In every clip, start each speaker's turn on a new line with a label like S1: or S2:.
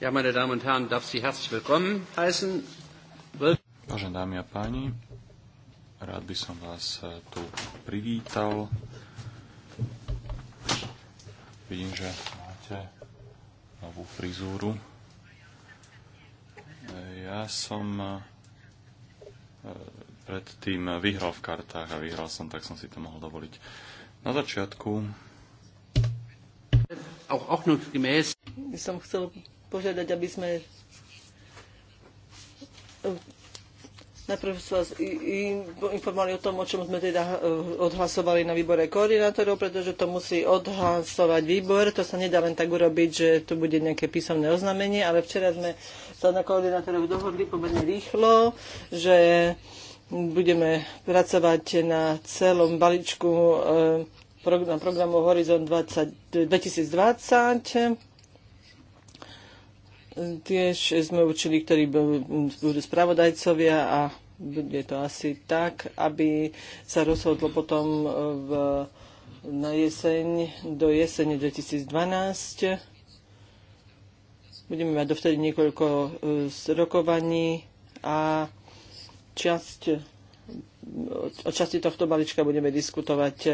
S1: Ja, meine Damen und Herren, darf Sie herzlich willkommen
S2: heißen.
S3: Vážené dámy a páni, rád by som vás eh, tu privítal. Vidím, že máte novú frizúru. Ja som eh, predtým vyhral v kartách a vyhral som, tak som si to mohol dovoliť. Na začiatku Auch, auch nur
S2: som chcel požiadať, aby sme eh, najprv sa informovali o tom, o čom sme teda eh, odhlasovali na výbore koordinátorov, pretože to musí odhlasovať výbor. To sa nedá len tak urobiť, že tu bude nejaké písomné oznámenie, ale včera sme sa na koordinátorov dohodli pomerne rýchlo, že budeme pracovať na celom balíčku eh, na programu Horizon 2020 Tiež sme určili, ktorí budú spravodajcovia a bude to asi tak, aby sa rozhodlo potom e, v, na jeseň, do jesene 2012. Budeme mať dovtedy niekoľko e, rokovaní a časť, o časti tohto balíčka budeme diskutovať e,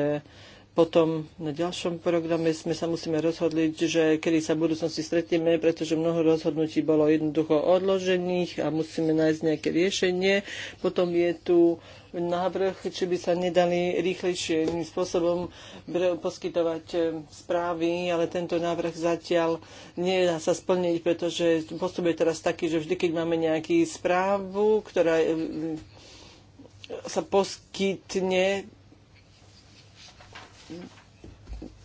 S2: potom na ďalšom programe sme sa musíme rozhodliť, že kedy sa v budúcnosti stretneme, pretože mnoho rozhodnutí bolo jednoducho odložených a musíme nájsť nejaké riešenie. Potom je tu návrh, či by sa nedali rýchlejšie spôsobom poskytovať eh, správy, ale tento návrh zatiaľ nedá sa splniť, pretože postup je teraz taký, že vždy, keď máme nejakú správu, ktorá eh, sa poskytne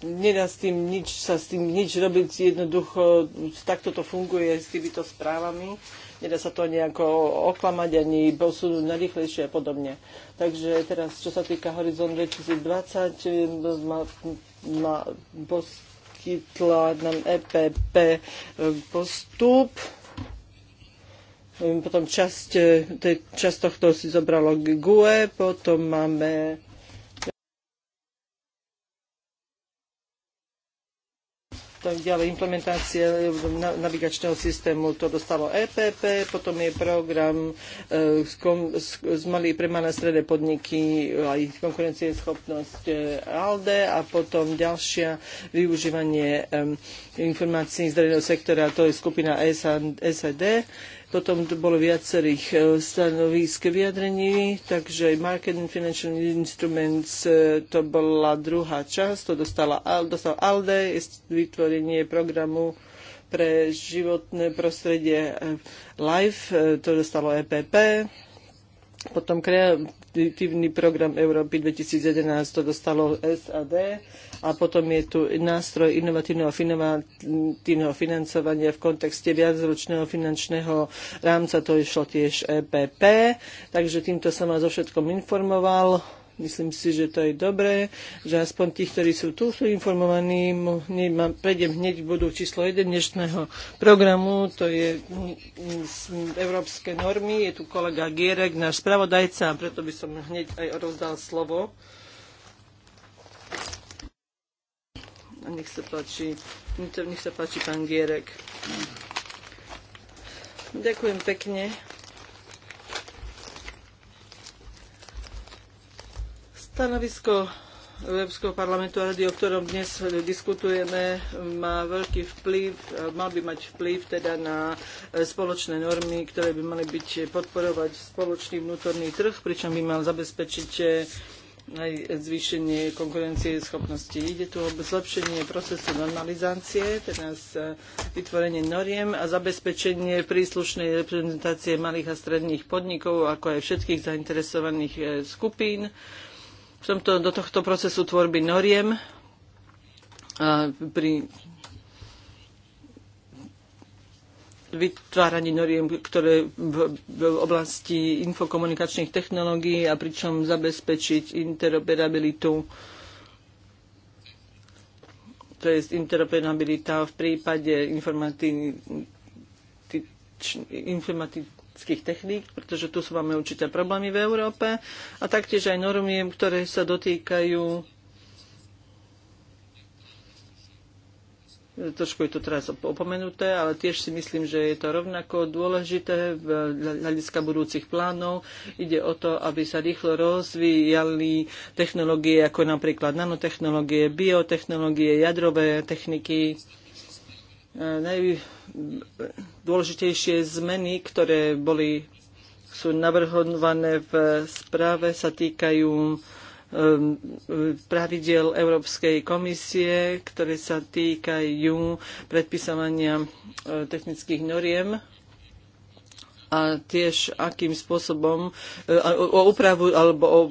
S2: nedá s tým nič, sa s tým nič robiť, jednoducho takto to funguje s týmito správami, nedá sa to nejako oklamať ani posúť na rýchlejšie a podobne. Takže teraz, čo sa týka Horizon 2020, ma, ma poskytla nám EPP e, postup, e, potom časť, e, časť tohto si zobralo GUE, potom máme tak ďalej implementácia eh, navigačného systému, to dostalo EPP, potom je program z eh, malý pre malé stredné podniky, eh, aj konkurencieschopnosť ALDE a potom ďalšia využívanie informácií z verejného sektora, to je skupina SAD potom bolo viacerých e, stanovísk vyjadrení, takže marketing Financial Instruments e, to bola druhá časť, to dostala, dostal ALDE, vytvorenie programu pre životné prostredie e, LIFE, to dostalo EPP, potom aktívny program Európy 2011, to dostalo SAD a potom je tu nástroj inovatívneho, inovatívneho financovania v kontexte viacročného finančného rámca, to išlo tiež EPP, takže týmto som vás o všetkom informoval Myslím si, že to je dobré, že aspoň tí, ktorí sú tu, sú informovaní. Prejdem hneď k bodu číslo 1 dnešného programu. To je európske normy. Je tu kolega Gierek, náš spravodajca, a preto by som hneď aj rozdal slovo. A nech sa páči, nech sa páči pán Gierek. Ďakujem pekne. Stanovisko Európskeho parlamentu a rady, o ktorom dnes diskutujeme, má veľký vplyv, mal by mať vplyv teda na e, spoločné normy, ktoré by mali byť podporovať spoločný vnútorný trh, pričom by mal zabezpečiť e, aj zvýšenie konkurencie schopnosti. Ide tu o zlepšenie procesu normalizácie, teda e, vytvorenie noriem a zabezpečenie príslušnej reprezentácie malých a stredných podnikov, ako aj všetkých zainteresovaných skupín v tomto, do tohto procesu tvorby noriem a pri vytváraní noriem, ktoré v, v oblasti infokomunikačných technológií a pričom zabezpečiť interoperabilitu to je interoperabilita v prípade informatičných informatí, špecifických techník, pretože tu sú máme určité problémy v Európe a taktiež aj normiem, ktoré sa dotýkajú trošku je to teraz opomenuté, ale tiež si myslím, že je to rovnako dôležité v hľadiska budúcich plánov. Ide o to, aby sa rýchlo rozvíjali technológie ako napríklad nanotechnológie, biotechnológie, jadrové techniky najdôležitejšie zmeny, ktoré boli, sú navrhované v správe, sa týkajú um, pravidel Európskej komisie, ktoré sa týkajú predpisovania uh, technických noriem a tiež akým spôsobom uh, o úpravu alebo o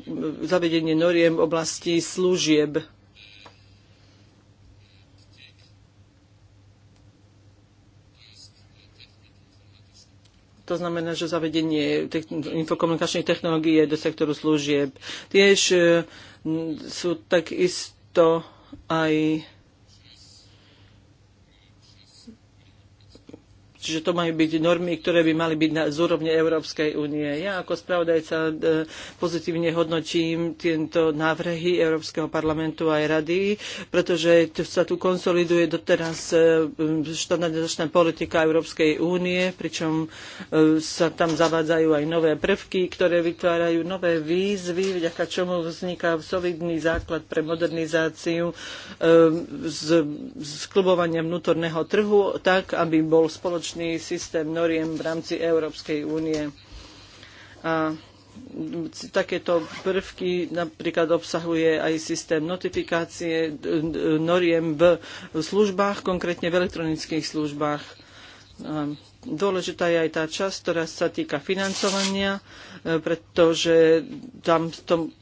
S2: zavedenie noriem v oblasti služieb To znamená, že zavedenie infokomunikačných technológií do sektoru služieb. Tiež e, sú takisto aj Čiže to majú byť normy, ktoré by mali byť na, z úrovne Európskej únie. Ja ako spravodajca e, pozitívne hodnotím tieto návrhy Európskeho parlamentu aj rady, pretože sa tu konsoliduje doteraz e, štandardizačná politika Európskej únie, pričom e, sa tam zavádzajú aj nové prvky, ktoré vytvárajú nové výzvy, vďaka čomu vzniká solidný základ pre modernizáciu z, z vnútorného trhu, tak aby bol spoločný spoločný systém noriem v rámci Európskej únie. A takéto prvky napríklad obsahuje aj systém notifikácie noriem v službách, konkrétne v elektronických službách. Dôležitá je aj tá časť, ktorá sa týka financovania, e, pretože tam, tom,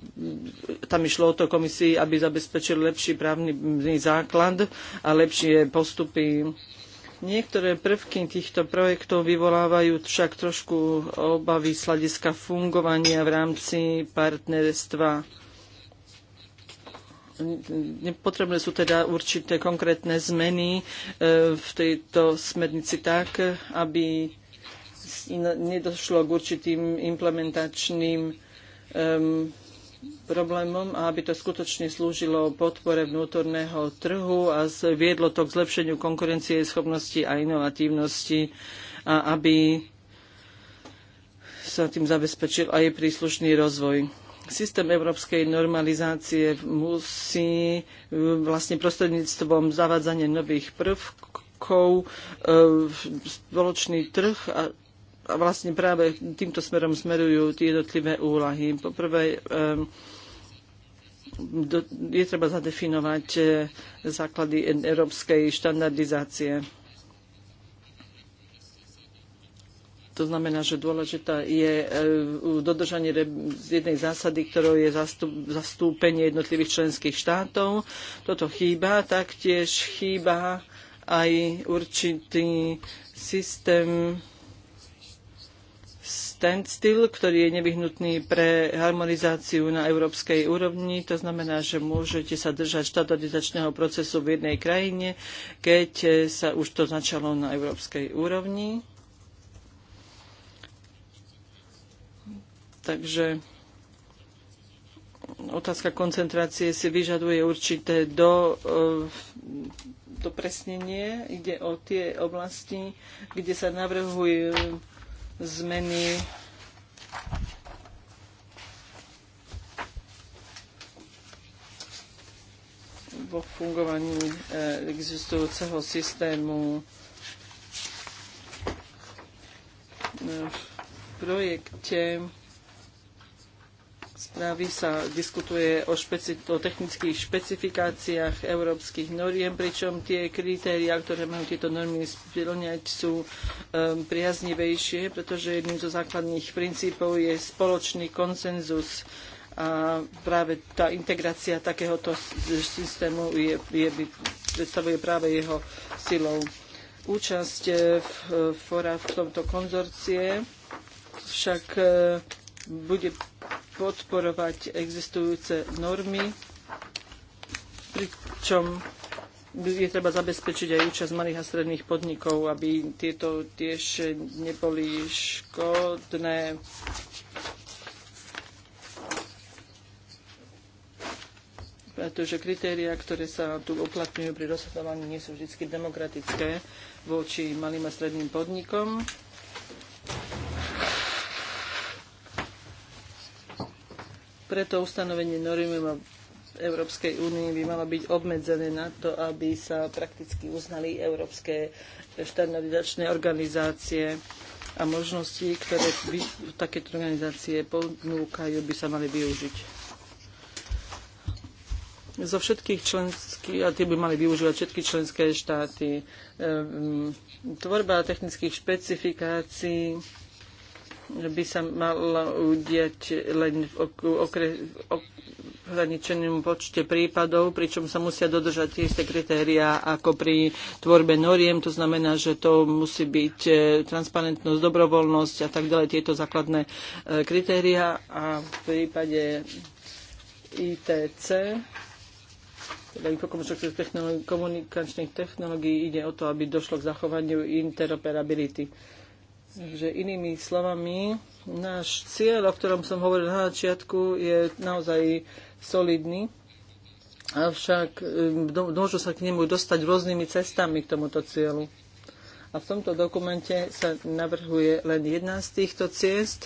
S2: tam išlo o to komisii, aby zabezpečil lepší právny základ a lepšie postupy Niektoré prvky týchto projektov vyvolávajú však trošku obavy z hľadiska fungovania v rámci partnerstva. Potrebné sú teda určité konkrétne zmeny e, v tejto smernici tak, aby nedošlo k určitým implementačným um, problémom a aby to skutočne slúžilo podpore vnútorného trhu a viedlo to k zlepšeniu konkurencie, schopnosti a inovatívnosti a aby sa tým zabezpečil aj príslušný rozvoj. Systém európskej normalizácie musí e, vlastne prostredníctvom zavádzania nových prvkov e, spoločný trh a a vlastne práve týmto smerom smerujú tie jednotlivé úlahy. Poprvé, je treba zadefinovať eh, základy európskej štandardizácie. To znamená, že dôležité je eh, dodržanie jednej zásady, ktorou je zastúpenie jednotlivých členských štátov. Toto chýba, taktiež chýba aj určitý systém standstill, ktorý je nevyhnutný pre harmonizáciu na európskej úrovni. To znamená, že môžete sa držať štatutizačného procesu v jednej krajine, keď sa už to začalo na európskej úrovni. Takže otázka koncentrácie si vyžaduje určité do, e, dopresnenie. Ide o tie oblasti, kde sa navrhujú zmeny vo fungovaní e, existujúceho systému e, v projekte správy sa diskutuje o, špeci- o technických špecifikáciách európskych noriem, pričom tie kritéria, ktoré majú tieto normy splňať, sú um, priaznivejšie, pretože jedným zo základných princípov je spoločný konsenzus a práve tá integrácia takéhoto systému je, je, predstavuje práve jeho silou. Účasť e, v, v, e, v tomto konzorcie však e, bude podporovať existujúce normy, pričom je treba zabezpečiť aj účasť malých a stredných podnikov, aby tieto tiež neboli škodné. pretože kritéria, ktoré sa tu uplatňujú pri rozhodovaní, nie sú vždy demokratické voči malým a stredným podnikom. Preto ustanovenie normy Európskej únii by malo byť obmedzené na to, aby sa prakticky uznali európske štandardizačné organizácie a možnosti, ktoré by, takéto organizácie ponúkajú, by sa mali využiť. Zo všetkých členských, a tie by mali využívať všetky členské štáty, ehm, tvorba technických špecifikácií, by sa mala udiať len v okre, ohraničenom počte prípadov, pričom sa musia dodržať tie isté kritériá ako pri tvorbe noriem. To znamená, že to musí byť e, transparentnosť, dobrovoľnosť a tak ďalej, tieto základné e, kritériá. A v prípade ITC teda informačných technológií, komunikačných technológií ide o to, aby došlo k zachovaniu interoperability. Takže inými slovami, náš cieľ, o ktorom som hovoril na začiatku, je naozaj solidný, avšak e, môžu sa k nemu dostať rôznymi cestami k tomuto cieľu. A v tomto dokumente sa navrhuje len jedna z týchto ciest.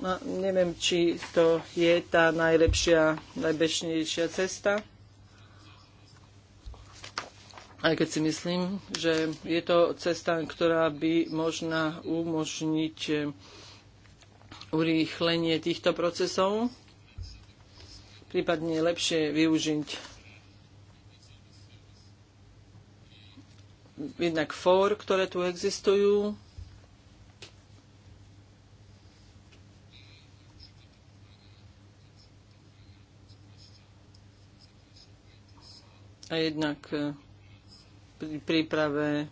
S2: No, neviem, či to je tá najlepšia, najbežnejšia cesta aj keď si myslím, že je to cesta, ktorá by možná umožniť eh, urýchlenie týchto procesov, prípadne lepšie využiť jednak fór, ktoré tu existujú, a jednak eh, pri príprave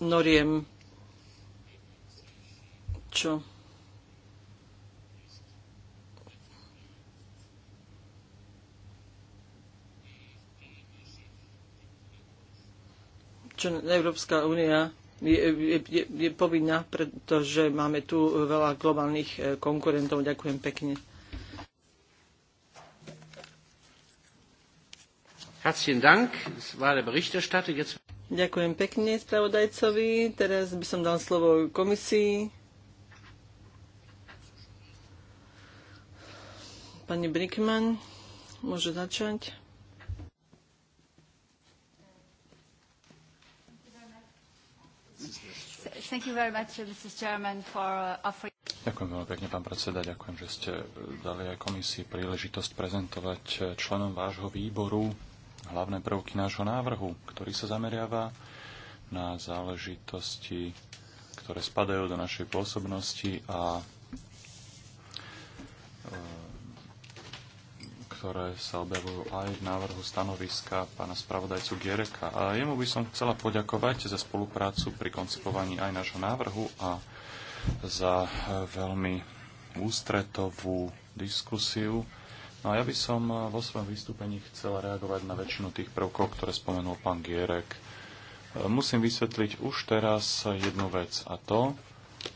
S2: noriem, čo čo Európska únia je, je, je povinná, pretože máme tu veľa globálnych eh, konkurentov. Ďakujem pekne. Ďakujem pekne spravodajcovi. Teraz by som dal slovo komisii. Pani Brickman, môže začať.
S1: Uh,
S3: Ďakujem veľmi pekne, pán predseda. Ďakujem, že ste dali aj komisii príležitosť prezentovať členom vášho výboru hlavné prvky nášho návrhu, ktorý sa zameriava na záležitosti, ktoré spadajú do našej pôsobnosti a e, ktoré sa objavujú aj v návrhu stanoviska pána spravodajcu Giereka. A jemu by som chcela poďakovať za spoluprácu pri koncipovaní aj nášho návrhu a za e, veľmi ústretovú diskusiu No a ja by som eh, vo svojom vystúpení chcel reagovať na väčšinu tých prvkov, ktoré spomenul pán Gierek. Eh, musím vysvetliť už teraz jednu vec a to,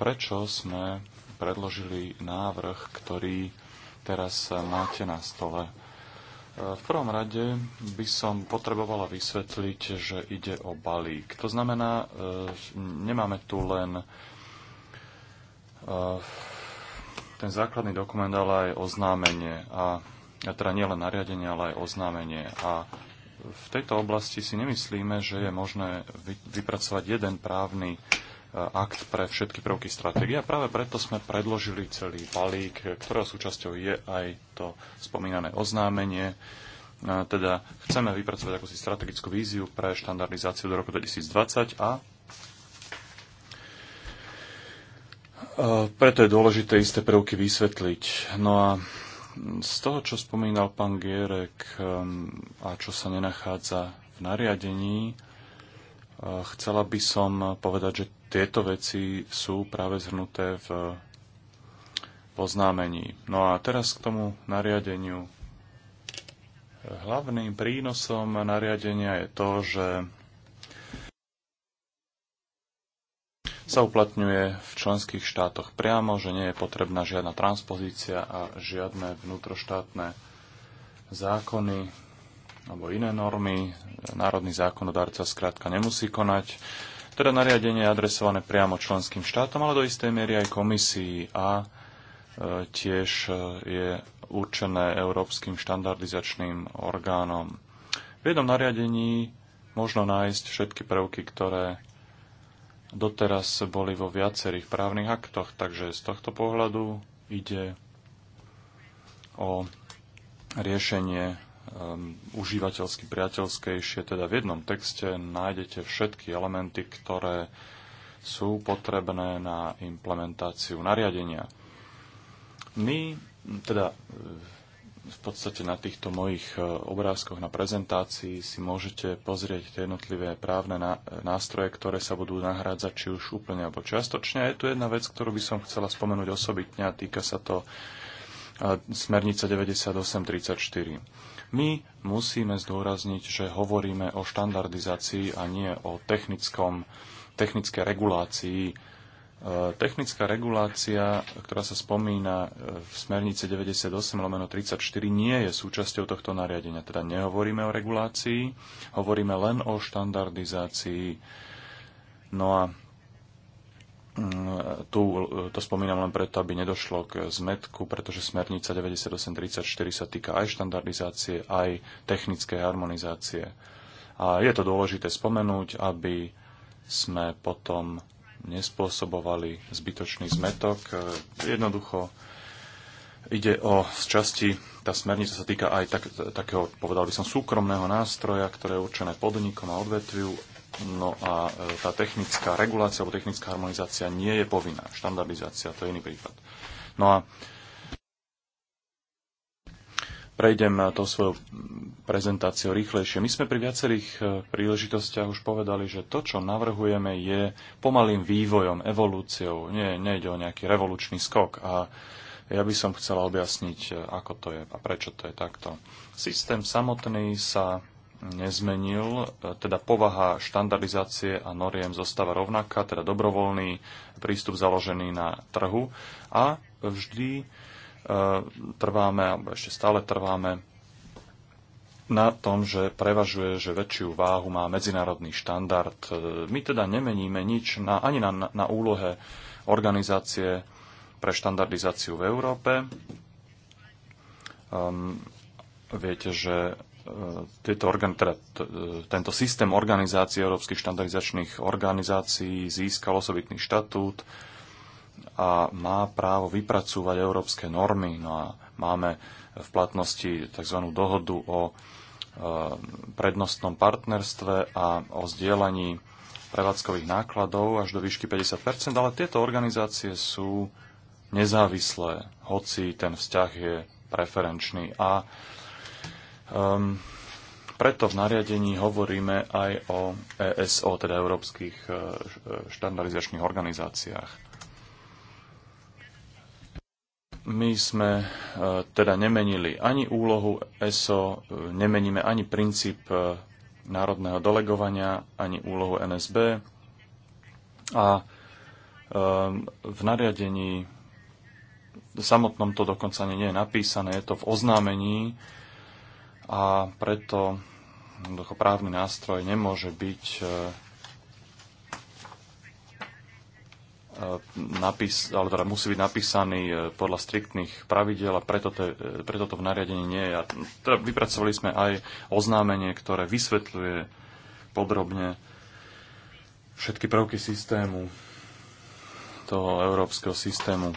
S3: prečo sme predložili návrh, ktorý teraz máte na stole. Eh, v prvom rade by som potrebovala vysvetliť, že ide o balík. To znamená, nemáme tu len ten základný dokument, ale aj oznámenie. A teda nielen nariadenie, ale aj oznámenie. A v tejto oblasti si nemyslíme, že je možné vypracovať jeden právny e, akt pre všetky prvky stratégie. A práve preto sme predložili celý balík, ktorého súčasťou je aj to spomínané oznámenie. E, teda chceme vypracovať akúsi strategickú víziu pre štandardizáciu do roku 2020 a e, preto je dôležité isté prvky vysvetliť. No a z toho, čo spomínal pán Gierek um, a čo sa nenachádza v nariadení, uh, chcela by som povedať, že tieto veci sú práve zhrnuté v poznámení. No a teraz k tomu nariadeniu. Hlavným prínosom nariadenia je to, že sa uplatňuje v členských štátoch priamo, že nie je potrebná žiadna transpozícia a žiadne vnútroštátne zákony alebo iné normy. Národný zákonodárca skrátka nemusí konať. Teda nariadenie je adresované priamo členským štátom, ale do istej miery aj komisii a e, tiež e, je určené európskym štandardizačným orgánom. V jednom nariadení možno nájsť všetky prvky, ktoré doteraz boli vo viacerých právnych aktoch, takže z tohto pohľadu ide o riešenie um, užívateľsky priateľskejšie, teda v jednom texte nájdete všetky elementy, ktoré sú potrebné na implementáciu nariadenia. My, teda v podstate na týchto mojich e, obrázkoch na prezentácii si môžete pozrieť tie jednotlivé právne nástroje, ktoré sa budú nahrádzať či už úplne alebo čiastočne. A je tu jedna vec, ktorú by som chcela spomenúť osobitne a týka sa to e, smernica 9834. My musíme zdôrazniť, že hovoríme o štandardizácii a nie o technickom, technické regulácii Eh, technická regulácia, ktorá sa spomína eh, v smernice 98 lomeno 34, nie je súčasťou tohto nariadenia. Teda nehovoríme o regulácii, hovoríme len o štandardizácii. No a mm, tu eh, to spomínam len preto, aby nedošlo k zmetku, pretože smernica 9834 sa týka aj štandardizácie, aj technickej harmonizácie. A je to dôležité spomenúť, aby sme potom nespôsobovali zbytočný zmetok. E, jednoducho ide o z časti, tá smernica sa týka aj tak, takého, povedal by som, súkromného nástroja, ktoré je určené podnikom a odvetviu. No a e, tá technická regulácia alebo technická harmonizácia nie je povinná. Štandardizácia, to je iný prípad. No a prejdem tou svojou prezentáciou rýchlejšie. My sme pri viacerých e, príležitostiach už povedali, že to, čo navrhujeme, je pomalým vývojom, evolúciou. Nie, nejde o nejaký revolučný skok. A ja by som chcela objasniť, e, ako to je a prečo to je takto. Systém samotný sa nezmenil, e, teda povaha štandardizácie a noriem zostáva rovnaká, teda dobrovoľný prístup založený na trhu a vždy E, trváme, alebo ešte stále trváme na tom, že prevažuje, že väčšiu váhu má medzinárodný štandard. E, my teda nemeníme nič na, ani na, na úlohe organizácie pre štandardizáciu v Európe. Um, viete, že e, tieto organ, teda tento systém organizácie európskych štandardizačných organizácií získal osobitný štatút a má právo vypracúvať európske normy. No a máme v platnosti tzv. dohodu o e, prednostnom partnerstve a o zdieľaní prevádzkových nákladov až do výšky 50 ale tieto organizácie sú nezávislé, hoci ten vzťah je preferenčný. A um, preto v nariadení hovoríme aj o ESO, teda Európskych e, e, štandardizačných organizáciách. My sme e, teda nemenili ani úlohu ESO, e, nemeníme ani princíp e, národného delegovania, ani úlohu NSB. A v nariadení samotnom to dokonca ani nie je napísané, je to v oznámení a preto právny nástroj nemôže byť E, napis, ale teda musí byť napísaný e, podľa striktných pravidel a preto, te, e, preto to v nariadení nie je. A teda vypracovali sme aj oznámenie, ktoré vysvetľuje podrobne všetky prvky systému, toho európskeho systému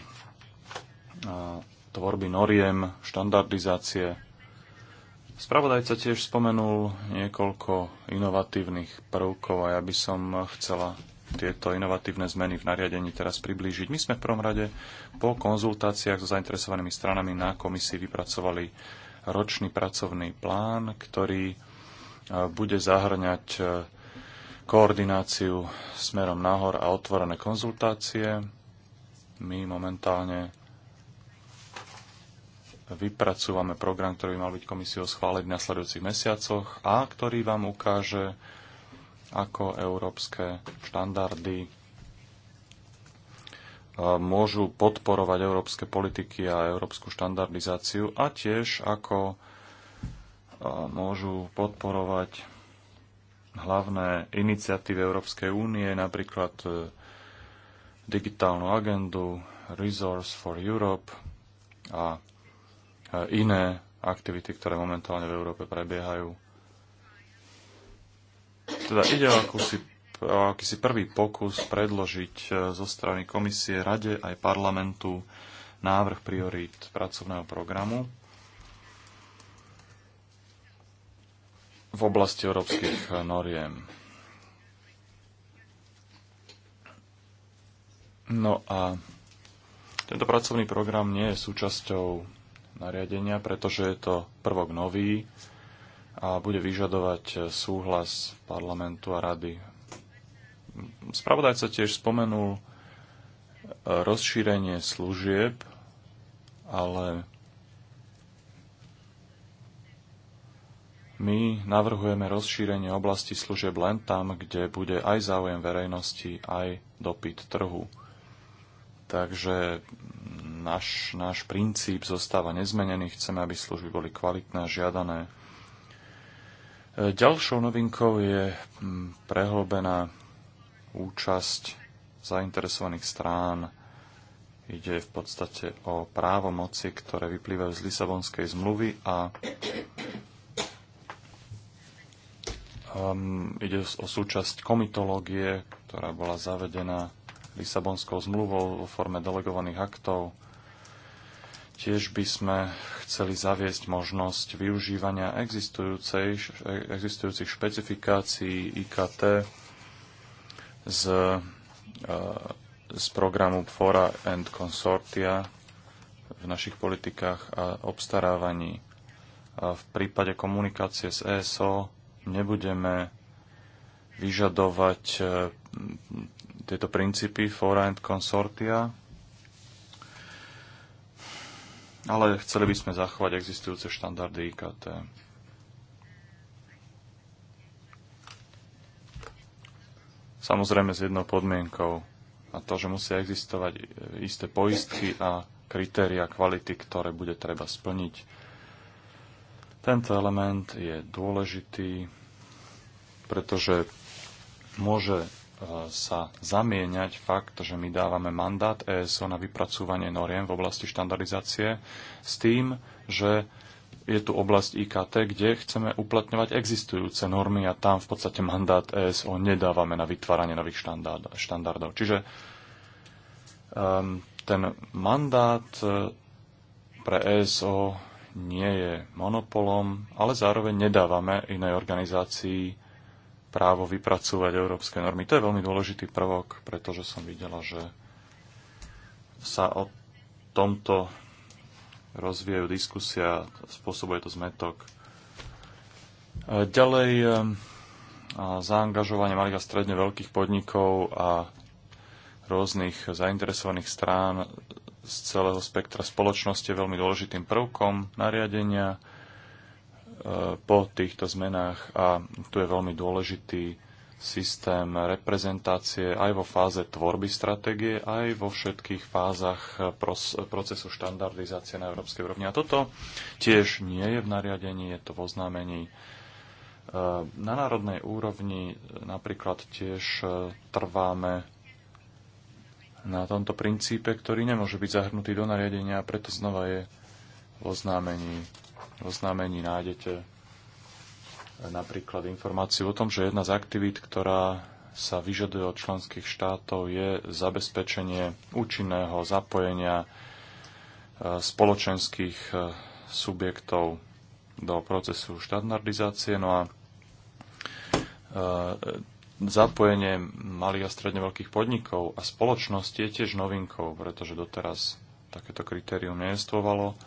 S3: tvorby noriem, štandardizácie. Spravodajca tiež spomenul niekoľko inovatívnych prvkov a ja by som chcela tieto inovatívne zmeny v nariadení teraz priblížiť. My sme v prvom rade po konzultáciách so zainteresovanými stranami na komisii vypracovali ročný pracovný plán, ktorý e, bude zahrňať e, koordináciu smerom nahor a otvorené konzultácie. My momentálne vypracúvame program, ktorý by mal byť komisiou schváliť v nasledujúcich mesiacoch a ktorý vám ukáže, ako európske štandardy e, môžu podporovať európske politiky a európsku štandardizáciu a tiež ako e, môžu podporovať hlavné iniciatívy Európskej únie, napríklad e, digitálnu agendu, Resource for Europe a iné aktivity, ktoré momentálne v Európe prebiehajú. Teda ide o akúsi akýsi prvý pokus predložiť e, zo strany komisie, rade aj parlamentu návrh priorít pracovného programu v oblasti európskych noriem. No a tento pracovný program nie je súčasťou nariadenia, pretože je to prvok nový a bude vyžadovať e, súhlas parlamentu a rady. Spravodajca tiež spomenul e, rozšírenie služieb, ale my navrhujeme rozšírenie oblasti služieb len tam, kde bude aj záujem verejnosti, aj dopyt trhu. Takže náš, náš princíp zostáva nezmenený. Chceme, aby služby boli kvalitné, žiadané Ďalšou novinkou je mm, prehlbená účasť zainteresovaných strán. Ide v podstate o právo moci, ktoré vyplývajú z Lisabonskej zmluvy a um, ide o súčasť komitológie, ktorá bola zavedená Lisabonskou zmluvou vo forme delegovaných aktov Tiež by sme chceli zaviesť možnosť využívania e- existujúcich špecifikácií IKT z, e, z programu Fora and Consortia v našich politikách a obstarávaní. A v prípade komunikácie s ESO nebudeme vyžadovať e, tieto princípy Fora and Consortia, ale chceli by sme zachovať existujúce štandardy IKT. Samozrejme s jednou podmienkou a to, že musia existovať e, isté poistky a kritéria kvality, ktoré bude treba splniť. Tento element je dôležitý, pretože môže E, sa zamieňať fakt, že my dávame mandát ESO na vypracúvanie noriem v oblasti štandardizácie s tým, že je tu oblasť IKT, kde chceme uplatňovať existujúce normy a tam v podstate mandát ESO nedávame na vytváranie nových štandard, štandardov. Čiže um, ten mandát e, pre ESO nie je monopolom, ale zároveň nedávame inej organizácii právo vypracúvať európske normy. To je veľmi dôležitý prvok, pretože som videla, že sa o tomto rozvíjajú diskusia, spôsobuje to zmetok. Ďalej ehm, zaangažovanie malých a stredne veľkých podnikov a rôznych zainteresovaných strán z celého spektra spoločnosti je veľmi dôležitým prvkom nariadenia po týchto zmenách a tu je veľmi dôležitý systém reprezentácie aj vo fáze tvorby stratégie, aj vo všetkých fázach procesu štandardizácie na európskej úrovni. A toto tiež nie je v nariadení, je to v oznámení. E, na národnej úrovni napríklad tiež e, trváme na tomto princípe, ktorý nemôže byť zahrnutý do nariadenia, preto znova je v oznámení oznámení nájdete napríklad informáciu o tom, že jedna z aktivít, ktorá sa vyžaduje od členských štátov, je zabezpečenie účinného zapojenia e, spoločenských e, subjektov do procesu štandardizácie. No a e, zapojenie malých a stredne veľkých podnikov a spoločnosti je tiež novinkou, pretože doteraz takéto kritérium nejestvovalo.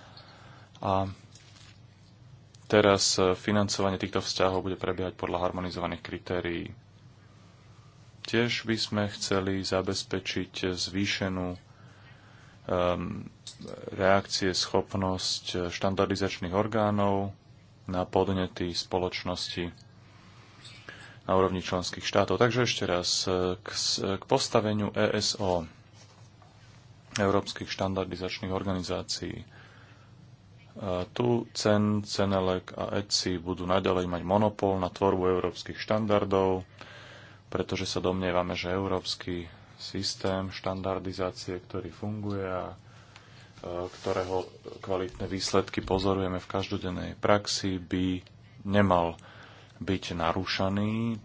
S3: A Teraz e, financovanie týchto vzťahov bude prebiehať podľa harmonizovaných kritérií. Tiež by sme chceli zabezpečiť zvýšenú um, reakcie schopnosť e, štandardizačných orgánov na podnety spoločnosti na úrovni členských štátov. Takže ešte raz e, k, k postaveniu ESO, Európskych štandardizačných organizácií. Tu CEN, CENELEC a ECI budú naďalej mať monopol na tvorbu európskych štandardov, pretože sa domnievame, že európsky systém štandardizácie, ktorý funguje a e, ktorého kvalitné výsledky pozorujeme v každodennej praxi, by nemal byť narušaný.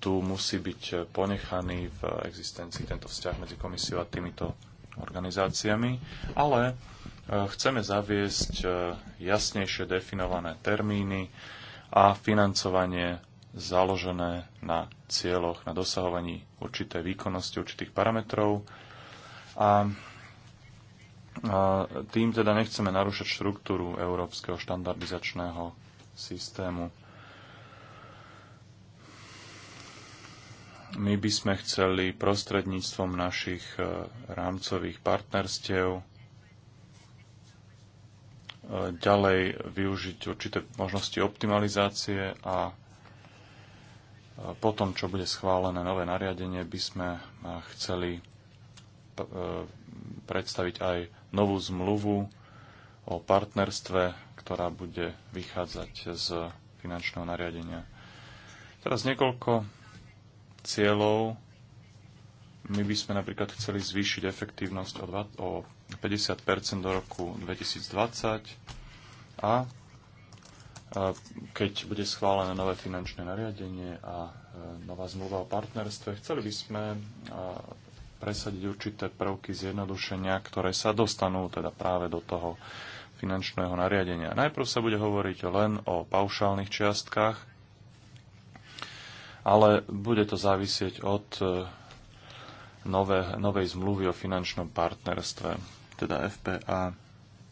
S3: Tu musí byť ponechaný v existencii tento vzťah medzi komisiou a týmito organizáciami, ale E, chceme zaviesť e, jasnejšie definované termíny a financovanie založené na cieľoch, na dosahovaní určitej výkonnosti, určitých parametrov. A e, tým teda nechceme narušať štruktúru európskeho štandardizačného systému. My by sme chceli prostredníctvom našich rámcových partnerstiev ďalej využiť určité možnosti optimalizácie a po tom, čo bude schválené nové nariadenie, by sme chceli e, predstaviť aj novú zmluvu o partnerstve, ktorá bude vychádzať z finančného nariadenia. Teraz niekoľko cieľov. My by sme napríklad chceli zvýšiť efektívnosť o, o 50 do roku 2020 a keď bude schválené nové finančné nariadenie a e, nová zmluva o partnerstve, chceli by sme presadiť určité prvky zjednodušenia, ktoré sa dostanú teda práve do toho finančného nariadenia. Najprv sa bude hovoriť len o paušálnych čiastkách, ale bude to závisieť od e, nové, novej zmluvy o finančnom partnerstve teda FPA.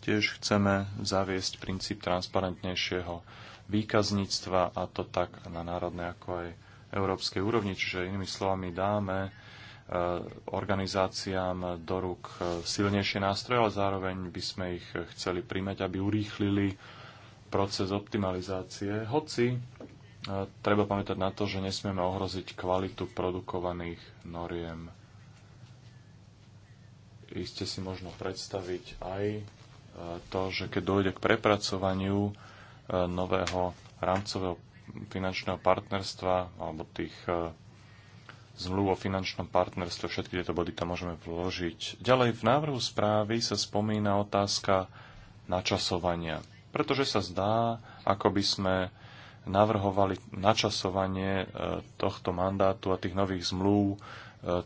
S3: Tiež chceme zaviesť princíp transparentnejšieho výkazníctva a to tak na národnej ako aj európskej úrovni, čiže inými slovami dáme e, organizáciám do rúk e, silnejšie nástroje, ale zároveň by sme ich chceli príjmať, aby urýchlili proces optimalizácie, hoci e, treba pamätať na to, že nesmieme ohroziť kvalitu produkovaných noriem iste si možno predstaviť aj e, to, že keď dojde k prepracovaniu e, nového rámcového finančného partnerstva alebo tých e, zmluv o finančnom partnerstve, všetky tieto body tam môžeme vložiť. Ďalej v návrhu správy sa spomína otázka načasovania, pretože sa zdá, ako by sme navrhovali načasovanie tohto mandátu a tých nových zmluv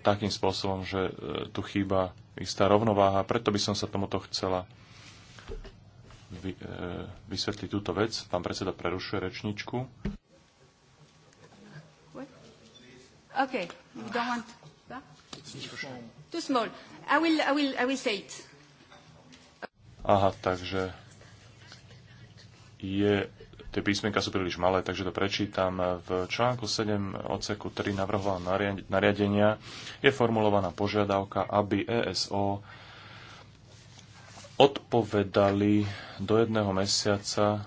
S3: takým spôsobom, že tu chýba istá rovnováha, preto by som sa tomuto chcela vy, e, vysvetliť túto vec. Pán predseda prerušuje rečničku.
S1: Okay, don't want Too small. I will, I will, I will say it.
S3: Aha, takže je tie písmenka sú príliš malé, takže to prečítam. V článku 7 odseku 3 navrhovaného nariadenia je formulovaná požiadavka, aby ESO odpovedali do jedného mesiaca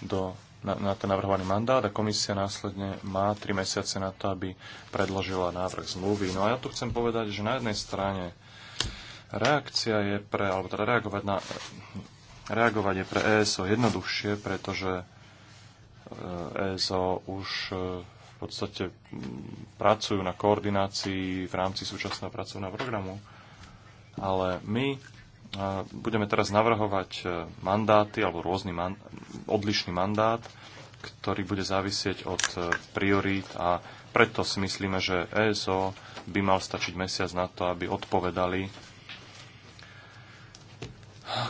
S3: do, na, na ten navrhovaný mandát a komisia následne má 3 mesiace na to, aby predložila návrh zmluvy. No a ja tu chcem povedať, že na jednej strane reakcia je pre, alebo teda reagovať na reagovať je pre ESO jednoduchšie, pretože ESO už e, v podstate mm, pracujú na koordinácii v rámci súčasného pracovného programu. Ale my e, budeme teraz navrhovať e, mandáty alebo rôzny man, odlišný mandát, ktorý bude závisieť od priorít a preto si myslíme, že ESO by mal stačiť mesiac na to, aby odpovedali.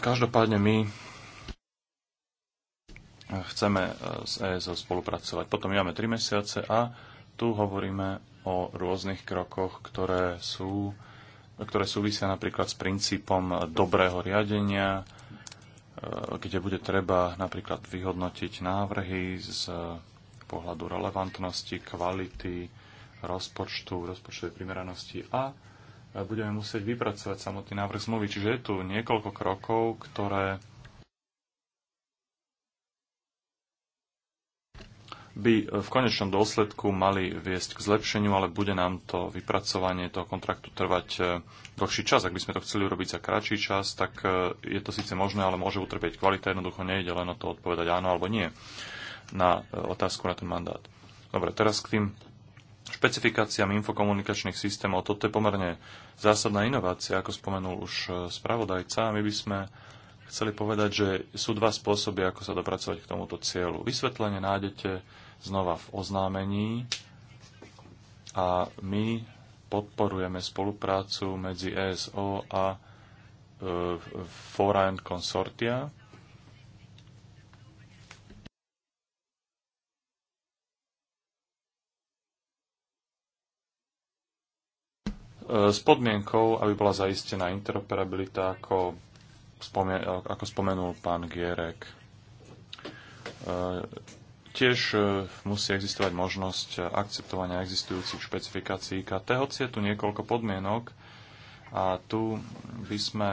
S3: Každopádne my chceme e, s ESO spolupracovať. Potom máme 3 mesiace a tu hovoríme o rôznych krokoch, ktoré sú ktoré súvisia napríklad s princípom dobrého riadenia, e, kde bude treba napríklad vyhodnotiť návrhy z pohľadu relevantnosti, kvality, rozpočtu, rozpočtovej primeranosti a budeme musieť vypracovať samotný návrh zmluvy. Čiže je tu niekoľko krokov, ktoré by eh, v konečnom dôsledku mali viesť k zlepšeniu, ale bude nám to vypracovanie toho kontraktu trvať eh, dlhší čas. Ak by sme to chceli urobiť za kratší čas, tak eh, je to síce možné, ale môže utrpieť kvalita. Jednoducho nejde len o to odpovedať áno alebo nie na otázku na ten mandát. Dobre, teraz k tým špecifikáciám infokomunikačných systémov. Toto je pomerne zásadná inovácia, ako spomenul už spravodajca. My by sme chceli povedať, že sú dva spôsoby, ako sa dopracovať k tomuto cieľu. Vysvetlenie nájdete znova v oznámení a my podporujeme spoluprácu medzi ESO a e, Foreign Consortia. E, s podmienkou, aby bola zaistená interoperabilita, ako, spome- ako spomenul pán Gierek. E, Tiež e, musí existovať možnosť akceptovania existujúcich špecifikácií IKT, hoci je tu niekoľko podmienok a tu by sme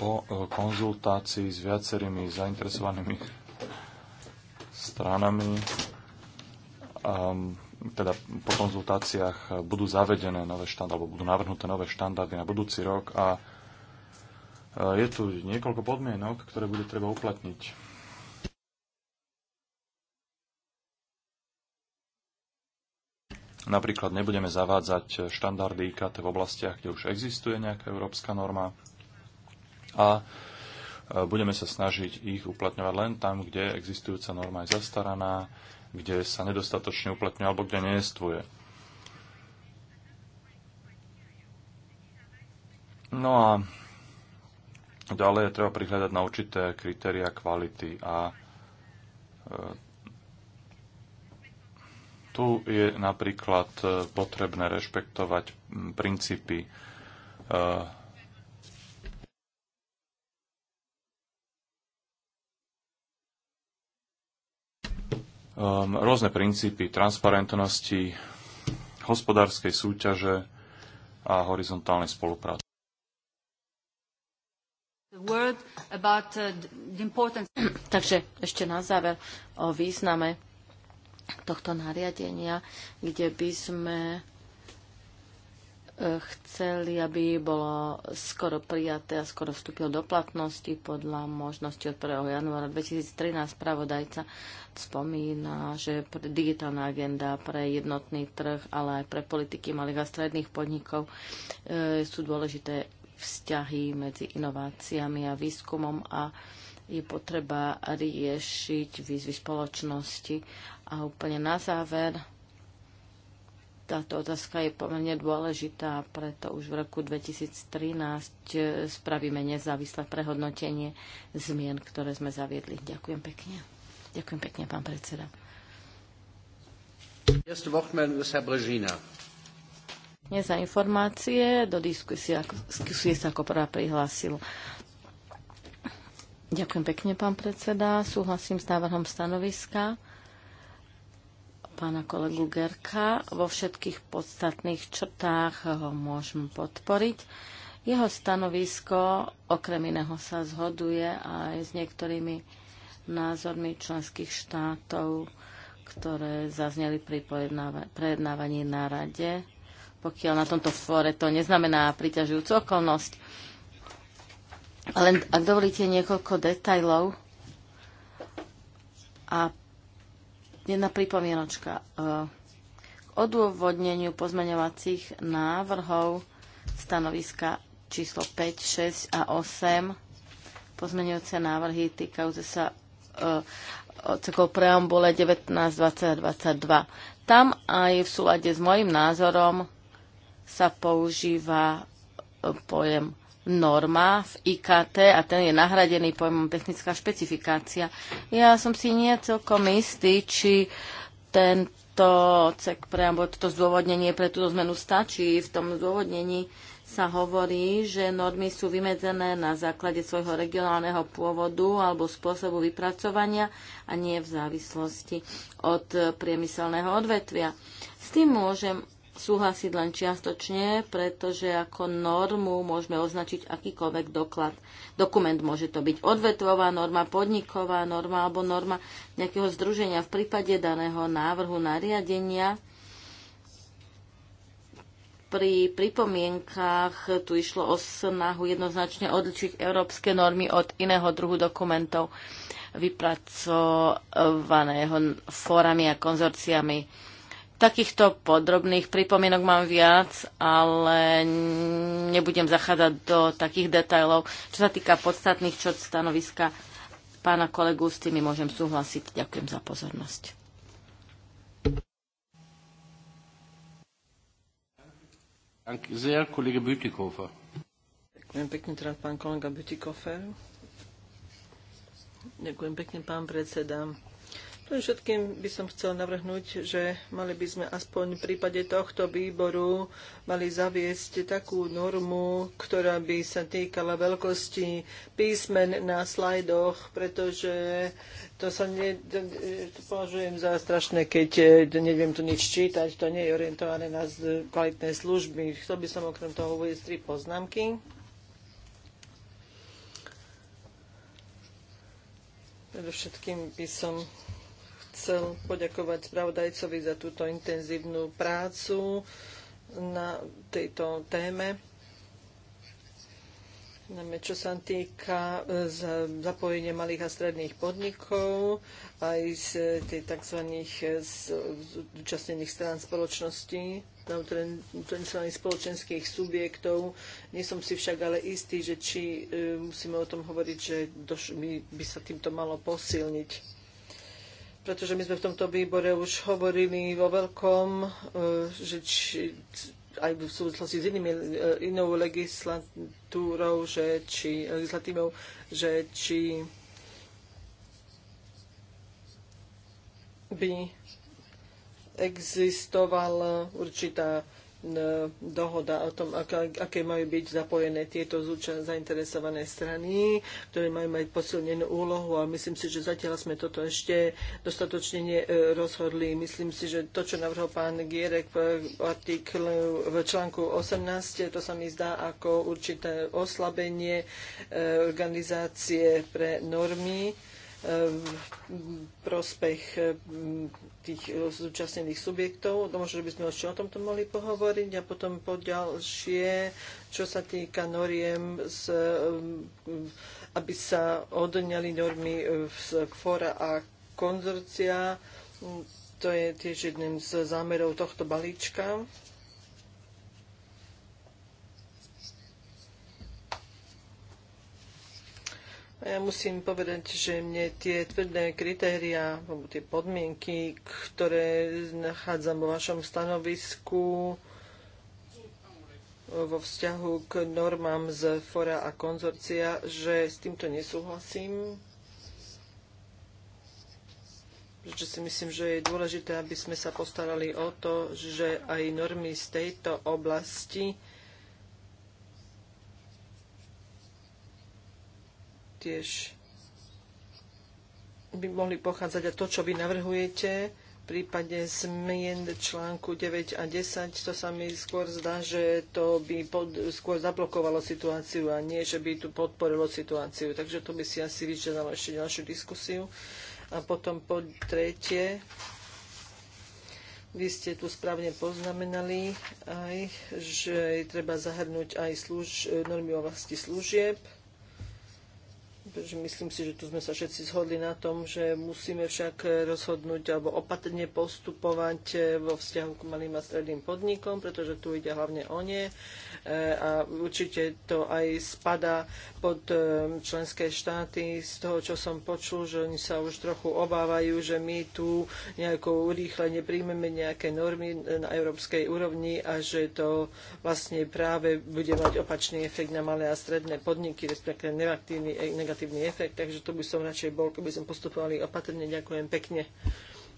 S3: po e, konzultácii s viacerými zainteresovanými stranami um, teda po konzultáciách budú zavedené nové štandardy, alebo budú navrhnuté nové štandardy na budúci rok a e, je tu niekoľko podmienok, ktoré bude treba uplatniť. Napríklad nebudeme zavádzať štandardy IKT v oblastiach, kde už existuje nejaká európska norma a e, budeme sa snažiť ich uplatňovať len tam, kde existujúca norma je zastaraná, kde sa nedostatočne uplatňuje alebo kde nejestvuje. No a ďalej je treba prihľadať na určité kritéria kvality a e, tu je napríklad e, potrebné rešpektovať princípy e, rôzne princípy transparentnosti, hospodárskej súťaže a horizontálnej spolupráce.
S1: Uh, Takže ešte na záver o význame tohto nariadenia, kde by sme e, chceli, aby bolo skoro prijaté a skoro vstúpil do platnosti podľa možnosti od 1. januára 2013. Spravodajca spomína, že digitálna agenda pre jednotný trh, ale aj pre politiky malých a stredných podnikov e, sú dôležité vzťahy medzi inováciami a výskumom a e, je potreba riešiť výzvy spoločnosti. A úplne na záver, táto otázka je pomerne dôležitá, preto už v roku 2013 spravíme nezávislé prehodnotenie zmien, ktoré sme zaviedli. Ďakujem pekne. Ďakujem pekne, pán predseda. Dnes za informácie do diskusie, diskusie sa ako prvá prihlásil Ďakujem pekne, pán predseda. Súhlasím s návrhom stanoviska pána kolegu Gerka. Vo všetkých podstatných črtách ho môžem podporiť. Jeho stanovisko okrem iného sa zhoduje aj s niektorými názormi členských štátov, ktoré zazneli pri prejednávaní na rade, pokiaľ na tomto fóre to neznamená priťažujúcu okolnosť. Len ak dovolíte niekoľko detajlov a jedna pripomienočka. E, k odôvodneniu pozmeňovacích návrhov stanoviska číslo 5, 6 a 8 pozmeňujúce návrhy týkajúce sa e, odsekov preambule 19, 20 a 22. Tam aj v súlade s môjim názorom sa používa e, pojem norma v IKT a ten je nahradený pojmom technická špecifikácia. Ja som si nie celkom istý, či tento cek preambul, toto zdôvodnenie pre túto zmenu stačí. V tom zdôvodnení sa hovorí, že normy sú vymedzené na základe svojho regionálneho pôvodu alebo spôsobu vypracovania a nie v závislosti od priemyselného odvetvia. S tým môžem súhlasiť len čiastočne, pretože ako normu môžeme označiť akýkoľvek doklad. Dokument môže to byť odvetvová norma, podniková norma alebo norma nejakého združenia. V prípade daného návrhu nariadenia pri pripomienkách tu išlo o snahu jednoznačne odličiť európske normy od iného druhu dokumentov vypracovaného fórami a konzorciami Takýchto podrobných pripomienok mám viac, ale nebudem zachádzať do takých detajlov. Čo sa týka podstatných čot stanoviska pána kolegu, s tými môžem súhlasiť. Ďakujem za pozornosť.
S2: Ďakujem pekne teraz pán kolega Bütikofer. Ďakujem pekne pán predseda. Pre všetkým by som chcel navrhnúť, že mali by sme aspoň v prípade tohto výboru mali zaviesť takú normu, ktorá by sa týkala veľkosti písmen na slajdoch, pretože to sa ne, to, to považujem za strašné, keď e, neviem tu nič čítať, to nie je orientované na kvalitné služby. Chcel by som okrem toho uvieť tri poznámky. Predovšetkým by som chcel poďakovať spravodajcovi za túto intenzívnu prácu na tejto téme. Čo sa týka e, zapojenia malých a stredných podnikov, aj z tých tzv. E, zúčastnených strán spoločnosti, tradicionálnych spoločenských subjektov. Nie som si však ale istý, že či e, musíme o tom hovoriť, že by sa týmto malo posilniť pretože my sme v tomto výbore už hovorili vo veľkom, e, že či, aj v súvislosti s inými, e, inou legislatúrou, že či, legislatívou, že či by existovala určitá dohoda o tom, aké majú byť zapojené tieto zainteresované strany, ktoré majú mať posilnenú úlohu a myslím si, že zatiaľ sme toto ešte dostatočne nerozhodli. Myslím si, že to, čo navrhol pán Gierek v, artikle, v článku 18, to sa mi zdá ako určité oslabenie eh, organizácie pre normy Ehm, prospech ehm, tých eh, zúčastnených subjektov. No, možno, že by sme ešte o tomto mohli pohovoriť a potom po ďalšie, čo sa týka noriem, z, ehm, aby sa odňali normy eh, z fora a konzorcia. Mm, to je tiež jedným z zámerov tohto balíčka. A ja musím povedať, že mne tie tvrdé kritéria, alebo tie podmienky, ktoré nachádzam vo vašom stanovisku vo vzťahu k normám z fora a konzorcia, že s týmto nesúhlasím. Prečo si myslím, že je dôležité, aby sme sa postarali o to, že aj normy z tejto oblasti tiež by mohli pochádzať a to, čo vy navrhujete, v prípade zmien článku 9 a 10, to sa mi skôr zdá, že to by pod, skôr zablokovalo situáciu a nie, že by tu podporilo situáciu. Takže to by si asi vyžiadalo ešte ďalšiu diskusiu. A potom po tretie, vy ste tu správne poznamenali aj, že treba zahrnúť aj služ, normy o vlasti služieb pretože myslím si, že tu sme sa všetci zhodli na tom, že musíme však rozhodnúť alebo opatrne postupovať eh, vo vzťahu k malým a stredným podnikom, pretože tu ide hlavne o ne eh, a určite to aj spada pod eh, členské štáty. Z toho, čo som počul, že oni sa už trochu obávajú, že my tu nejako urýchle nepríjmeme nejaké normy na európskej úrovni a že to vlastne práve bude mať opačný efekt na malé a stredné podniky, respektíve negatívny, negatívny negatívny efekt, takže to by som radšej bol, keby sme postupovali opatrne. Ďakujem pekne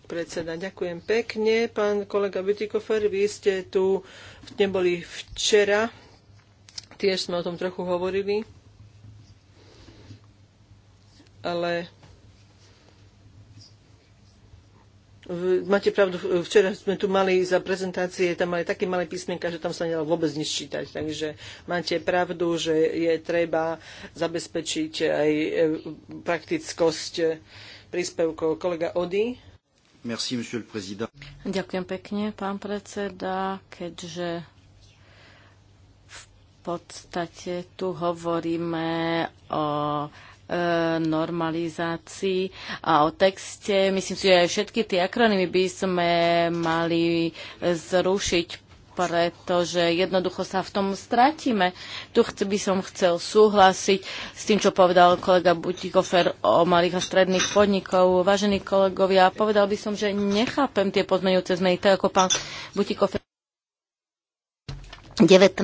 S2: predseda. Ďakujem pekne. Pán kolega Bütikofer, vy ste tu neboli včera. Tiež sme o tom trochu hovorili. Ale Máte pravdu, včera sme tu mali za prezentácie, tam mali také malé písmenka, že tam sa nedalo vôbec nič čítať. Takže máte pravdu, že je treba zabezpečiť aj e, praktickosť príspevkov. Kolega Ody. Merci, monsieur le président.
S1: Ďakujem pekne, pán predseda, keďže v podstate tu hovoríme o normalizácii a o texte. Myslím si, že aj všetky tie akronymy by sme mali zrušiť pretože jednoducho sa v tom stratíme. Tu by som chcel súhlasiť s tým, čo povedal kolega Butikofer o malých a stredných podnikov. Vážení kolegovia, povedal by som, že nechápem tie pozmeňujúce zmeny, tak ako pán Butikofer 19,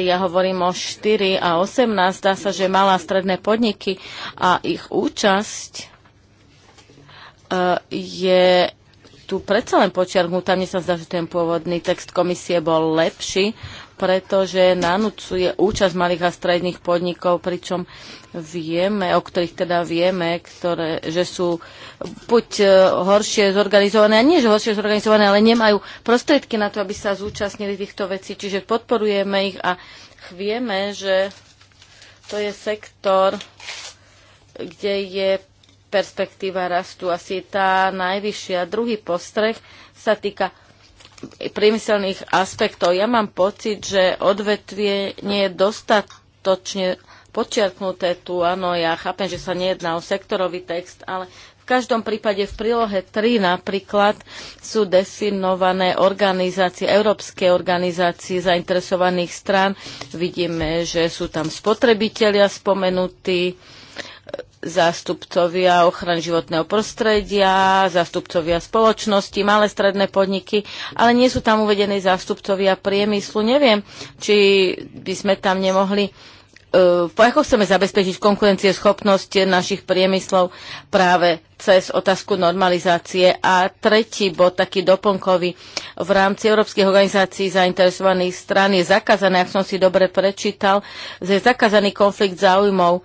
S1: ja hovorím o 4 a 18, dá sa, že malá stredné podniky a ich účasť e, je tu predsa len počiarknutá. Mne sa zdá, že ten pôvodný text komisie bol lepší, pretože nanúcuje účasť malých a stredných podnikov, pričom vieme, o ktorých teda vieme, ktoré, že sú buď e, horšie zorganizované, a nie že horšie zorganizované, ale nemajú prostriedky na to, aby sa zúčastnili týchto vecí, čiže podporujeme ich a vieme, že to je sektor, kde je perspektíva rastu asi tá najvyššia. Druhý postreh sa týka priemyselných aspektov. Ja mám pocit, že odvetvie nie je dostatočne počiarknuté tu. Áno, ja chápem, že sa nejedná o sektorový text, ale v každom prípade v prílohe 3 napríklad sú definované organizácie, európske organizácie zainteresovaných strán. Vidíme, že sú tam spotrebitelia spomenutí, zástupcovia ochrany životného prostredia, zástupcovia spoločnosti, malé stredné podniky, ale nie sú tam uvedení zástupcovia priemyslu. Neviem, či by sme tam nemohli e, po ako chceme zabezpečiť konkurencieschopnosť našich priemyslov práve cez otázku normalizácie. A tretí bod, taký doplnkový, v rámci európskych organizácií zainteresovaných strán je zakázané, ak som si dobre prečítal, že je zakázaný konflikt záujmov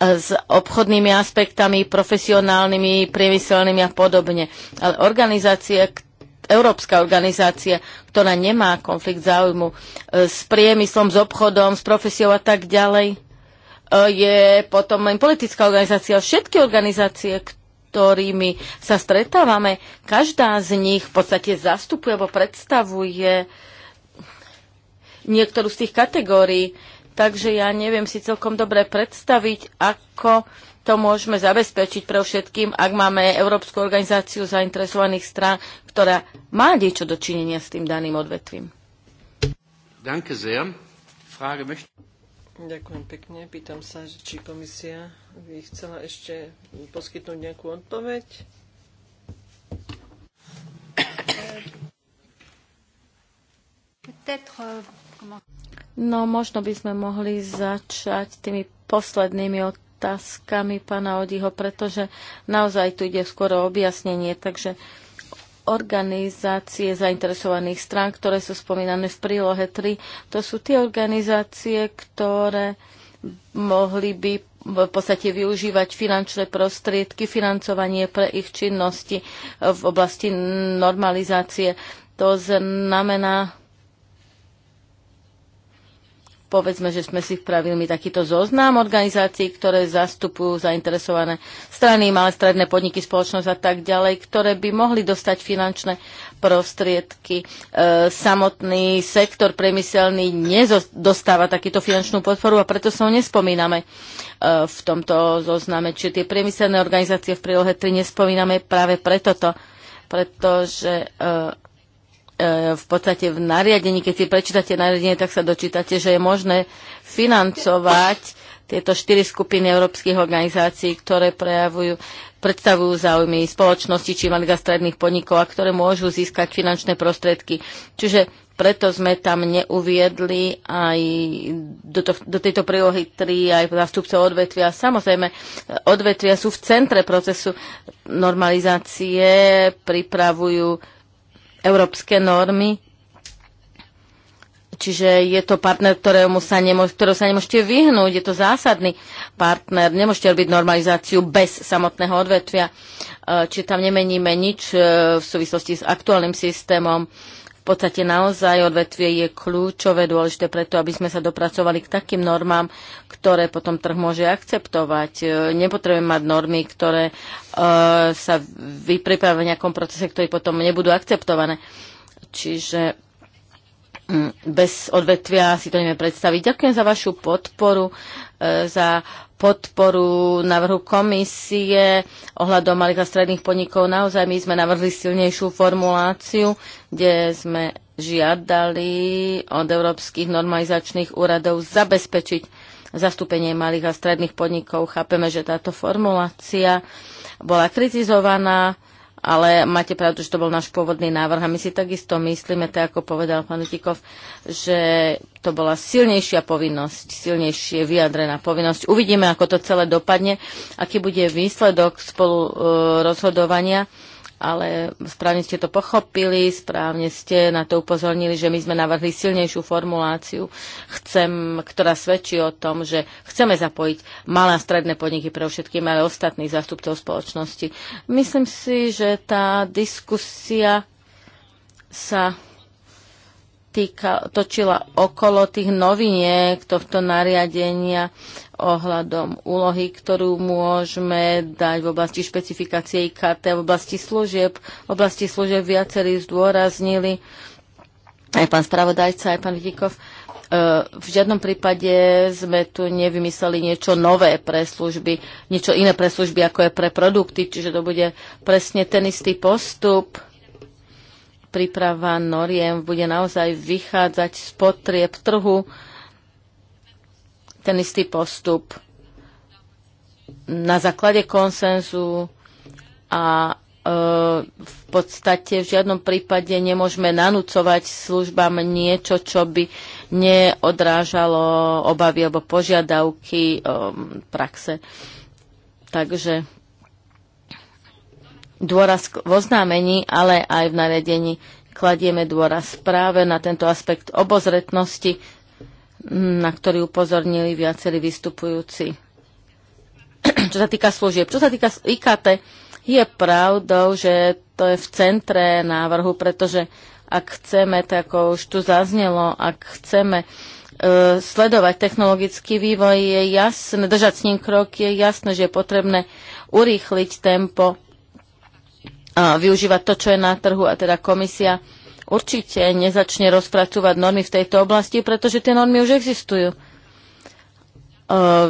S1: s obchodnými aspektami, profesionálnymi, priemyselnými a podobne. Ale organizácie, európska organizácia, ktorá nemá konflikt záujmu e, s priemyslom, s obchodom, s profesiou a tak ďalej, e, je potom len politická organizácia. Všetky organizácie, ktorými sa stretávame, každá z nich v podstate zastupuje alebo predstavuje niektorú z tých kategórií Takže ja neviem si celkom dobre predstaviť, ako to môžeme zabezpečiť pre všetkým, ak máme Európsku organizáciu zainteresovaných strán, ktorá má niečo dočinenia s tým daným odvetvím. Danke sehr. Frage möchte...
S2: Ďakujem pekne. Pýtam sa, či komisia by chcela ešte poskytnúť nejakú odpoveď. Peut-être, euh, comment...
S1: No možno by sme mohli začať tými poslednými otázkami pána Odiho, pretože naozaj tu ide skôr o objasnenie, takže organizácie zainteresovaných strán, ktoré sú spomínané v prílohe 3, to sú tie organizácie, ktoré mohli by v podstate využívať finančné prostriedky, financovanie pre ich činnosti v oblasti normalizácie. To znamená povedzme, že sme si spravili takýto zoznam organizácií, ktoré zastupujú zainteresované strany, malé stredné podniky, spoločnosť a tak ďalej, ktoré by mohli dostať finančné prostriedky. E, samotný sektor priemyselný nedostáva takýto finančnú podporu a preto sa ho nespomíname e, v tomto zozname. Čiže tie priemyselné organizácie v prílohe 3 nespomíname práve preto to, pretože e, E, v podstate v nariadení, keď si prečítate nariadenie, tak sa dočítate, že je možné financovať tieto štyri skupiny európskych organizácií, ktoré prejavujú, predstavujú záujmy spoločnosti či malých a stredných podnikov a ktoré môžu získať finančné prostriedky. Čiže preto sme tam neuviedli aj do, to, do tejto prílohy 3 aj zástupcov odvetvia. Samozrejme, odvetvia sú v centre procesu normalizácie, pripravujú európske normy. Čiže je to partner, ktorému sa nemôž- ktorého sa nemôžete vyhnúť. Je to zásadný partner. Nemôžete robiť normalizáciu bez samotného odvetvia. E, Či tam nemeníme nič e, v súvislosti s aktuálnym systémom v podstate naozaj odvetvie je kľúčové, dôležité preto, aby sme sa dopracovali k takým normám, ktoré potom trh môže akceptovať. E, nepotrebujeme mať normy, ktoré e, sa vypripravia v nejakom procese, ktoré potom nebudú akceptované. Čiže Mm, bez odvetvia si to neviem predstaviť. Ďakujem za vašu podporu, e, za podporu navrhu komisie ohľadom malých a stredných podnikov. Naozaj my sme navrhli silnejšiu formuláciu, kde sme žiadali od európskych normalizačných úradov zabezpečiť zastúpenie malých a stredných podnikov. Chápeme, že táto formulácia bola kritizovaná ale máte pravdu, že to bol náš pôvodný návrh a my si takisto myslíme, tak ako povedal pán Utikov, že to bola silnejšia povinnosť, silnejšie vyjadrená povinnosť. Uvidíme, ako to celé dopadne, aký bude výsledok spolu e, rozhodovania ale správne ste to pochopili, správne ste na to upozornili, že my sme navrhli silnejšiu formuláciu, chcem, ktorá svedčí o tom, že chceme zapojiť malé a stredné podniky pre všetkým, ale ostatných zástupcov spoločnosti. Myslím si, že tá diskusia sa týka, točila okolo tých noviniek tohto nariadenia ohľadom úlohy, ktorú môžeme dať v oblasti špecifikácie IKT, v oblasti služieb. V oblasti služieb viacerí zdôraznili, aj pán spravodajca, aj pán Vidíkov, e, v žiadnom prípade sme tu nevymysleli niečo nové pre služby, niečo iné pre služby, ako je pre produkty, čiže to bude presne ten istý postup. Príprava noriem bude naozaj vychádzať z potrieb trhu, ten istý postup na základe konsenzu a e, v podstate v žiadnom prípade nemôžeme nanúcovať službám niečo, čo by neodrážalo obavy alebo požiadavky e, praxe. Takže dôraz v oznámení, ale aj v naredení kladieme dôraz práve na tento aspekt obozretnosti, na ktorý upozornili viacerí vystupujúci. čo sa týka služieb, čo sa týka IKT, je pravdou, že to je v centre návrhu, pretože ak chceme, tak ako už tu zaznelo, ak chceme e, sledovať technologický vývoj, je jasné, držať s ním krok, je jasné, že je potrebné urýchliť tempo a využívať to, čo je na trhu, a teda komisia určite nezačne rozpracovať normy v tejto oblasti, pretože tie normy už existujú. E,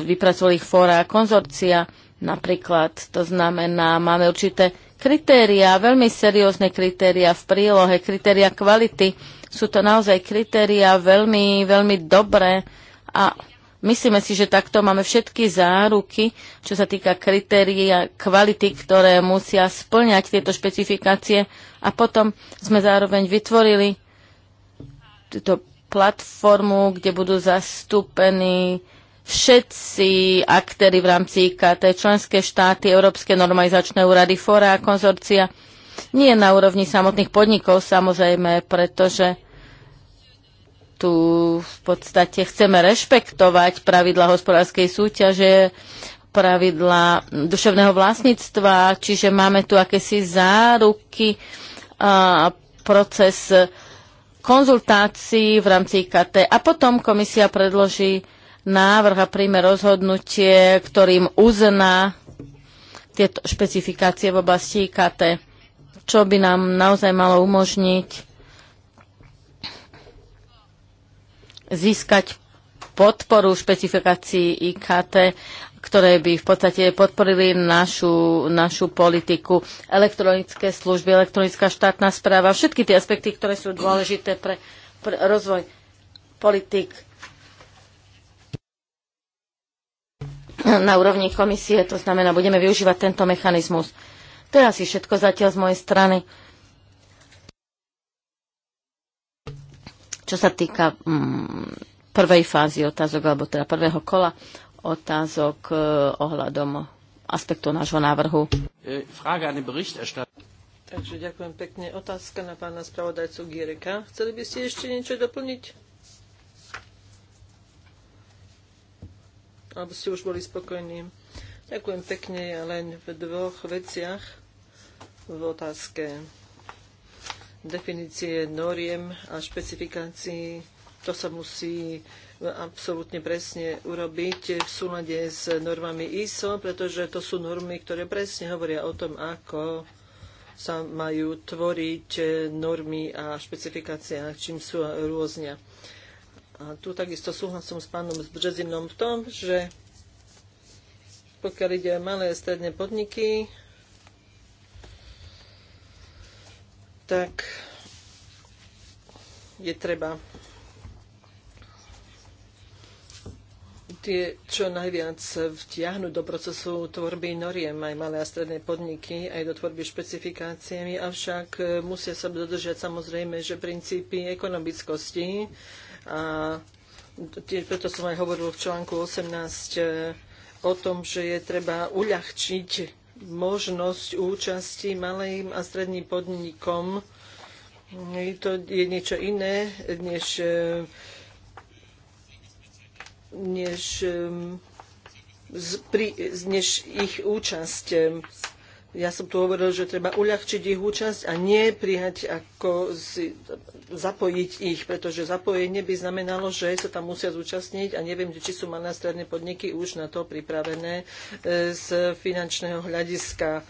S1: vypracovali ich fóra a konzorcia napríklad. To znamená, máme určité kritéria, veľmi seriózne kritéria v prílohe, kritéria kvality. Sú to naozaj kritéria veľmi, veľmi dobré a Myslíme si, že takto máme všetky záruky, čo sa týka kritérií a kvality, ktoré musia splňať tieto špecifikácie. A potom sme zároveň vytvorili túto platformu, kde budú zastúpení všetci aktéry v rámci IKT, členské štáty, Európske normalizačné úrady, fóra a konzorcia. Nie na úrovni samotných podnikov, samozrejme, pretože tu v podstate chceme rešpektovať pravidla hospodárskej súťaže, pravidla duševného vlastníctva, čiže máme tu akési záruky a proces konzultácií v rámci IKT a potom komisia predloží návrh a príjme rozhodnutie, ktorým uzná tieto špecifikácie v oblasti IKT, čo by nám naozaj malo umožniť získať podporu špecifikácií IKT, ktoré by v podstate podporili našu, našu politiku, elektronické služby, elektronická štátna správa, všetky tie aspekty, ktoré sú dôležité pre, pre rozvoj politik na úrovni komisie, to znamená, budeme využívať tento mechanizmus. To je asi všetko zatiaľ z mojej strany. Čo sa týka mm, prvej fázy otázok, alebo teda prvého kola otázok e, ohľadom aspektu nášho návrhu.
S2: E, Takže ďakujem pekne. Otázka na pána spravodajcu Giereka. Chceli by ste ešte niečo doplniť? Alebo ste už boli spokojní? Ďakujem pekne, ja len v dvoch veciach v otázke definície noriem a špecifikácií. To sa musí absolútne presne urobiť v súlade s normami ISO, pretože to sú normy, ktoré presne hovoria o tom, ako sa majú tvoriť normy a špecifikácia, čím sú rôzne. A tu takisto súhlasom s pánom Březinom v tom, že pokiaľ ide o malé a stredné podniky, tak je treba tie čo najviac vtiahnuť do procesu tvorby noriem aj malé a stredné podniky, aj do tvorby špecifikáciami, avšak eh, musia sa dodržať samozrejme, že princípy ekonomickosti a tiež preto som aj hovoril v článku 18 eh, o tom, že je treba uľahčiť možnosť účasti malým a stredným podnikom. To je niečo iné, než, než, ehm, než ich účasť ja som tu hovoril, že treba uľahčiť ich účasť a nie prihať ako si, zapojiť ich, pretože zapojenie by znamenalo, že sa tam musia zúčastniť a neviem, či sú malé stredné podniky už na to pripravené e, z finančného hľadiska.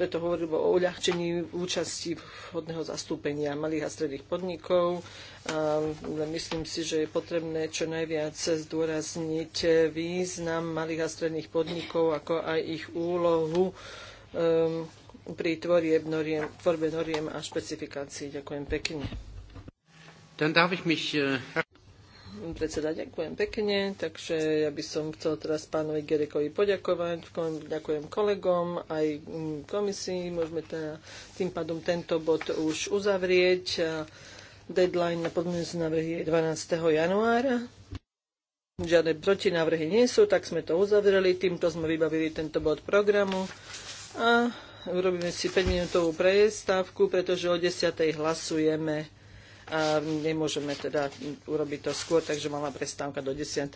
S2: Preto hovorím o uľahčení účasti vhodného zastúpenia malých a stredných podnikov. A no, myslím si, že je potrebné čo najviac zdôrazniť význam malých a stredných podnikov, ako aj ich úlohu Um, pri noriem, tvorbe noriem a špecifikácií. Ďakujem pekne. Dann darf ich mich, äh, predseda, ďakujem pekne. Takže ja by som chcel teraz pánovi Gerekovi poďakovať. Ďakujem kolegom, aj mm, komisii. Môžeme teda tým pádom tento bod už uzavrieť. Deadline na podmienku návrhy je 12. januára. Žiadne protinávrhy nie sú, tak sme to uzavreli. Týmto sme vybavili tento bod programu. A urobíme si 5-minútovú prestávku, pretože o 10. hlasujeme a nemôžeme teda urobiť to skôr, takže malá prestávka do 10.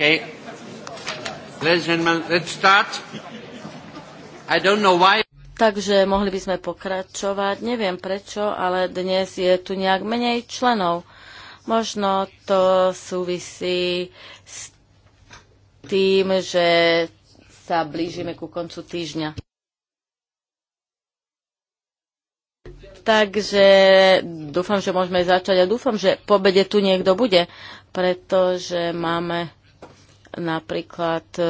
S2: Okay. Ladies and gentlemen, let's start. I don't know why.
S1: Takže mohli by sme pokračovať. Neviem prečo, ale dnes je tu nejak menej členov. Možno to súvisí s tým, že sa blížime ku koncu týždňa. Takže dúfam, že môžeme začať a dúfam, že po bede tu niekto bude, pretože máme napríklad e,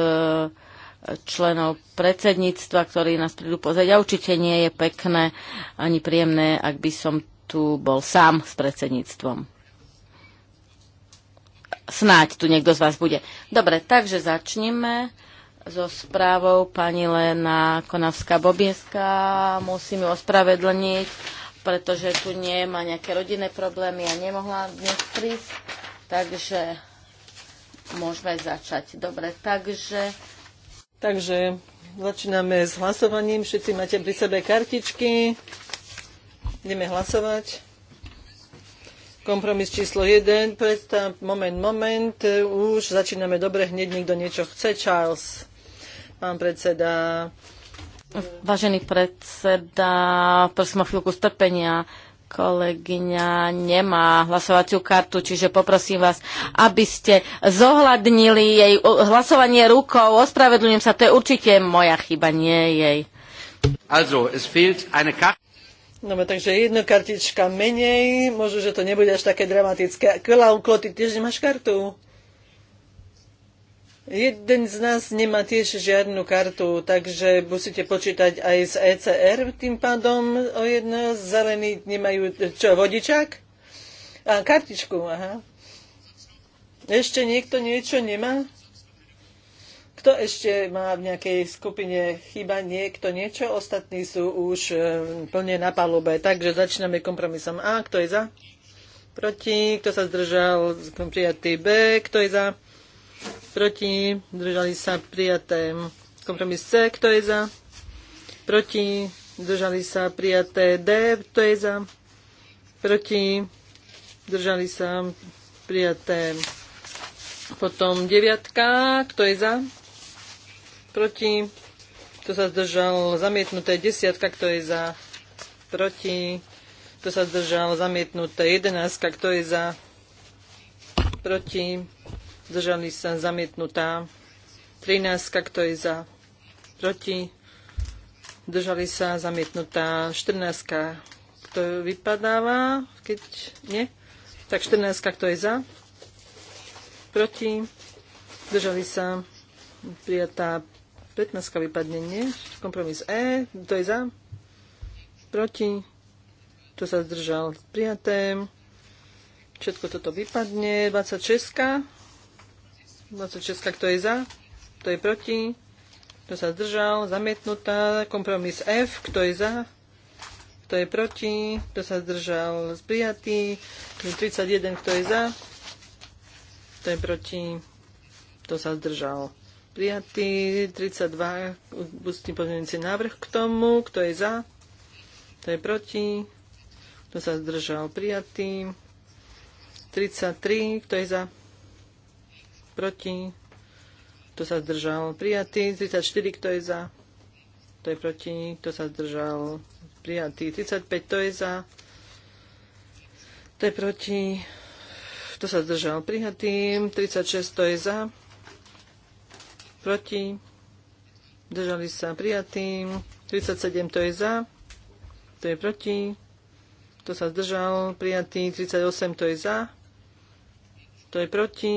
S1: členov predsedníctva, ktorí nás prídu pozrieť. A určite nie je pekné ani príjemné, ak by som tu bol sám s predsedníctvom. Snáď tu niekto z vás bude. Dobre, takže začneme so správou pani Lena Konavská-Bobieska. Musím ju ospravedlniť, pretože tu nie má nejaké rodinné problémy a nemohla dnes prísť. Takže môžeme začať. Dobre, takže...
S2: Takže začíname s hlasovaním. Všetci máte pri sebe kartičky. Ideme hlasovať. Kompromis číslo 1. Predstav, moment, moment. Už začíname dobre. Hneď niekto niečo chce. Charles, pán predseda.
S1: Vážený predseda, prosím o chvíľku strpenia kolegyňa nemá hlasovaciu kartu, čiže poprosím vás, aby ste zohľadnili jej hlasovanie rukou. Ospravedlňujem sa, to je určite moja chyba, nie jej. Also, es fehlt eine Karte.
S2: No, takže jedna kartička menej, možno, že to nebude až také dramatické. Kveľa, ty tiež nemáš kartu? Jeden z nás nemá tiež žiadnu kartu, takže musíte počítať aj z ECR. Tým pádom o jedno zelení nemajú čo, vodičák? A kartičku, aha. Ešte niekto niečo nemá? Kto ešte má v nejakej skupine chyba niekto niečo? Ostatní sú už e, plne na palube. Takže začíname kompromisom A. Kto je za? Proti. Kto sa zdržal? Prijatý B. Kto je za? proti, zdržali sa prijaté. Kompromis C, kto je za, proti, zdržali sa prijaté. D, kto je za, proti, zdržali sa prijaté. Potom deviatka, kto je za, proti, kto sa zdržal, zamietnuté desiatka, kto je za, proti, kto sa zdržal, zamietnuté jedenáctka, kto je za, proti, Zdržaný sa zamietnutá. 13, kto je za, proti, zdržali sa zamietnutá. 14, kto vypadáva, keď nie. Tak 14, kto je za, proti, zdržali sa prijatá 15 vypadne, nie? Kompromis E, to je za, proti, to sa zdržal prijaté. Všetko toto vypadne. 26. 26, kto je za, kto je proti, kto sa zdržal, zamietnutá. Kompromis F, kto je za, kto je proti, kto sa zdržal, prijatý. 31, kto je za, kto je proti, kto sa zdržal. Prijatý 32, ústny pozmeňujúci návrh k tomu, kto je za, kto je proti, kto sa zdržal. Prijatý 33, kto je za, proti, kto sa zdržal, prijatý. 34, kto je za, kto je proti, kto sa zdržal, prijatý. 35, kto je za, kto je proti, kto sa zdržal, prijatý. 36, kto je za, proti, zdržali sa, prijatý. 37, kto je za, kto je proti, kto sa zdržal, prijatý. 38, kto je za, kto je proti,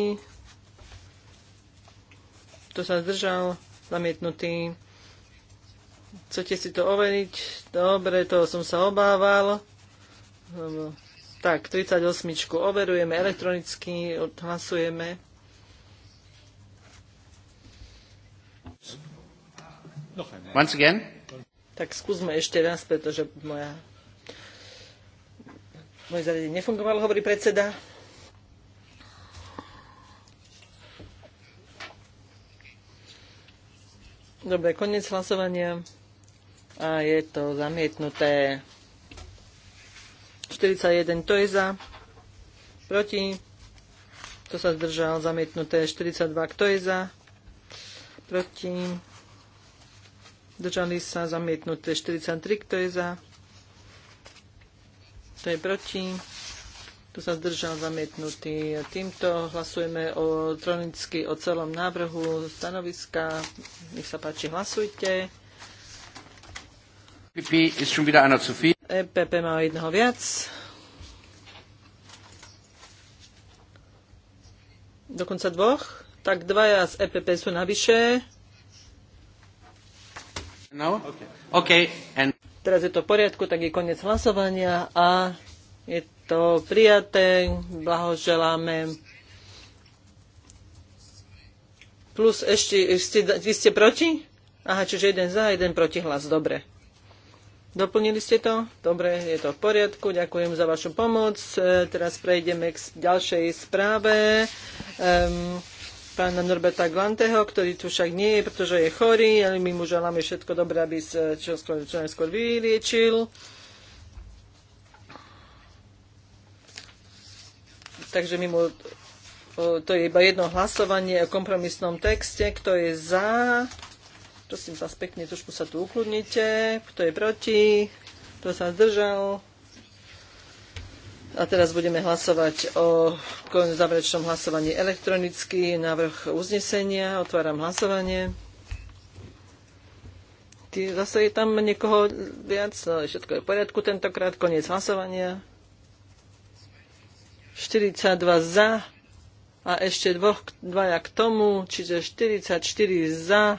S2: kto sa zdržal? Zamietnutý. Chcete si to overiť? Dobre, to som sa obával. Tak, 38. Overujeme elektronicky, odhlasujeme. Once again? Tak skúsme ešte raz, pretože moja, moje zariadenie nefungovalo, hovorí predseda. Dobre, koniec hlasovania. A je to zamietnuté. 41, to je za. Proti. To sa zdržal. Zamietnuté. 42, kto je za? Proti. Držali sa. Zamietnuté. 43, kto je za? To je proti tu sa zdržal zamietnutý. Týmto hlasujeme o, elektronicky o celom návrhu stanoviska. Nech sa páči, hlasujte. EPP e má jednoho viac. Dokonca dvoch? Tak dvaja z EPP sú navyše. No? Okay. okay. And... Teraz je to v poriadku, tak je koniec hlasovania a je to prijaté. Blahoželáme. Plus ešte, ste, vy ste proti? Aha, čiže jeden za, jeden proti hlas. Dobre. Doplnili ste to? Dobre, je to v poriadku. Ďakujem za vašu pomoc. E, teraz prejdeme k ďalšej správe. Um, pána Norberta Glanteho, ktorý tu však nie je, pretože je chorý, ale my mu želáme všetko dobré, aby sa čo skôr, čo najskôr vyliečil. Takže mimo to je iba jedno hlasovanie o kompromisnom texte. Kto je za? Prosím vás pekne, trošku sa tu ukludnite. Kto je proti? Kto sa zdržal? A teraz budeme hlasovať o záverečnom hlasovaní elektronicky. Návrh uznesenia. Otváram hlasovanie. zase je tam niekoho viac, no, všetko je v poriadku tentokrát. Koniec hlasovania. 42 za a ešte dvoch, dvaja k tomu, čiže 44 za.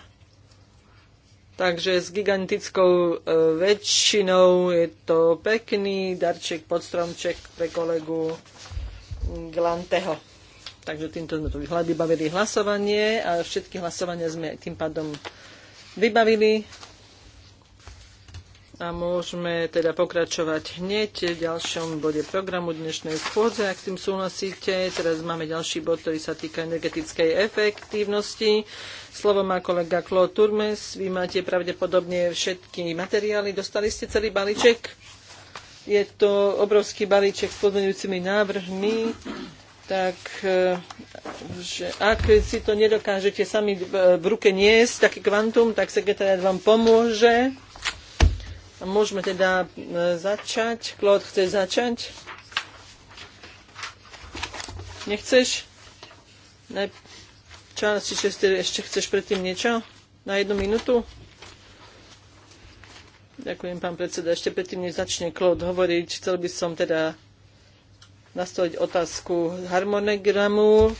S2: Takže s gigantickou e, väčšinou je to pekný darček pod stromček pre kolegu Glanteho. Takže týmto sme to vybavili hlasovanie a všetky hlasovania sme tým pádom vybavili a môžeme teda pokračovať hneď v ďalšom bode programu dnešnej schôdze, ak s tým súhlasíte. Teraz máme ďalší bod, ktorý sa týka energetickej efektívnosti. Slovo má kolega Claude Turmes. Vy máte pravdepodobne všetky materiály. Dostali ste celý balíček? Je to obrovský balíček s pozmeňujúcimi návrhmi tak e, že ak si to nedokážete sami v e, ruke niesť, taký kvantum, tak sekretariat vám pomôže Môžeme teda e, začať. Klod, chce začať? Nechceš? Ne, čas, či ešte chceš predtým niečo? Na jednu minútu? Ďakujem, pán predseda. Ešte predtým, než začne Klod hovoriť, chcel by som teda nastaviť otázku harmonogramu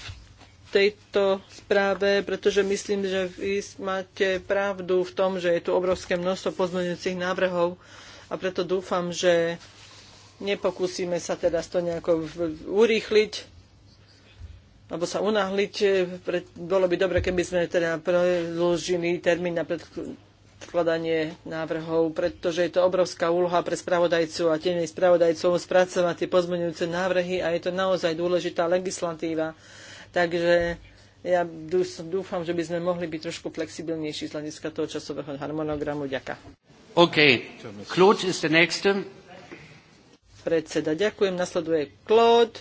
S2: tejto správe, pretože myslím, že vy máte pravdu v tom, že je tu obrovské množstvo pozmeňujúcich návrhov a preto dúfam, že nepokúsime sa teraz to nejako urýchliť, alebo sa unáhliť. Bolo by dobre, keby sme teda predlžili termín na predkladanie návrhov, pretože je to obrovská úloha pre spravodajcu a tiež spravodajcov spracovať tie pozmeňujúce návrhy a je to naozaj dôležitá legislatíva. Takže ja dúfam, že by sme mohli byť trošku flexibilnejší z hľadiska toho časového harmonogramu. Ďaka. OK. Claude is the next. Predseda, ďakujem. Nasleduje Claude.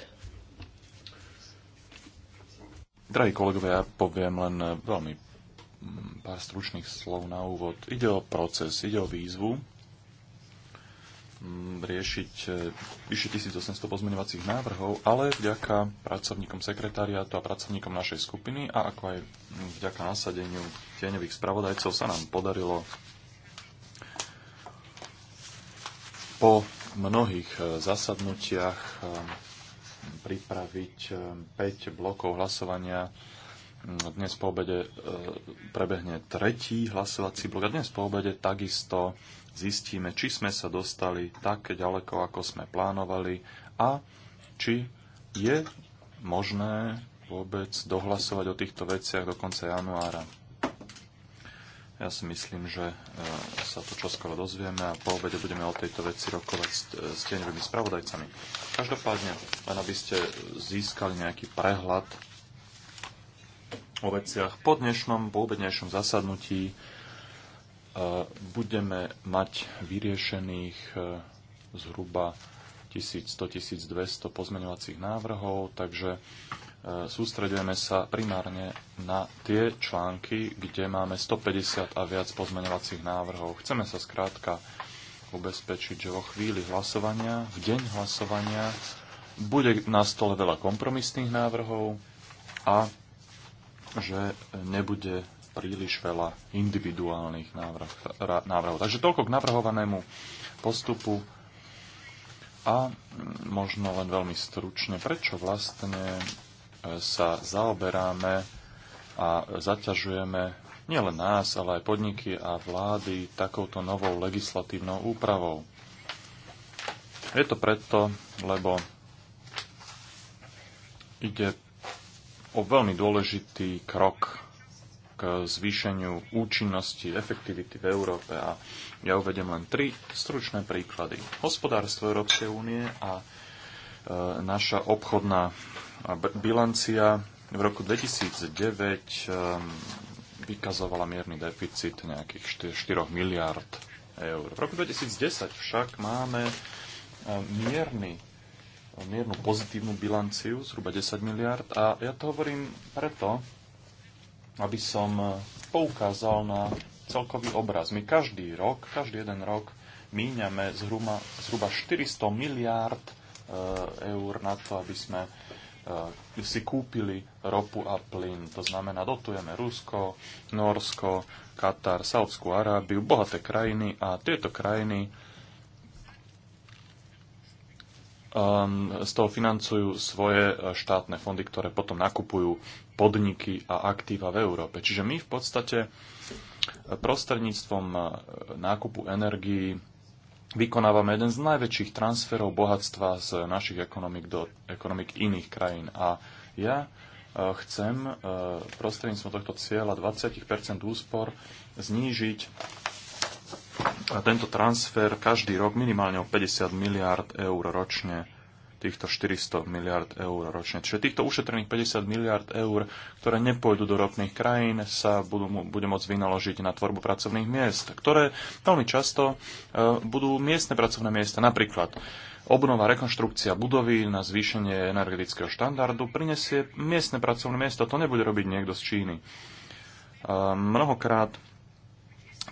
S3: Drahí kolegovia, ja poviem len veľmi mm, pár stručných slov na úvod. Ide o proces, ide o výzvu, riešiť e, vyše 1800 pozmeňovacích návrhov, ale vďaka pracovníkom sekretariátu a pracovníkom našej skupiny a ako aj vďaka nasadeniu tieňových spravodajcov sa nám podarilo po mnohých e, zasadnutiach e, pripraviť 5 blokov hlasovania dnes po obede prebehne tretí hlasovací blok a dnes po obede takisto zistíme, či sme sa dostali tak ďaleko, ako sme plánovali a či je možné vôbec dohlasovať o týchto veciach do konca januára. Ja si myslím, že e, sa to čoskoro dozvieme a po obede budeme o tejto veci rokovať e, s tieňovými spravodajcami. Každopádne, len aby ste získali nejaký prehľad o veciach po dnešnom, po obednejšom zasadnutí budeme mať vyriešených e, zhruba 1100-1200 pozmeňovacích návrhov, takže e, sústredujeme sa primárne na tie články, kde máme 150 a viac pozmeňovacích návrhov. Chceme sa skrátka ubezpečiť, že vo chvíli hlasovania, v deň hlasovania, bude na stole veľa kompromisných návrhov a že nebude príliš veľa individuálnych návrh, návrhov. Takže toľko k navrhovanému postupu a mm, možno len veľmi stručne, prečo vlastne e, sa zaoberáme a zaťažujeme nielen nás, ale aj podniky a vlády takouto novou legislatívnou úpravou. Je to preto, lebo ide o veľmi dôležitý krok k zvýšeniu účinnosti, efektivity v Európe. A ja uvedem len tri stručné príklady. Hospodárstvo Európskej únie a e, naša obchodná bilancia v roku 2009 e, vykazovala mierny deficit nejakých 4 miliard eur. V roku 2010 však máme e, mierny miernu pozitívnu bilanciu, zhruba 10 miliard. A ja to hovorím preto, aby som e, poukázal na celkový obraz. My každý rok, každý jeden rok míňame zhruba, zhruba 400 miliárd e, eur na to, aby sme e, si kúpili ropu a plyn. To znamená, dotujeme Rusko, Norsko, Katar, Saudskú Arábiu, bohaté krajiny a tieto krajiny ehm, z toho financujú svoje štátne fondy, ktoré potom nakupujú podniky a aktíva v Európe. Čiže my v podstate e, prostredníctvom e, nákupu energii vykonávame jeden z najväčších transferov bohatstva z našich ekonomik do ekonomik iných krajín. A ja e, chcem prostredníctvom tohto cieľa 20 úspor znížiť tento transfer každý rok minimálne o 50 miliard eur ročne týchto 400 miliard eur ročne. Čiže týchto ušetrených 50 miliard eur, ktoré nepôjdu do ropných krajín, sa budú, bude môcť vynaložiť na tvorbu pracovných miest, ktoré veľmi často e, budú miestne pracovné miesta. Napríklad obnova, rekonštrukcia budovy na zvýšenie energetického štandardu prinesie miestne pracovné miesto. To nebude robiť niekto z Číny. E, mnohokrát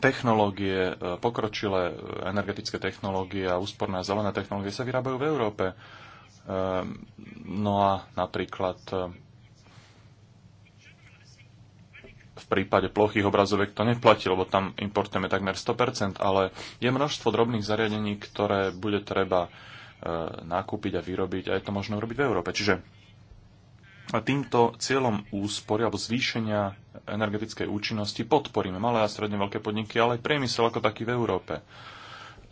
S3: technológie, e, pokročilé energetické technológie a úsporné a zelené technológie sa vyrábajú v Európe. Ehm, no a napríklad ehm, v prípade plochých obrazoviek to neplatí, lebo tam importujeme takmer 100%, ale je množstvo drobných zariadení, ktoré bude treba ehm, nakúpiť a vyrobiť a je to možné urobiť v Európe. Čiže týmto cieľom úspory alebo zvýšenia energetickej účinnosti podporíme malé a stredne veľké podniky, ale aj priemysel ako taký v Európe.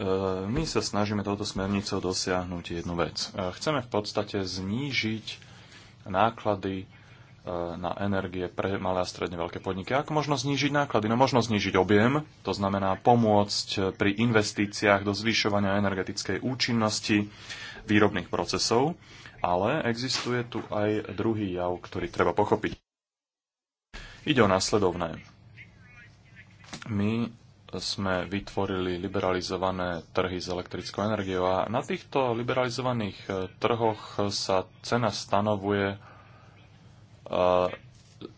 S3: E, my sa snažíme touto smernicou dosiahnuť jednu vec. E, chceme v podstate znížiť náklady e, na energie pre malé a stredne veľké podniky. Ako možno znížiť náklady? No možno znížiť objem, to znamená pomôcť pri investíciách do zvyšovania energetickej účinnosti výrobných procesov, ale existuje tu aj druhý jav, ktorý treba pochopiť. Ide o následovné. My sme vytvorili liberalizované trhy s elektrickou energiou a na týchto liberalizovaných e, trhoch sa cena stanovuje e,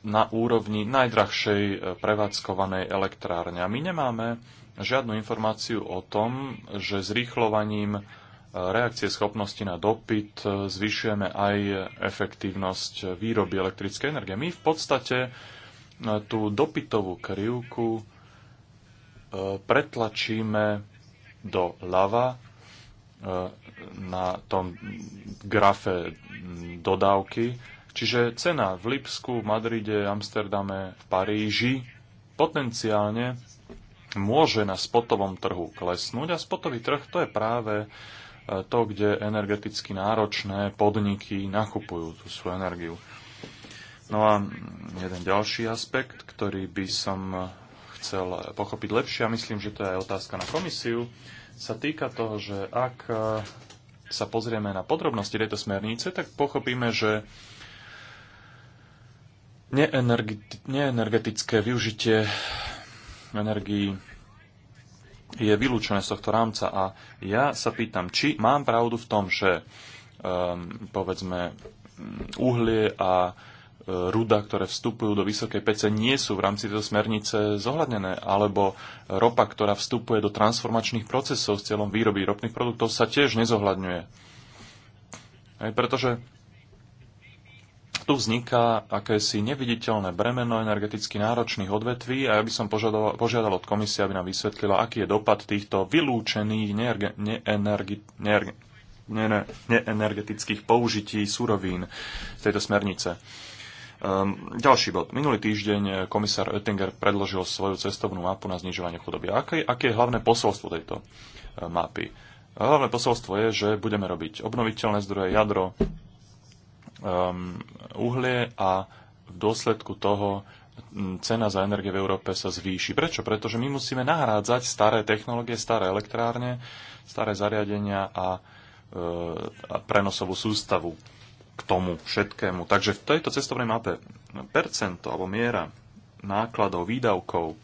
S3: na úrovni najdrahšej e, prevádzkovanej elektrárne. A my nemáme žiadnu informáciu o tom, že zrýchlovaním reakcie schopnosti na dopyt zvyšujeme aj efektívnosť výroby elektrickej energie. My v podstate tú dopytovú krivku pretlačíme do lava e, na tom grafe dodávky. Čiže cena v Lipsku, Madride, Amsterdame, v Paríži potenciálne môže na spotovom trhu klesnúť a spotový trh to je práve e, to, kde energeticky náročné podniky nakupujú tú svoju energiu. No a jeden ďalší aspekt, ktorý by som chcel pochopiť lepšie a myslím, že to je aj otázka na komisiu, sa týka toho, že ak e, sa pozrieme na podrobnosti tejto smernice, tak pochopíme, že neenergetické využitie energií je vylúčené z tohto rámca a ja sa pýtam, či mám pravdu v tom, že um, povedzme uhlie a ruda, ktoré vstupujú do vysokej pece, nie sú v rámci tejto smernice zohľadnené, alebo ropa, ktorá vstupuje do transformačných procesov s cieľom výroby ropných produktov, sa tiež nezohľadňuje. Aj pretože tu vzniká akési neviditeľné bremeno energeticky náročných odvetví a ja by som požiadal, požiadal od komisie, aby nám vysvetlila, aký je dopad týchto vylúčených neenergi, neenergi, neenergi, neenergetických použití surovín z tejto smernice. Um, ďalší bod. Minulý týždeň eh, komisár Oettinger predložil svoju cestovnú mapu na znižovanie chudoby. Aké, aké je hlavné posolstvo tejto eh, mapy? Hlavné posolstvo je, že budeme robiť obnoviteľné zdroje, jadro, um, uhlie a v dôsledku toho cena za energie v Európe sa zvýši. Prečo? Pretože my musíme nahrádzať staré technológie, staré elektrárne, staré zariadenia a, e, a prenosovú sústavu k tomu všetkému. Takže v tejto cestovnej mape percento alebo miera nákladov, výdavkov,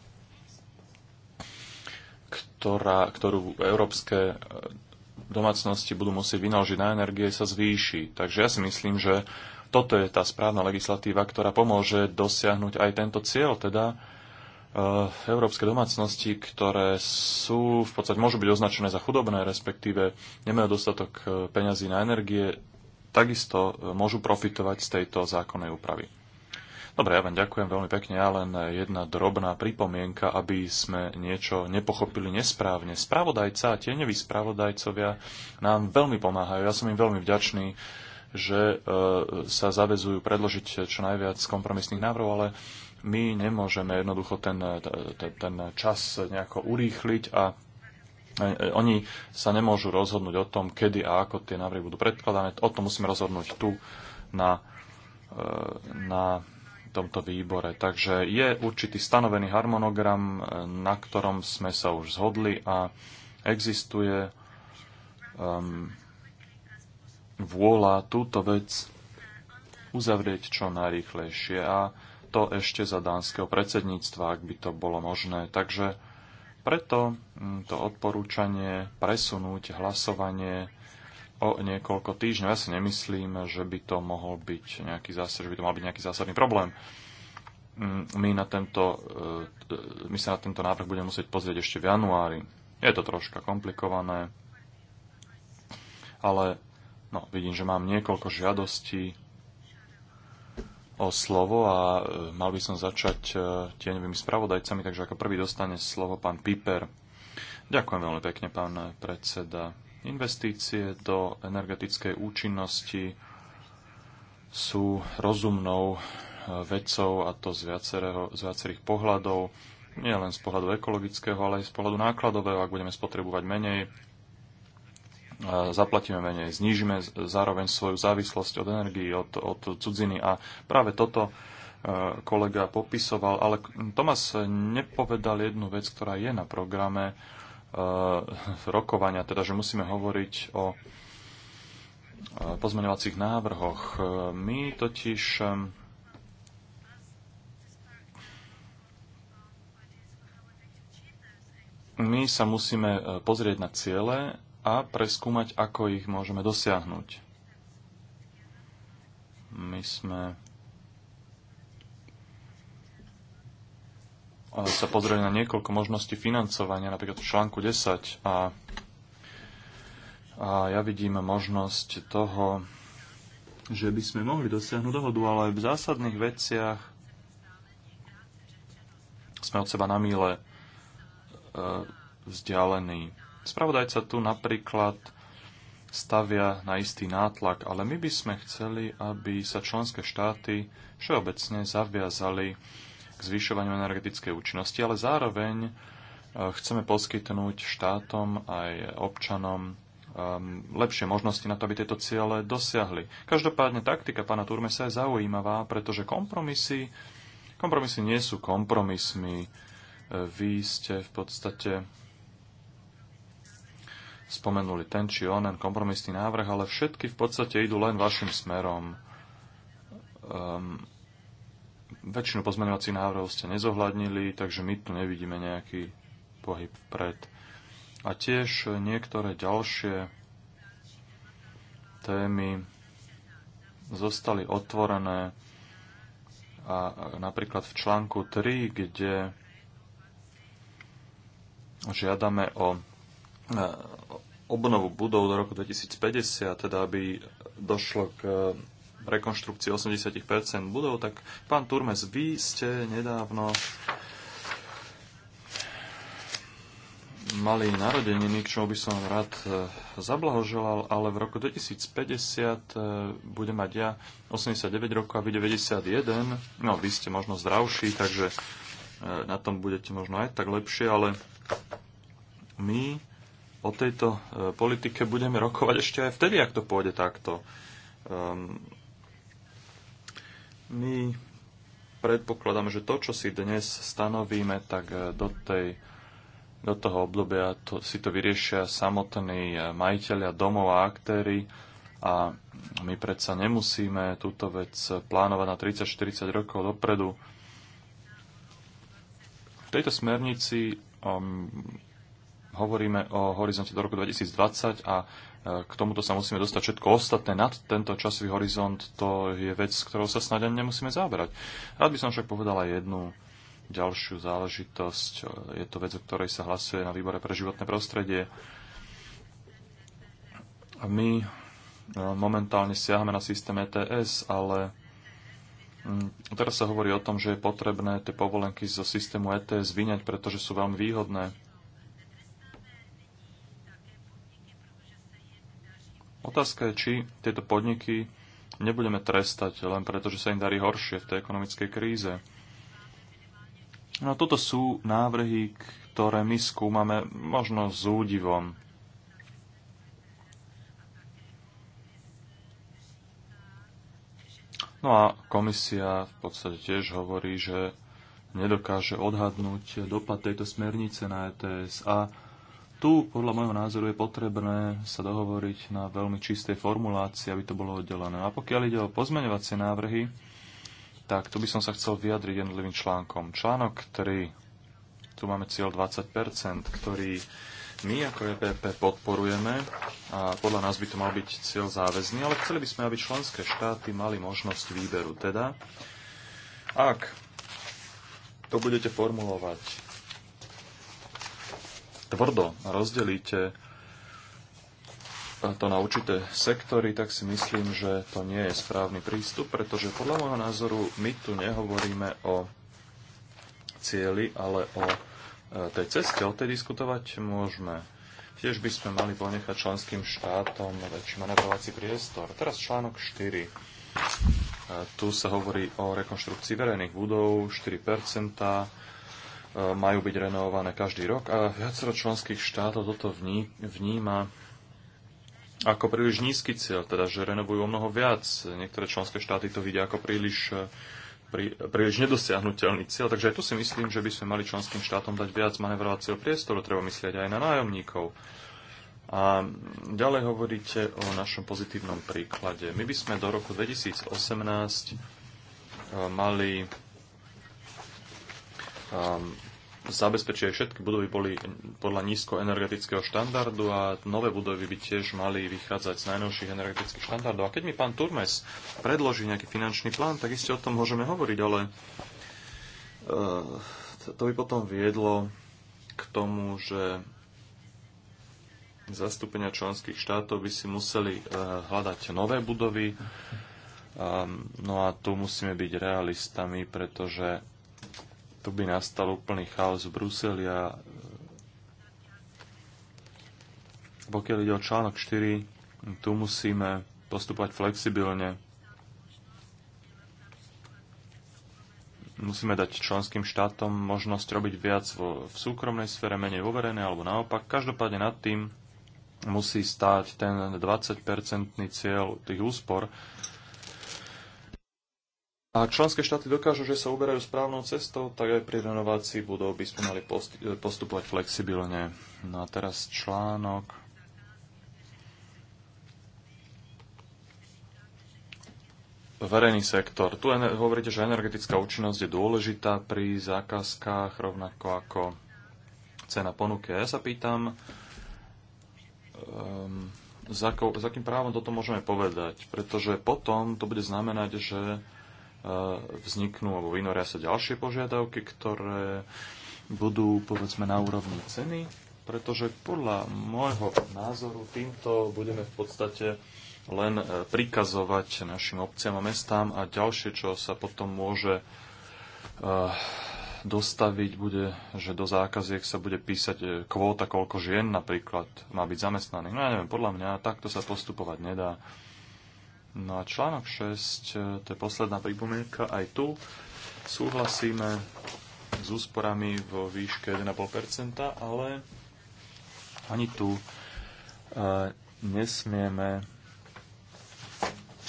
S3: ktorá, ktorú európske eh, domácnosti budú musieť vynaložiť na energie, sa zvýši. Takže ja si myslím, že toto je tá správna legislatíva, ktorá pomôže dosiahnuť aj tento cieľ, teda eh, európske domácnosti, ktoré sú v podstate môžu byť označené za chudobné, respektíve nemajú dostatok eh, peňazí na energie, takisto e, môžu profitovať z tejto zákonnej úpravy. Dobre, ja vám ďakujem veľmi pekne. Ja len e, jedna drobná pripomienka, aby sme niečo nepochopili nesprávne. Spravodajca a tieňoví spravodajcovia nám veľmi pomáhajú. Ja som im veľmi vďačný, že e, sa zavezujú predložiť čo najviac kompromisných návrhov, ale my nemôžeme jednoducho ten, ten, ten čas nejako urýchliť a E, oni sa nemôžu rozhodnúť o tom, kedy a ako tie návrhy budú predkladané. O tom musíme rozhodnúť tu na, e, na tomto výbore. Takže je určitý stanovený harmonogram, e, na ktorom sme sa už zhodli a existuje um, vôľa túto vec uzavrieť čo najrýchlejšie a to ešte za dánskeho predsedníctva, ak by to bolo možné. Takže preto mm, to odporúčanie presunúť hlasovanie o niekoľko týždňov. Ja si nemyslím, že by to mohol byť nejaký zásad, že by to mal byť nejaký zásadný problém. Mm, my, na tento, e, e, my sa na tento návrh budeme musieť pozrieť ešte v januári. Je to troška komplikované, ale no, vidím, že mám niekoľko žiadostí o slovo a e, mal by som začať e, tieňovými spravodajcami, takže ako prvý dostane slovo pán Piper. Ďakujem veľmi pekne, pán predseda. Investície do energetickej účinnosti sú rozumnou e, vecou a to z, z viacerých pohľadov. Nie len z pohľadu ekologického, ale aj z pohľadu nákladového. Ak budeme spotrebovať menej zaplatíme menej, znížime zároveň svoju závislosť od energii, od, od cudziny a práve toto e, kolega popisoval, ale Tomas nepovedal jednu vec, ktorá je na programe e, rokovania, teda že musíme hovoriť o e, pozmeňovacích návrhoch. My totiž my sa musíme pozrieť na ciele a preskúmať, ako ich môžeme dosiahnuť. My sme sa pozreli na niekoľko možností financovania, napríklad v článku 10 a, a ja vidím možnosť toho, že by sme mohli dosiahnuť dohodu, ale v zásadných veciach sme od seba na míle e, vzdialení. Spravodajca tu napríklad stavia na istý nátlak, ale my by sme chceli, aby sa členské štáty všeobecne zaviazali k zvyšovaniu energetickej účinnosti, ale zároveň e, chceme poskytnúť štátom aj občanom ehm, lepšie možnosti na to, aby tieto ciele dosiahli. Každopádne taktika pána Turmesa je zaujímavá, pretože kompromisy, kompromisy nie sú kompromismi. E, vy ste v podstate spomenuli ten či onen kompromisný návrh, ale všetky v podstate idú len vašim smerom. Um, väčšinu pozmeňovacích návrhov ste nezohľadnili, takže my tu nevidíme nejaký pohyb vpred. A tiež niektoré ďalšie témy zostali otvorené a napríklad v článku 3, kde žiadame o e, obnovu budov do roku 2050, teda aby došlo k eh, rekonštrukcii 80 budov, tak pán Turmes, vy ste nedávno mali narodeniny, k čomu by som rád eh, zablahoželal, ale v roku 2050 eh, bude mať ja 89 rokov a vy 91. No, vy ste možno zdravší, takže na tom budete možno aj tak lepšie, ale my o tejto e, politike budeme rokovať ešte aj vtedy, ak to pôjde takto. Um, my predpokladáme, že to, čo si dnes stanovíme, tak e, do, tej, do toho obdobia to, si to vyriešia samotní e, majiteľia domov a aktéry a my predsa nemusíme túto vec plánovať na 30-40 rokov dopredu. V tejto smernici um, hovoríme o horizonte do roku 2020 a e, k tomuto sa musíme dostať všetko ostatné nad tento časový horizont, to je vec, s ktorou sa snáď ani nemusíme záberať. Rád by som však povedal aj jednu ďalšiu záležitosť. Je to vec, o ktorej sa hlasuje na výbore pre životné prostredie. My e, momentálne siahame na systém ETS, ale mm, teraz sa hovorí o tom, že je potrebné tie povolenky zo systému ETS vyňať, pretože sú veľmi výhodné Otázka je, či tieto podniky nebudeme trestať len preto, že sa im darí horšie v tej ekonomickej kríze. No toto sú návrhy, ktoré my skúmame možno s údivom. No a komisia v podstate tiež hovorí, že nedokáže odhadnúť dopad tejto smernice na ETS a tu, podľa môjho názoru, je potrebné sa dohovoriť na veľmi čistej formulácii, aby to bolo oddelené. A pokiaľ ide o pozmeňovacie návrhy, tak tu by som sa chcel vyjadriť jednotlivým článkom. Článok, ktorý tu máme cieľ 20%, ktorý my ako EPP podporujeme a podľa nás by to mal byť cieľ záväzný, ale chceli by sme, aby členské štáty mali možnosť výberu. Teda, ak to budete formulovať tvrdo rozdelíte to na určité sektory, tak si myslím, že to nie je správny prístup, pretože podľa môjho názoru my tu nehovoríme o cieli, ale o e, tej ceste. O tej diskutovať môžeme. Tiež by sme mali ponechať členským štátom väčší manevrovací priestor. Teraz článok 4. E, tu sa hovorí o rekonštrukcii verejných budov 4 E, majú byť renovované každý rok a viacero členských štátov toto vní, vníma ako príliš nízky cieľ, teda že renovujú o mnoho viac. Niektoré členské štáty to vidia ako príliš, e, prí, príliš nedosiahnutelný cieľ, takže aj tu si myslím, že by sme mali členským štátom dať viac manevrovacieho priestoru, treba myslieť aj na nájomníkov. A ďalej hovoríte o našom pozitívnom príklade. My by sme do roku 2018 e, mali Ehm, zabezpečí aj všetky budovy boli podľa nízkoenergetického štandardu a nové budovy by tiež mali vychádzať z najnovších energetických štandardov. A keď mi pán Turmes predloží nejaký finančný plán, tak iste o tom môžeme hovoriť, ale eh, to by potom viedlo k tomu, že zastúpenia členských štátov by si museli eh, hľadať nové budovy. Ehm, no a tu musíme byť realistami, pretože tu by nastal úplný chaos v Bruseli a e, pokiaľ ide o článok 4, tu musíme postupovať flexibilne. Musíme dať členským štátom možnosť robiť viac vo, v súkromnej sfere menej vo verejnej alebo naopak. Každopádne nad tým musí stáť ten 20-percentný cieľ tých úspor, a členské štáty dokážu, že sa uberajú správnou cestou, tak aj pri renovácii budov by sme mali e, postupovať flexibilne. No a teraz článok. Verejný sektor. Tu hovoríte, že energetická účinnosť je dôležitá pri zákazkách, rovnako ako cena ponuky. Ja sa pýtam, um, za, za akým právom toto môžeme povedať, pretože potom to bude znamenať, že E, vzniknú alebo vynoria sa ďalšie požiadavky, ktoré budú povedzme na úrovni ceny, pretože podľa môjho názoru týmto budeme v podstate len e, prikazovať našim obciam a mestám a ďalšie, čo sa potom môže e, dostaviť, bude, že do zákaziek sa bude písať kvóta, koľko žien napríklad má byť zamestnaných. No ja neviem, podľa mňa takto sa postupovať nedá No a článok 6, e, to je posledná pripomienka, aj tu súhlasíme s úsporami vo výške 1,5%, ale ani tu e, nesmieme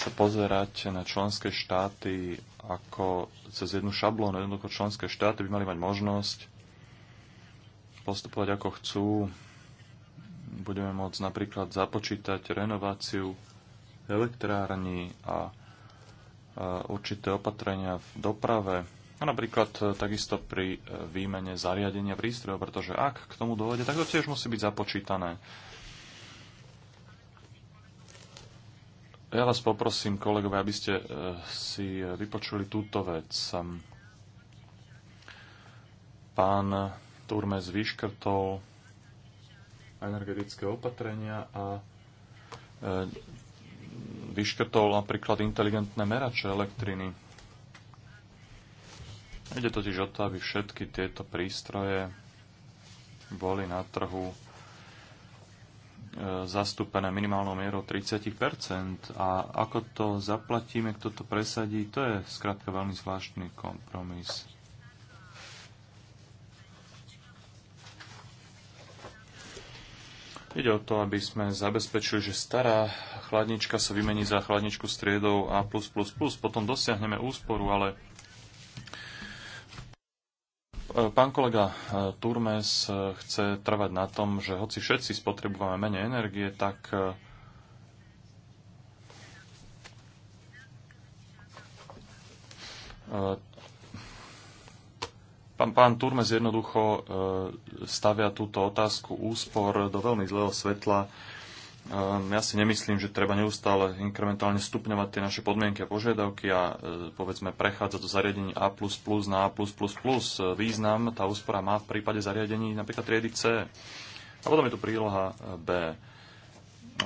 S3: sa pozerať na členské štáty ako cez jednu šablónu. Jednoducho členské štáty by mali mať možnosť postupovať ako chcú. Budeme môcť napríklad započítať renováciu elektrární a určité opatrenia v doprave, a napríklad e, takisto pri e, výmene zariadenia prístrojov, pretože ak k tomu dôjde, tak to tiež musí byť započítané. Ja vás poprosím, kolegovia, aby ste e, si vypočuli túto vec. Pán Turmes vyškrtol energetické opatrenia a vyškrtol napríklad inteligentné merače elektriny. Ide totiž o to, aby všetky tieto prístroje boli na trhu e, zastúpené minimálnou mierou 30 A ako to zaplatíme, kto to presadí, to je skrátka veľmi zvláštny kompromis. Ide o to, aby sme zabezpečili, že stará chladnička sa vymení za chladničku s triedou A+++, potom dosiahneme úsporu, ale e, Pán kolega e, Turmes e, chce trvať na tom, že hoci všetci spotrebujeme menej energie, tak Pán, pán Turmes jednoducho e, stavia túto otázku úspor do veľmi zlého svetla. E, ja si nemyslím, že treba neustále inkrementálne stupňovať tie naše podmienky a požiadavky a e, povedzme prechádzať do zariadení A++ na A++. Význam tá úspora má v prípade zariadení napríklad triedy C. A potom je tu príloha B,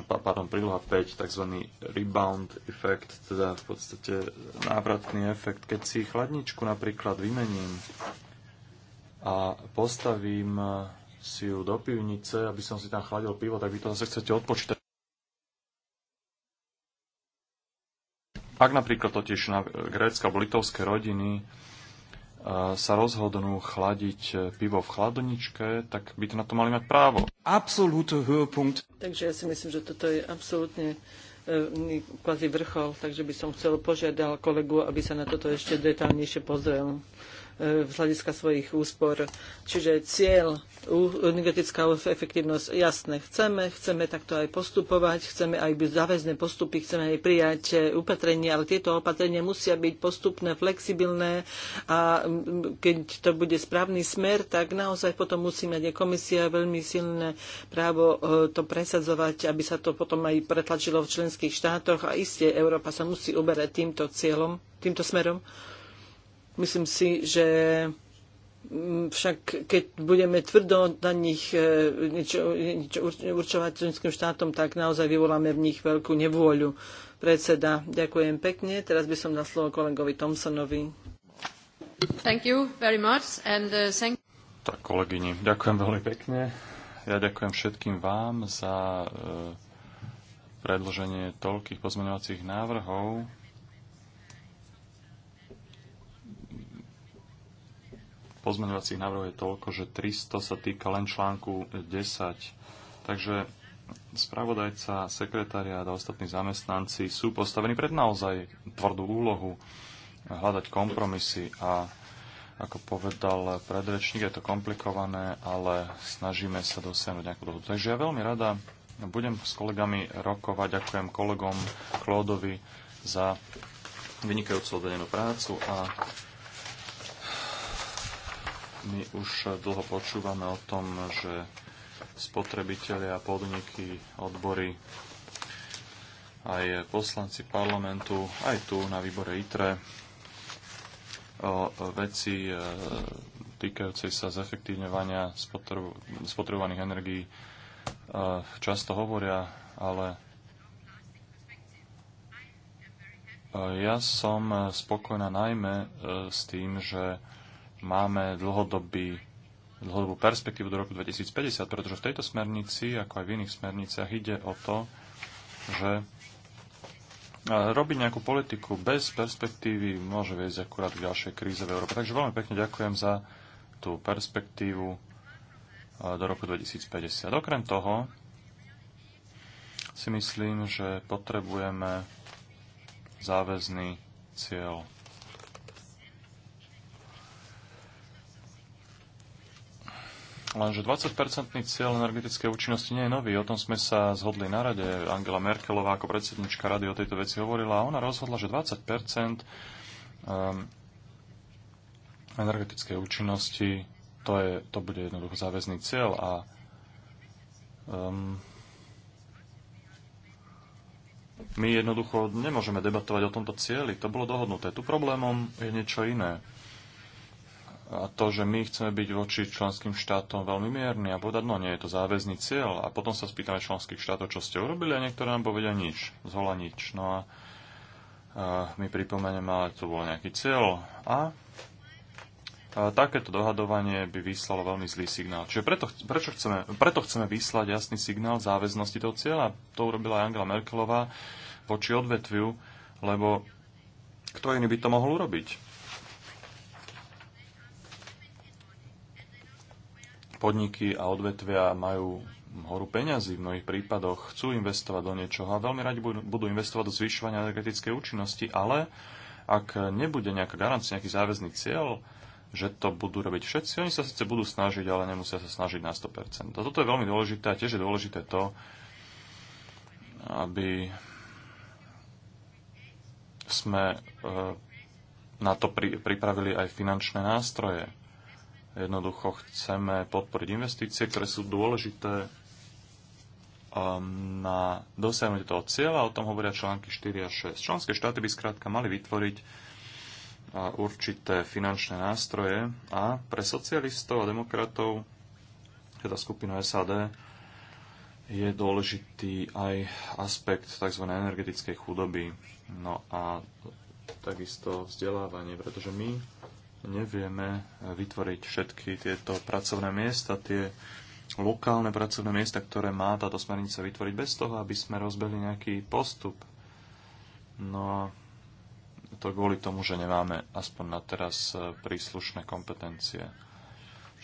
S3: pardon, príloha 5, tzv. rebound effect, teda v podstate návratný efekt. Keď si chladničku napríklad vymením a postavím si ju do pivnice, aby som si tam chladil pivo, tak vy to zase chcete odpočítať. Ak napríklad totiž na grécke alebo litovské rodiny e, sa rozhodnú chladiť pivo v chladničke, tak by to na to mali mať právo. Absolútne höhepunkt.
S2: Takže ja si myslím, že toto je absolútne e, kvázi vrchol, takže by som chcel požiadal kolegu, aby sa na toto ešte detálnejšie pozrel z hľadiska svojich úspor. Čiže cieľ energetická efektívnosť, jasné, chceme, chceme takto aj postupovať, chceme aj byť záväzné postupy, chceme aj prijať e, upatrenie, ale tieto opatrenia musia byť postupné, flexibilné a keď to bude správny smer, tak naozaj potom musí mať aj komisia veľmi silné právo e, to presadzovať, aby sa to potom aj pretlačilo v členských štátoch a iste Európa sa musí uberať týmto cieľom, týmto smerom. Myslím si, že mm, však keď budeme tvrdo na nich e, niečo, niečo určovať členským štátom, tak naozaj vyvoláme v nich veľkú nevôľu. Predseda, ďakujem pekne. Teraz by som na slovo kolegovi Thompsonovi. Thank you very much and uh, thank...
S3: Tak kolegyni, ďakujem veľmi pekne. Ja ďakujem všetkým vám za e, predloženie toľkých pozmeňovacích návrhov pozmeňovacích návrhov je toľko, že 300 sa týka len článku 10. Takže spravodajca, sekretariát a ostatní zamestnanci sú postavení pred naozaj tvrdú úlohu hľadať kompromisy a ako povedal predrečník, je to komplikované, ale snažíme sa dosiahnuť nejakú dohodu. Takže ja veľmi rada budem s kolegami rokovať, ďakujem kolegom Klódovi za vynikajúcu odvedenú prácu a my už dlho počúvame o tom, že spotrebitelia, podniky, odbory, aj poslanci parlamentu, aj tu na výbore ITRE o veci e, týkajúcej sa zefektívňovania spotrebovaných energií e, často hovoria, ale e, ja som spokojná najmä s tým, že máme dlhodobý, dlhodobú perspektívu do roku 2050, pretože v tejto smernici, ako aj v iných smerniciach, ide o to, že e, robiť nejakú politiku bez perspektívy môže viesť akurát k ďalšej kríze v Európe. Takže veľmi pekne ďakujem za tú perspektívu e, do roku 2050. Okrem toho si myslím, že potrebujeme záväzný cieľ Lenže 20-percentný cieľ energetickej účinnosti nie je nový. O tom sme sa zhodli na rade. Angela Merkelová ako predsednička rady o tejto veci hovorila a ona rozhodla, že 20 ehm, energetickej účinnosti to, je, to bude jednoducho záväzný cieľ a um, my jednoducho nemôžeme debatovať o tomto cieli. To bolo dohodnuté. Tu problémom je niečo iné a to, že my chceme byť voči členským štátom veľmi mierni a povedať, no nie je to záväzný cieľ. A potom sa spýtame členských štátov, čo ste urobili a niektoré nám povedia nič, zhola nič. No a, a my pripomeneme, ale to bol nejaký cieľ. A, a takéto dohadovanie by vyslalo veľmi zlý signál. Čiže preto, prečo chceme, preto chceme vyslať jasný signál záväznosti toho cieľa. To urobila aj Angela Merkelová voči odvetviu, lebo kto iný by to mohol urobiť? podniky a odvetvia majú horu peňazí v mnohých prípadoch, chcú investovať do niečoho a veľmi radi budú investovať do zvyšovania energetickej účinnosti, ale ak nebude nejaká garancia, nejaký záväzný cieľ, že to budú robiť všetci, oni sa síce budú snažiť, ale nemusia sa snažiť na 100%. A toto je veľmi dôležité a tiež je dôležité to, aby sme eh, na to pripravili aj finančné nástroje. Jednoducho chceme podporiť investície, ktoré sú dôležité na dosiahnutie toho cieľa. O tom hovoria články 4 a 6. Členské štáty by skrátka mali vytvoriť určité finančné nástroje a pre socialistov a demokratov, teda skupinu SAD, je dôležitý aj aspekt tzv. energetickej chudoby. No a takisto vzdelávanie, pretože my nevieme eh, vytvoriť všetky tieto pracovné miesta, tie lokálne pracovné miesta, ktoré má táto smernica vytvoriť bez toho, aby sme rozbehli nejaký postup. No a to kvôli tomu, že nemáme aspoň na teraz eh, príslušné kompetencie.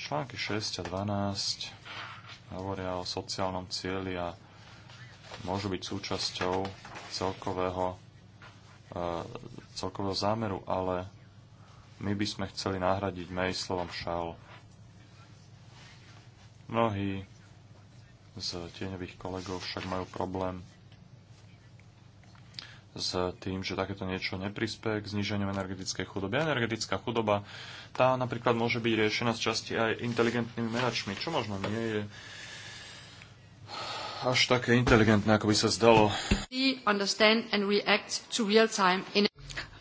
S3: Články 6 a 12 hovoria o sociálnom cieli a môžu byť súčasťou celkového, eh, celkového zámeru, ale my by sme chceli nahradiť mej slovom šal. Mnohí z tieňových kolegov však majú problém s tým, že takéto niečo neprispie k zniženiu energetickej chudoby. energetická chudoba, tá napríklad môže byť riešená z časti aj inteligentnými meračmi, čo možno nie je až také inteligentné, ako by sa zdalo.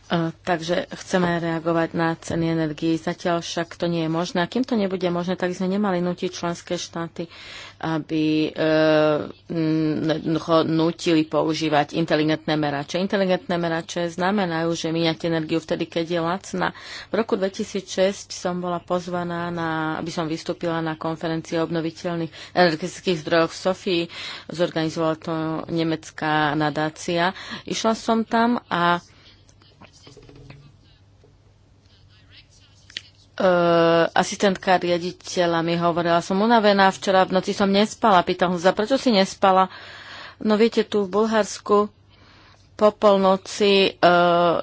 S3: E,
S1: takže chceme reagovať na ceny energii. Zatiaľ však to nie je možné. A kým to nebude možné, tak sme nemali nutiť členské štáty, aby e, nutili používať inteligentné merače. Inteligentné merače znamenajú, že míňate energiu vtedy, keď je lacná. V roku 2006 som bola pozvaná, na, aby som vystúpila na konferencii o obnoviteľných energetických zdrojoch v Sofii. Zorganizovala to nemecká nadácia. Išla som tam a Eh, asistentka riaditeľa mi hovorila, som unavená, včera v noci som nespala. Pýtal som sa, prečo si nespala? No viete, tu v Bulharsku po polnoci uh,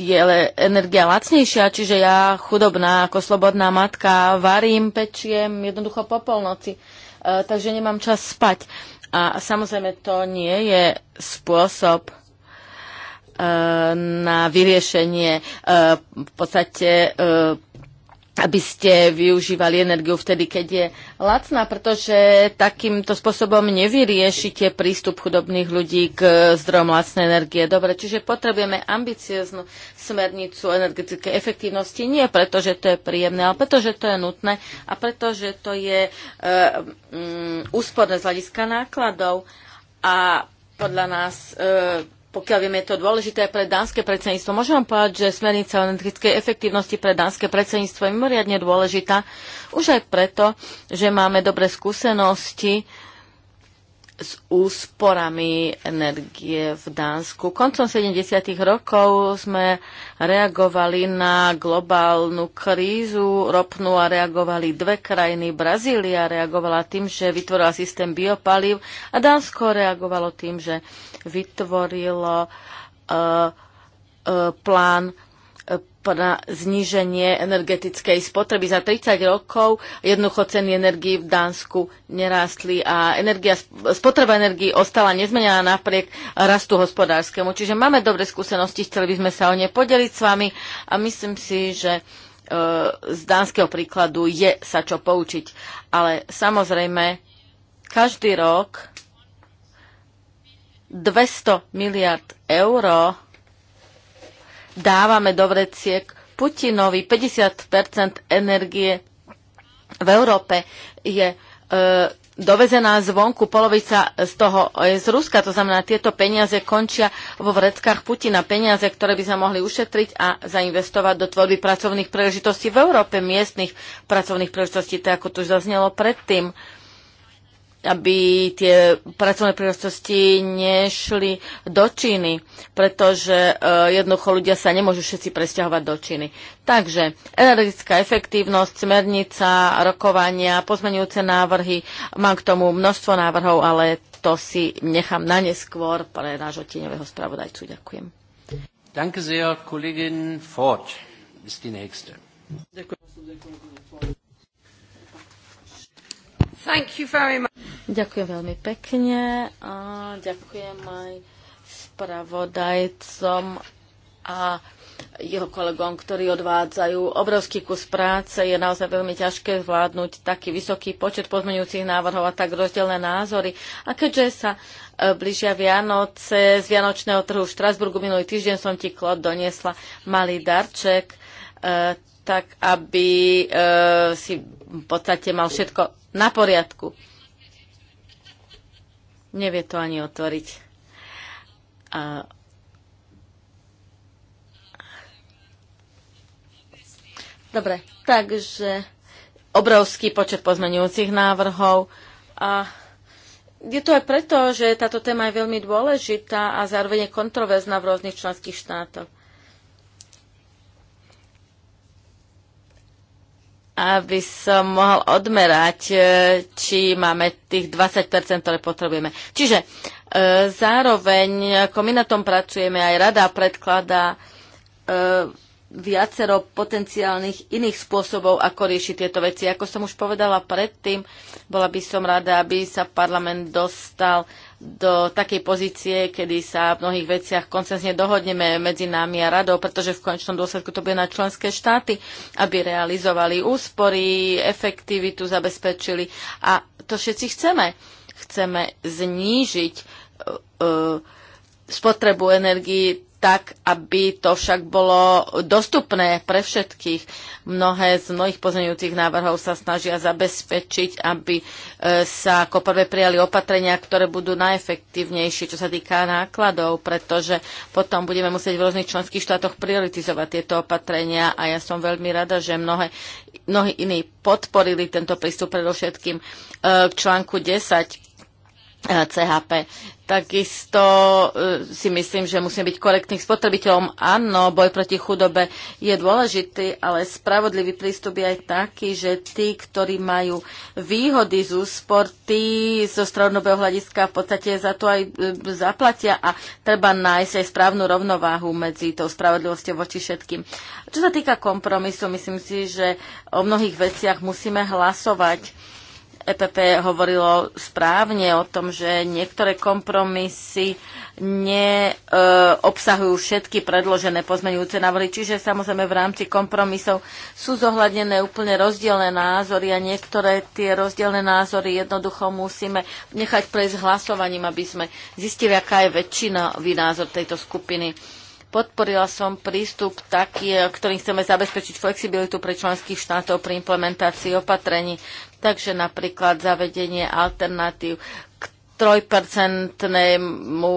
S1: je energia lacnejšia, čiže ja chudobná ako slobodná matka varím, pečiem jednoducho po polnoci, uh, takže nemám čas spať. A samozrejme to nie je spôsob na vyriešenie v podstate aby ste využívali energiu vtedy, keď je lacná, pretože takýmto spôsobom nevyriešite prístup chudobných ľudí k zdrojom lacnej energie. Dobre, čiže potrebujeme ambicioznú smernicu energetickej efektívnosti, nie preto, že to je príjemné, ale preto, že to je nutné a preto, že to je e, um, úsporné z hľadiska nákladov a podľa nás e, pokiaľ vieme, je to dôležité pre dánske predsedníctvo. Môžem vám povedať, že smernica o energetickej efektívnosti pre dánske predsedníctvo je mimoriadne dôležitá, už aj preto, že máme dobré skúsenosti s úsporami energie v Dánsku. Koncom 70. rokov sme reagovali na globálnu krízu ropnú a reagovali dve krajiny. Brazília reagovala tým, že vytvorila systém biopalív a Dánsko reagovalo tým, že vytvorilo e, e, plán na zníženie energetickej spotreby. Za 30 rokov jednoducho ceny energii v Dánsku nerástli a energia, spotreba energii ostala nezmenená napriek rastu hospodárskému. Čiže máme dobré skúsenosti, chceli by sme sa o ne podeliť s vami a myslím si, že e, z dánskeho príkladu je sa čo poučiť. Ale samozrejme, každý rok 200 miliard eur dávame do vreciek Putinovi 50 energie v Európe je e, dovezená zvonku, polovica z toho je z Ruska, to znamená, tieto peniaze končia vo vreckách Putina, peniaze, ktoré by sa mohli ušetriť a zainvestovať do tvorby pracovných príležitostí v Európe, miestnych pracovných príležitostí, tak ako tu už zaznelo predtým. E, aby tie pracovné príležitosti nešli do Číny, pretože e, jednoducho ľudia sa nemôžu všetci presťahovať do Číny. Takže energetická efektívnosť, smernica, rokovania, pozmenujúce návrhy, mám k tomu množstvo návrhov, ale to si nechám na neskôr pre nášho tieňového spravodajcu. Ďakujem.
S2: Danke sehr, Kollegin Ford ist die nächste.
S1: Thank you very much. Ďakujem veľmi pekne a ďakujem aj spravodajcom a jeho kolegom, ktorí odvádzajú obrovský kus práce. Je naozaj veľmi ťažké zvládnuť taký vysoký počet pozmeňujúcich návrhov a tak rozdielne názory. A keďže sa e, blížia Vianoce, z Vianočného trhu v Štrasburgu minulý týždeň som ti, Klod, doniesla malý darček, e, tak aby e, si v podstate mal všetko na poriadku nevie to ani otvoriť. A Dobre, takže obrovský počet pozmenujúcich návrhov a je to aj preto, že táto téma je veľmi dôležitá a zároveň je kontroverzná v rôznych členských štátoch. aby som mohol odmerať, e, či máme tých 20%, ktoré potrebujeme. Čiže e, zároveň, ako my na tom pracujeme, aj rada predkladá e, viacero potenciálnych iných spôsobov, ako riešiť tieto veci. Ako som už povedala predtým, bola by som rada, aby sa parlament dostal do takej pozície, kedy sa v mnohých veciach koncesne dohodneme medzi nami a radou, pretože v konečnom dôsledku to bude na členské štáty, aby realizovali úspory, efektivitu zabezpečili. A to všetci chceme. Chceme znížiť uh, spotrebu energii tak, aby to však bolo dostupné pre všetkých. Mnohé z mnohých pozmeňujúcich návrhov sa snažia zabezpečiť, aby e, sa ako prvé prijali opatrenia, ktoré budú najefektívnejšie, čo sa týka nákladov, pretože potom budeme musieť v rôznych členských štátoch prioritizovať tieto opatrenia a ja som veľmi rada, že mnohé, mnohí iní podporili tento prístup predovšetkým k e, článku 10 E, CHP. Takisto e, si myslím, že musíme byť korektným spotrebiteľom. Áno, boj proti chudobe je dôležitý, ale spravodlivý prístup je aj taký, že tí, ktorí majú výhody z úspor, tí zo strednodobého hľadiska v podstate za to aj e, zaplatia a treba nájsť aj správnu rovnováhu medzi tou spravodlivosťou voči všetkým. Čo sa týka kompromisu, myslím si, že o mnohých veciach musíme hlasovať EPP hovorilo správne o tom, že niektoré kompromisy neobsahujú e, všetky predložené pozmeňujúce návrhy, čiže samozrejme v rámci kompromisov sú zohľadnené úplne rozdielne názory a niektoré tie rozdielne názory jednoducho musíme nechať prejsť hlasovaním, aby sme zistili, aká je väčšina názor tejto skupiny. Podporila som prístup taký, ktorým chceme zabezpečiť flexibilitu pre členských štátov pri implementácii opatrení. Takže napríklad zavedenie alternatív trojpercentnému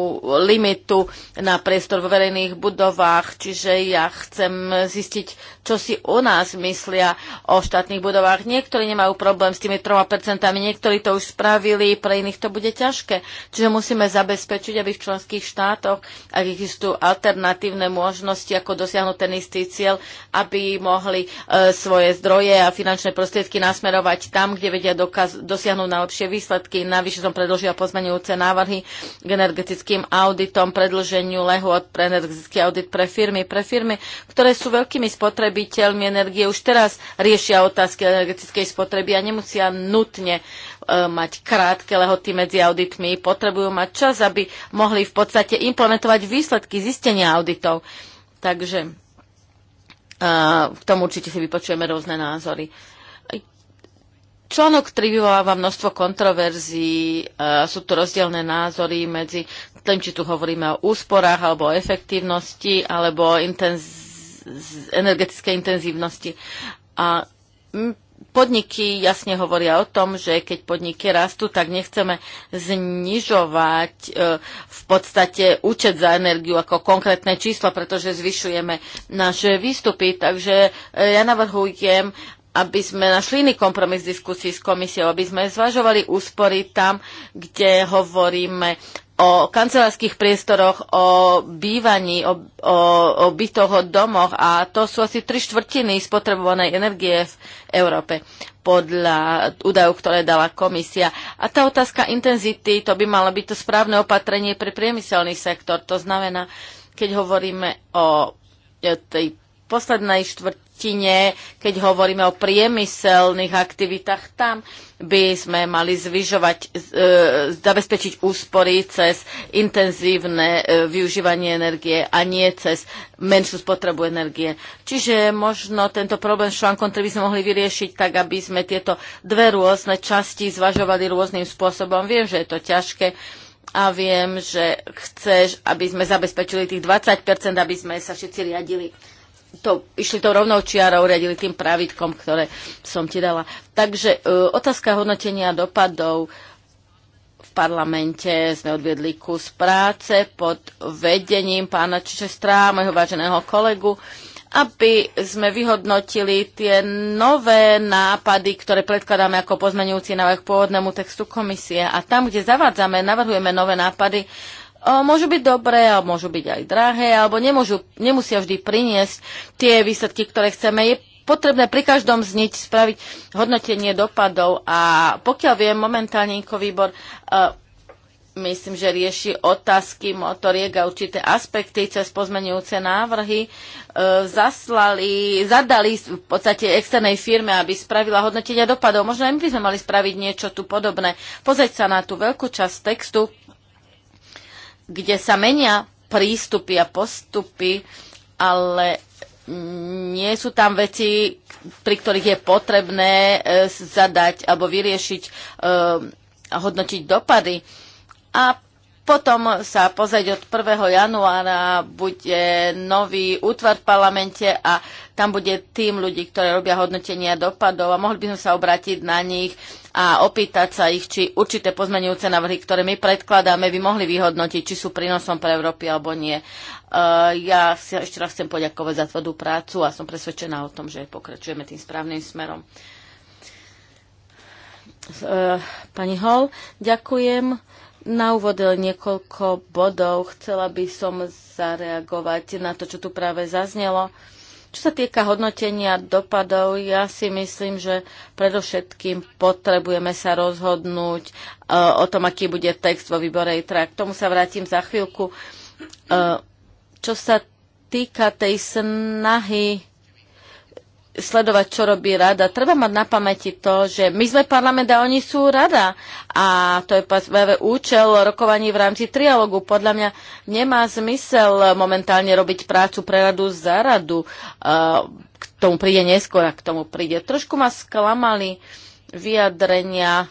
S1: limitu na priestor v verejných budovách, čiže ja chcem zistiť, čo si u nás myslia o štátnych budovách. Niektorí nemajú problém s tými troma percentami, niektorí to už spravili, pre iných to bude ťažké. Čiže musíme zabezpečiť, aby v členských štátoch, ak existujú alternatívne možnosti, ako dosiahnuť ten istý cieľ, aby mohli e, svoje zdroje a finančné prostriedky nasmerovať tam, kde vedia dokaz- dosiahnuť najlepšie výsledky. Navyše som predložila pozmeňujúce návrhy k energetickým auditom, predlženiu lehôd pre energetický audit pre firmy. Pre firmy, ktoré sú veľkými spotrebiteľmi energie, už teraz riešia otázky energetickej spotreby a nemusia nutne e, mať krátke lehoty medzi auditmi, potrebujú mať čas, aby mohli v podstate implementovať výsledky zistenia auditov. Takže e, v tom určite si vypočujeme rôzne názory. Článok 3 vyvoláva množstvo kontroverzií, e, sú tu rozdielne názory medzi tým, či tu hovoríme o úsporách alebo o efektívnosti alebo o intenz- energetickej intenzívnosti. A podniky jasne hovoria o tom, že keď podniky rastú, tak nechceme znižovať e, v podstate účet za energiu ako konkrétne číslo, pretože zvyšujeme naše výstupy. Takže e, ja navrhujem, aby sme našli iný kompromis diskusí s komisiou, aby sme zvažovali úspory tam, kde hovoríme o kancelárskych priestoroch, o bývaní, o, o, o bytoch, o domoch a to sú asi tri štvrtiny spotrebovanej energie v Európe podľa údajov, ktoré dala komisia. A tá otázka intenzity, to by malo byť to správne opatrenie pre priemyselný sektor. To znamená, keď hovoríme o tej poslednej štvrtine, keď hovoríme o priemyselných aktivitách, tam by sme mali zvyžovať, e, zabezpečiť úspory cez intenzívne e, využívanie energie a nie cez menšiu spotrebu energie. Čiže možno tento problém s článkom ktorý by sme mohli vyriešiť tak, aby sme tieto dve rôzne časti zvažovali rôznym spôsobom. Viem, že je to ťažké, a viem, že chceš, aby sme zabezpečili tých 20%, aby sme sa všetci riadili to, išli to rovnou čiarou, riadili tým pravidkom, ktoré som ti dala. Takže uh, otázka hodnotenia dopadov v parlamente sme odviedli kus práce pod vedením pána Čičestra, mojho váženého kolegu, aby sme vyhodnotili tie nové nápady, ktoré predkladáme ako pozmenujúci návrh pôvodnému textu komisie. A tam, kde zavádzame, navrhujeme nové nápady, môžu byť dobré a môžu byť aj drahé, alebo nemôžu, nemusia vždy priniesť tie výsledky, ktoré chceme. Je potrebné pri každom z nich spraviť hodnotenie dopadov a pokiaľ viem, momentálne výbor e, myslím, že rieši otázky motoriek a určité aspekty cez pozmenujúce návrhy. E, zaslali, zadali v podstate externej firme, aby spravila hodnotenia dopadov. Možno aj my by sme mali spraviť niečo tu podobné. Pozrieť sa na tú veľkú časť textu, kde sa menia prístupy a postupy, ale nie sú tam veci, pri ktorých je potrebné e, zadať alebo vyriešiť e, a hodnotiť dopady. A potom sa pozrieť od 1. januára bude nový útvar v parlamente a tam bude tým ľudí, ktorí robia hodnotenia dopadov a mohli by sme sa obrátiť na nich a opýtať sa ich, či určité pozmenujúce návrhy, ktoré my predkladáme, by mohli vyhodnotiť, či sú prínosom pre Európy alebo nie. Uh, ja sa ešte raz chcem poďakovať za tvrdú prácu a som presvedčená o tom, že pokračujeme tým správnym smerom. Uh, pani Hall, ďakujem. Na úvod niekoľko bodov. Chcela by som zareagovať na to, čo tu práve zaznelo. Uh, čo sa týka hodnotenia dopadov, ja si myslím, že predovšetkým potrebujeme sa rozhodnúť e, o tom, aký bude text vo výbore ITRA. K tomu sa vrátim za chvíľku. E, čo sa týka tej snahy sledovať, čo robí rada. Treba mať na pamäti to, že my sme parlament a oni sú rada. A to je práve účel rokovaní v rámci trialogu. Podľa mňa nemá zmysel momentálne robiť prácu pre radu za radu. K tomu príde neskôr a k tomu príde. Trošku ma sklamali vyjadrenia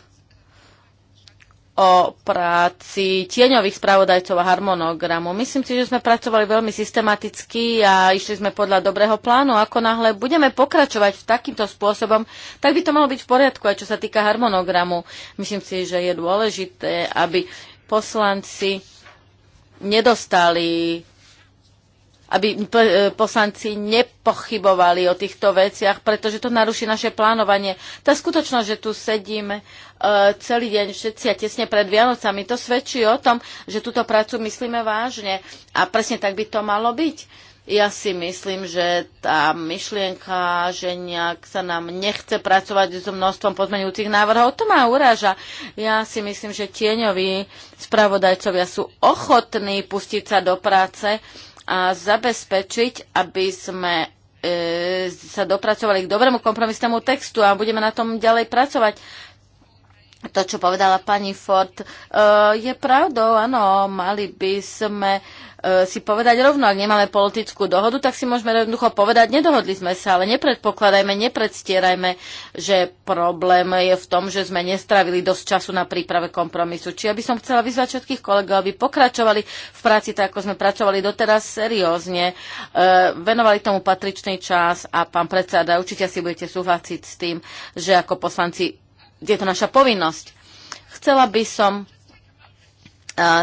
S1: o práci tieňových spravodajcov a harmonogramu. Myslím si, že sme pracovali veľmi systematicky a išli sme podľa dobrého plánu. Ako náhle budeme pokračovať v takýmto spôsobom, tak by to malo byť v poriadku, aj čo sa týka harmonogramu. Myslím si, že je dôležité, aby poslanci nedostali aby e, poslanci nepochybovali o týchto veciach, pretože to naruší naše plánovanie. Tá skutočnosť, že tu sedíme e, celý deň všetci a tesne pred Vianocami, to svedčí o tom, že túto prácu myslíme vážne a presne tak by to malo byť. Ja si myslím, že tá myšlienka, že nejak sa nám nechce pracovať s množstvom podmenujúcich návrhov, to ma uráža. Ja si myslím, že tieňoví spravodajcovia sú ochotní pustiť sa do práce a zabezpečiť, aby sme e, sa dopracovali k dobrému kompromisnému textu a budeme na tom ďalej pracovať. To, čo povedala pani Ford, e, je pravdou, áno, mali by sme e, E, si povedať rovno, ak nemáme politickú dohodu, tak si môžeme jednoducho povedať, nedohodli sme sa, ale nepredpokladajme, nepredstierajme, že problém je v tom, že sme nestravili dosť času na príprave kompromisu. Či ja by som chcela vyzvať všetkých kolegov, aby pokračovali v práci tak, ako sme pracovali doteraz seriózne, e, venovali tomu patričný čas a pán predseda, určite si budete súhlasiť s tým, že ako poslanci je to naša povinnosť. Chcela by som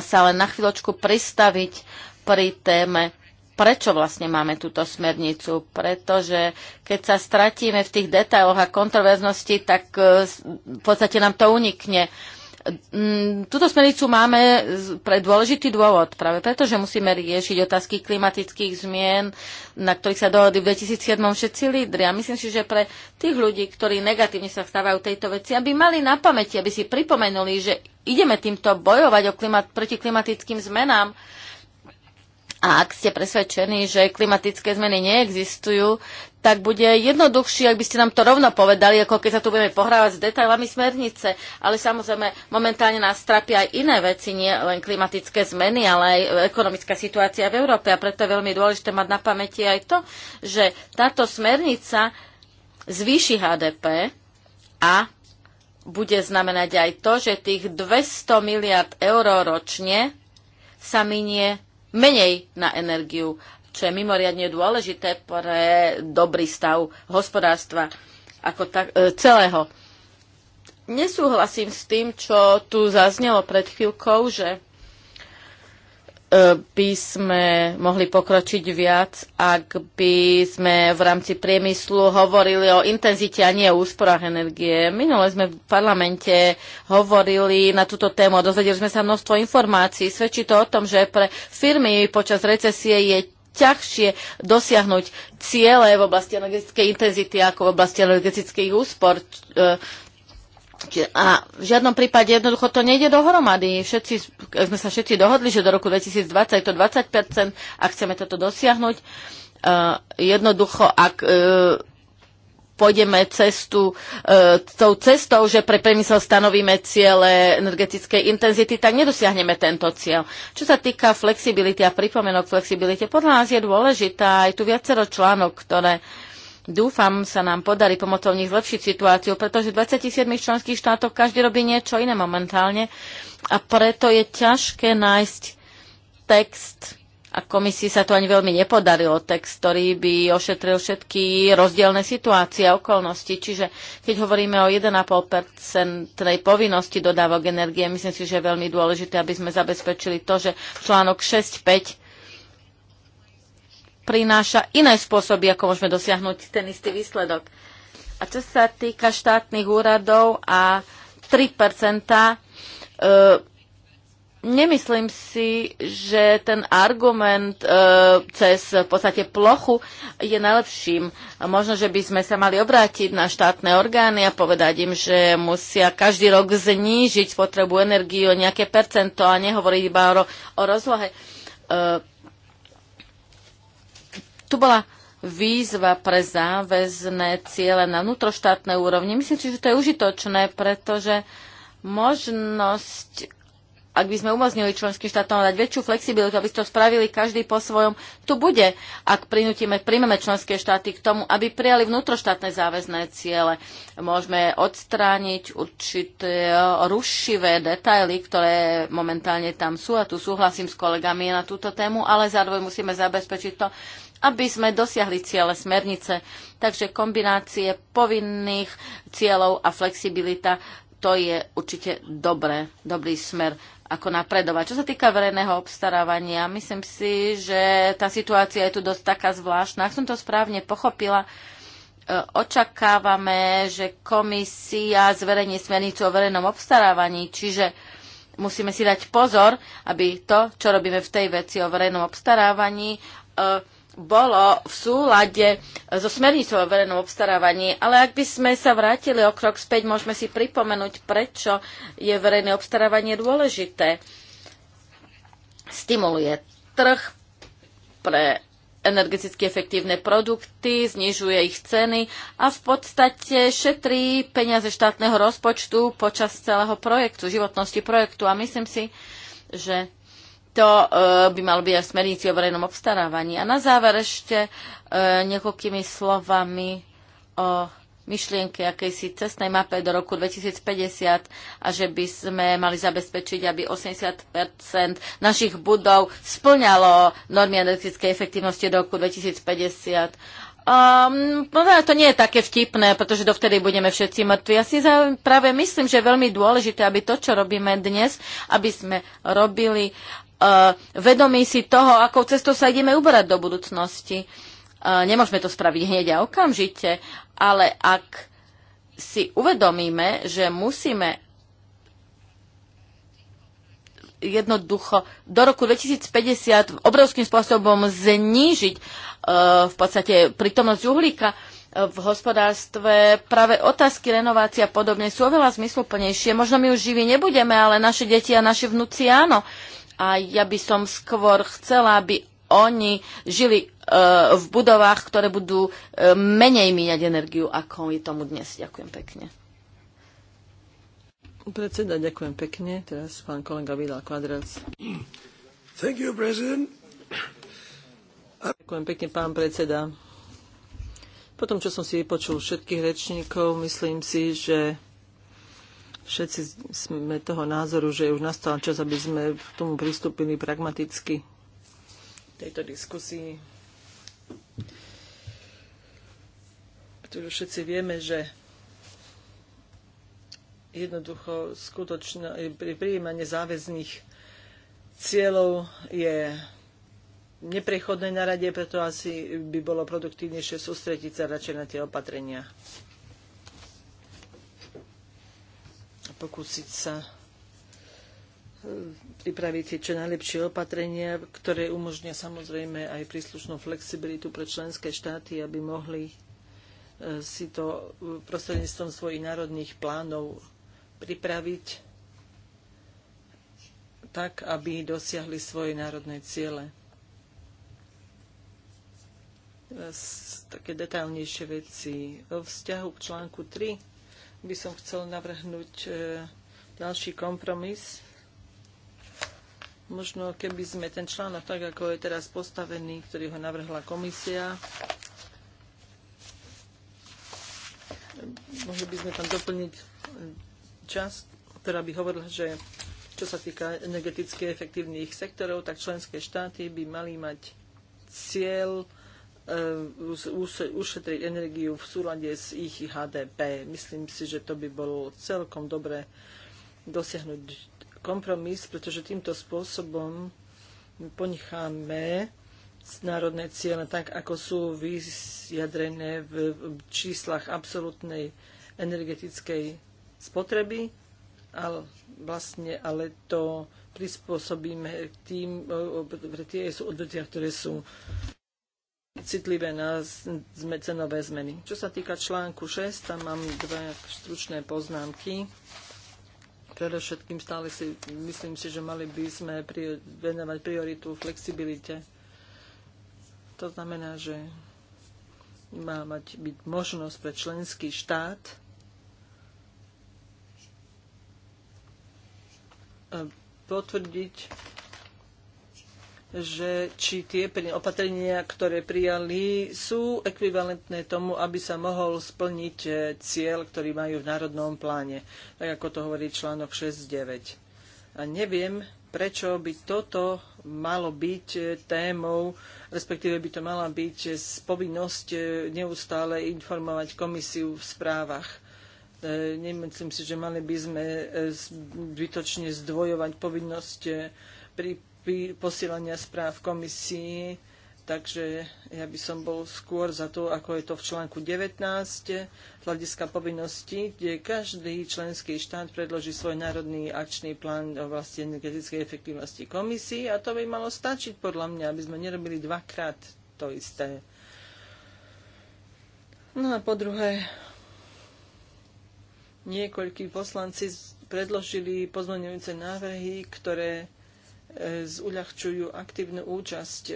S1: sa len na chvíľočku pristaviť pri téme prečo vlastne máme túto smernicu. Pretože keď sa stratíme v tých detailoch a kontroverznosti, tak e, v podstate nám to unikne. Mm, Tuto smernicu máme pre dôležitý dôvod, práve preto, že musíme riešiť otázky klimatických zmien, na ktorých sa dohodli v 2007 všetci lídri. A myslím si, že pre tých ľudí, ktorí negatívne sa vstávajú tejto veci, aby mali na pamäti, aby si pripomenuli, že ideme týmto bojovať o klimat, proti klimatickým zmenám, a ak ste presvedčení, že klimatické zmeny neexistujú, tak bude jednoduchšie, ak by ste nám to rovno povedali, ako keď sa tu budeme pohrávať s detailami smernice. Ale samozrejme, momentálne nás trápia aj iné veci, nie len klimatické zmeny, ale aj ekonomická situácia v Európe. A preto je veľmi dôležité mať na pamäti aj to, že táto smernica zvýši HDP a bude znamenať aj to, že tých 200 miliard eur ročne sa minie menej na energiu, čo je mimoriadne dôležité pre dobrý stav hospodárstva ako tak, e, celého. Nesúhlasím s tým, čo tu zaznelo pred chvíľkou, že E, by sme mohli pokročiť viac, ak by sme v rámci priemyslu hovorili o intenzite a nie o úsporách energie. Minule sme v parlamente hovorili na túto tému a dozvedeli sme sa množstvo informácií. Svedčí to o tom, že pre firmy počas recesie je ťažšie dosiahnuť ciele v oblasti energetickej intenzity ako v oblasti energetických úspor. E, a v žiadnom prípade jednoducho to nejde dohromady. Všetci, sme sa všetci dohodli, že do roku 2020 je to 20% a chceme toto dosiahnuť. Uh, jednoducho, ak uh, pôjdeme cestu, uh, tou cestou, že pre priemysel stanovíme ciele energetickej intenzity, tak nedosiahneme tento cieľ. Čo sa týka flexibility a pripomenok flexibility, podľa nás je dôležitá aj tu viacero článok, ktoré Dúfam, sa nám podarí pomocou nich zlepšiť situáciu, pretože v 27 členských štátoch každý robí niečo iné momentálne a preto je ťažké nájsť text, a komisii sa to ani veľmi nepodarilo, text, ktorý by ošetril všetky rozdielne situácie a okolnosti. Čiže keď hovoríme o 1,5-percentnej povinnosti dodávok energie, myslím si, že je veľmi dôležité, aby sme zabezpečili to, že článok 6.5 prináša iné spôsoby, ako môžeme dosiahnuť ten istý výsledok. A čo sa týka štátnych úradov a 3 e, nemyslím si, že ten argument e, cez v podstate plochu je najlepším. Možno, že by sme sa mali obrátiť na štátne orgány a povedať im, že musia každý rok znížiť spotrebu energii o nejaké percento a nehovoriť iba o, o rozlohe. E, tu bola výzva pre záväzné ciele na vnútroštátnej úrovni. Myslím si, že to je užitočné, pretože možnosť, ak by sme umožnili členským štátom dať väčšiu flexibilitu, aby to spravili každý po svojom, tu bude, ak prinútime, príjmeme členské štáty k tomu, aby prijali vnútroštátne záväzné ciele. Môžeme odstrániť určité rušivé detaily, ktoré momentálne tam sú a tu súhlasím s kolegami na túto tému, ale zároveň musíme zabezpečiť to, aby sme dosiahli ciele smernice. Takže kombinácie povinných cieľov a flexibilita, to je určite dobré, dobrý smer ako napredovať. Čo sa týka verejného obstarávania, myslím si, že tá situácia je tu dosť taká zvláštna. Ak som to správne pochopila, e, očakávame, že komisia zverejní smernicu o verejnom obstarávaní, čiže musíme si dať pozor, aby to, čo robíme v tej veci o verejnom obstarávaní, e, bolo v súlade so smernicou o verejnom obstarávaní, ale ak by sme sa vrátili o krok späť, môžeme si pripomenúť, prečo je verejné obstarávanie dôležité. Stimuluje trh pre energeticky efektívne produkty, znižuje ich ceny a v podstate šetrí peniaze štátneho rozpočtu počas celého projektu, životnosti projektu. A myslím si, že to e, by malo byť aj v smernici o verejnom obstarávaní. A na záver ešte e, niekoľkými slovami o myšlienke akejsi cestnej mape do roku 2050 a že by sme mali zabezpečiť, aby 80 našich budov splňalo normy energetickej efektivnosti do roku 2050. Um, ehm, no, no to nie je také vtipné, pretože dovtedy budeme všetci mŕtvi. Ja si práve myslím, že je veľmi dôležité, aby to, čo robíme dnes, aby sme robili Eh, vedomí si toho, akou cestou sa ideme uberať do budúcnosti. Eh, nemôžeme to spraviť hneď a okamžite, ale ak si uvedomíme, že musíme jednoducho do roku 2050 obrovským spôsobom znížiť eh, v podstate prítomnosť uhlíka, v hospodárstve práve otázky renovácia a podobne sú oveľa zmysluplnejšie. Možno my už živí nebudeme, ale naše deti a naše vnúci áno a ja by som skôr chcela, aby oni žili e, v budovách, ktoré budú e, menej míňať energiu, ako je tomu dnes. Ďakujem pekne.
S2: Predseda, ďakujem pekne. Teraz pán kolega Vidal Kvadrac. Thank you, president. Ďakujem pekne, pán predseda. Potom, čo som si vypočul všetkých rečníkov, myslím si, že všetci sme toho názoru, že už nastal čas, aby sme k tomu pristúpili pragmaticky v tejto diskusii. Pretože všetci vieme, že jednoducho pri prijímanie záväzných cieľov je neprechodné na rade, preto asi by bolo produktívnejšie sústrediť sa radšej na tie opatrenia. pokúsiť sa eh, pripraviť tie čo najlepšie opatrenia, ktoré umožnia samozrejme aj príslušnú flexibilitu pre členské štáty, aby mohli eh, si to eh, prostredníctvom svojich národných plánov pripraviť tak, aby dosiahli svoje národné ciele. také detailnejšie veci. O vzťahu k článku 3 by som chcel navrhnúť e, ďalší kompromis. Možno keby sme ten článok, tak ako je teraz postavený, ktorý ho navrhla komisia, mohli by sme tam doplniť e, časť, ktorá by hovorila, že čo sa týka energeticky efektívnych sektorov, tak členské štáty by mali mať cieľ E, ušetriť energiu v súlade s ich HDP. Myslím si, že to by bolo celkom dobre dosiahnuť kompromis, pretože týmto spôsobom ponecháme národné ciele tak, ako sú vyjadrené v číslach absolútnej energetickej spotreby, ale vlastne ale to prispôsobíme tým, e, pre tie sú odvetvia, ktoré sú citlivé na cenové zmeny. Čo sa týka článku 6, tam mám dve stručné poznámky. Predovšetkým stále si myslím si, že mali by sme venovať prioritu flexibilite. To znamená, že má mať byť možnosť pre členský štát eh, potvrdiť že či tie opatrenia, ktoré prijali, sú ekvivalentné tomu, aby sa mohol splniť e, cieľ, ktorý majú v národnom pláne, tak ako to hovorí článok 6.9. A neviem, prečo by toto malo byť e, témou, respektíve by to mala byť e, povinnosť neustále informovať komisiu v správach nemyslím si, že mali by sme zbytočne zdvojovať povinnosť pri posielania správ komisii, takže ja by som bol skôr za to, ako je to v článku 19, hľadiska povinností, kde každý členský štát predloží svoj národný akčný plán o vlastne energetickej efektivnosti komisii a to by malo stačiť podľa mňa, aby sme nerobili dvakrát to isté. No a po druhé, niekoľkí poslanci predložili pozmeňujúce návrhy, ktoré zúľahčujú aktívnu účasť e,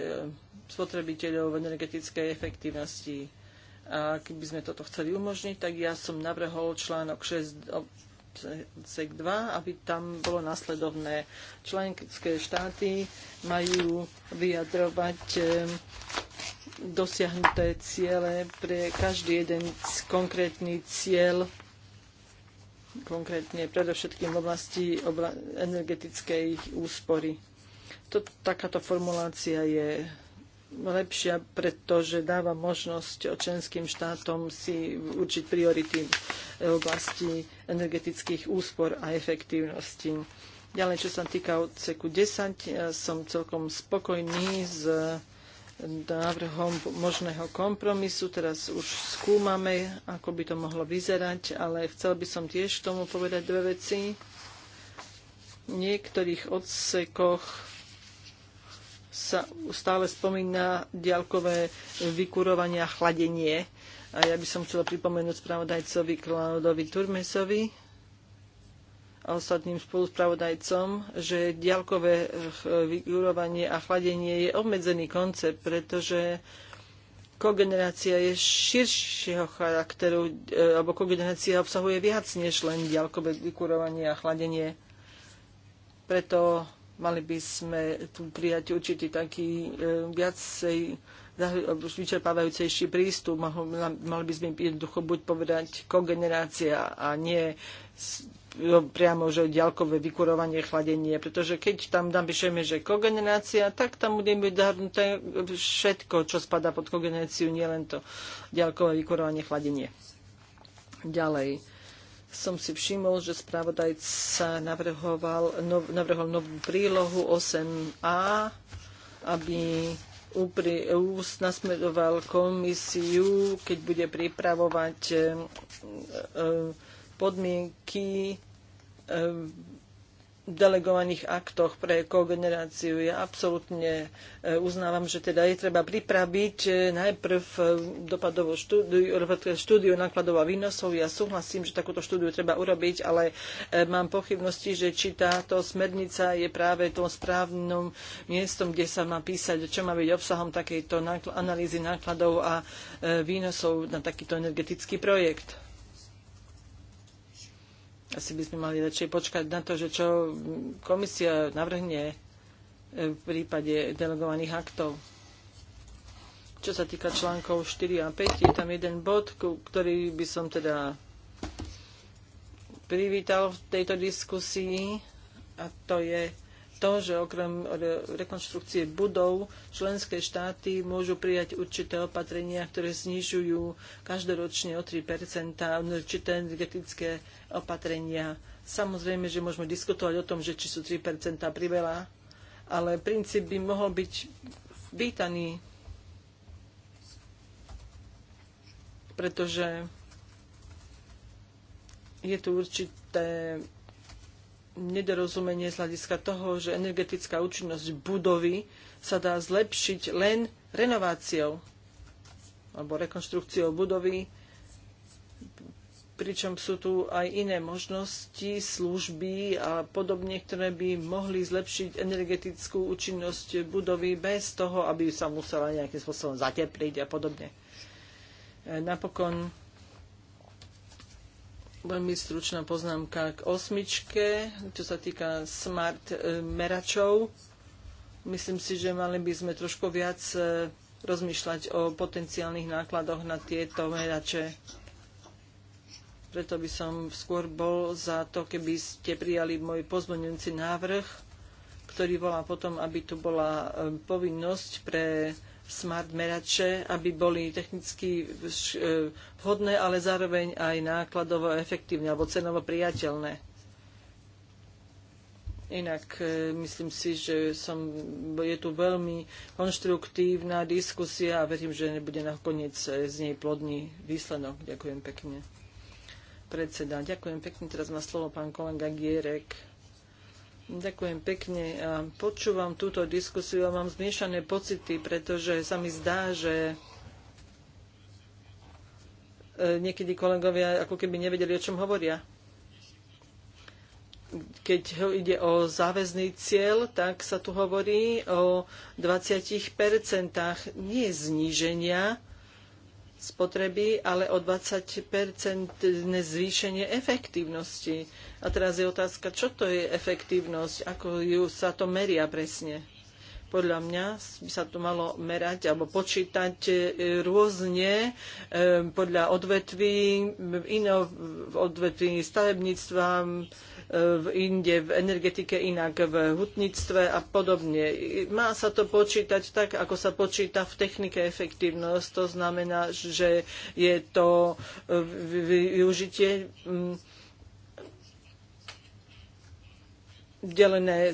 S2: spotrebiteľov v energetickej efektivnosti. A keby sme toto chceli umožniť, tak ja som navrhol článok 6 sek 2, aby tam bolo nasledovné. Členské štáty majú vyjadrovať e, dosiahnuté ciele pre každý jeden konkrétny cieľ konkrétne predovšetkým v oblasti energetickej úspory. To, takáto formulácia je lepšia, pretože dáva možnosť členským štátom si určiť priority v oblasti energetických úspor a efektívnosti. Ďalej, čo sa týka odseku 10, ja som celkom spokojný s návrhom možného kompromisu. Teraz už skúmame, ako by to mohlo vyzerať, ale chcel by som tiež k tomu povedať dve veci. V niektorých odsekoch sa stále spomína diaľkové vykurovanie a chladenie. A ja by som chcela pripomenúť spravodajcovi Klaudovi Turmesovi a ostatným spoluspravodajcom, že diaľkové eh, vykurovanie a chladenie je obmedzený koncept, pretože kogenerácia je širšieho charakteru, eh, alebo kogenerácia obsahuje viac než len diaľkové vykurovanie a chladenie. Preto mali by sme tu prijať určitý taký e, viacej vyčerpávajúcejší prístup. Mali by sme jednoducho buď povedať kogenerácia a nie priamo, že ďalkové vykurovanie, chladenie, pretože keď tam napíšeme, že kogenerácia, tak tam bude byť zahrnuté všetko, čo spadá pod kogeneráciu, nielen to ďalkové vykurovanie, chladenie. Ďalej som si všimol, že spravodajca navrhoval, nov, navrhol novú prílohu 8a, aby upri, nasmeroval komisiu, keď bude pripravovať e, e, podmienky e, delegovaných aktoch pre kogeneráciu. Ja absolútne e, uznávam, že teda je treba pripraviť e, najprv e, dopadovú štúdiu, štúdiu nákladov a výnosov. Ja súhlasím, že takúto štúdiu treba urobiť, ale mám pochybnosti, že či táto smernica je práve tom správnom miestom, kde sa má písať, čo má byť obsahom takejto analýzy nákladov a výnosov na takýto energetický projekt asi by sme mali radšej počkať na to, že čo komisia navrhne e, v prípade delegovaných aktov. Čo sa týka článkov 4 a 5, je tam jeden bod, ktorý by som teda privítal v tejto diskusii a to je to, že okrem rekonštrukcie budov členské štáty môžu prijať určité opatrenia, ktoré znižujú každoročne o 3 určité energetické opatrenia. Samozrejme, že môžeme diskutovať o tom, že či sú 3 priveľa, ale princíp by mohol byť vítaný, pretože je tu určité nedorozumenie z hľadiska toho, že energetická účinnosť budovy sa dá zlepšiť len renováciou alebo rekonštrukciou budovy, pričom sú tu aj iné možnosti, služby a podobne, ktoré by mohli zlepšiť energetickú účinnosť budovy bez toho, aby sa musela nejakým spôsobom zatepliť a podobne. E, napokon Veľmi stručná poznámka k osmičke, čo sa týka smart e, meračov. Myslím si, že mali by sme trošku viac e, rozmýšľať o potenciálnych nákladoch na tieto merače. Preto by som skôr bol za to, keby ste prijali môj pozmeňujúci návrh, ktorý volá potom, aby tu bola e, povinnosť pre smart merače, aby boli technicky e, vhodné, ale zároveň aj nákladovo efektívne alebo cenovo priateľné. Inak e, myslím si, že som, je tu veľmi konštruktívna diskusia a verím, že nebude nakoniec z nej plodný výsledok. Ďakujem pekne. Predseda, ďakujem pekne. Teraz má slovo pán kolega Gierek. Ďakujem pekne. Počúvam túto diskusiu a mám zmiešané pocity, pretože sa mi zdá, že e, niekedy kolegovia ako keby nevedeli, o čom hovoria. Keď ide o záväzný cieľ, tak sa tu hovorí o 20 nie zníženia spotreby, ale o 20 zvýšenie efektívnosti a teraz je otázka, čo to je efektívnosť, ako ju sa to meria presne. Podľa mňa by sa to malo merať alebo počítať e, rôzne e, podľa odvetví, ino v odvetví stavebníctva, e, v inde v energetike, inak v hutníctve a podobne. Má sa to počítať tak, ako sa počíta v technike efektívnosť. To znamená, že je to využitie delené,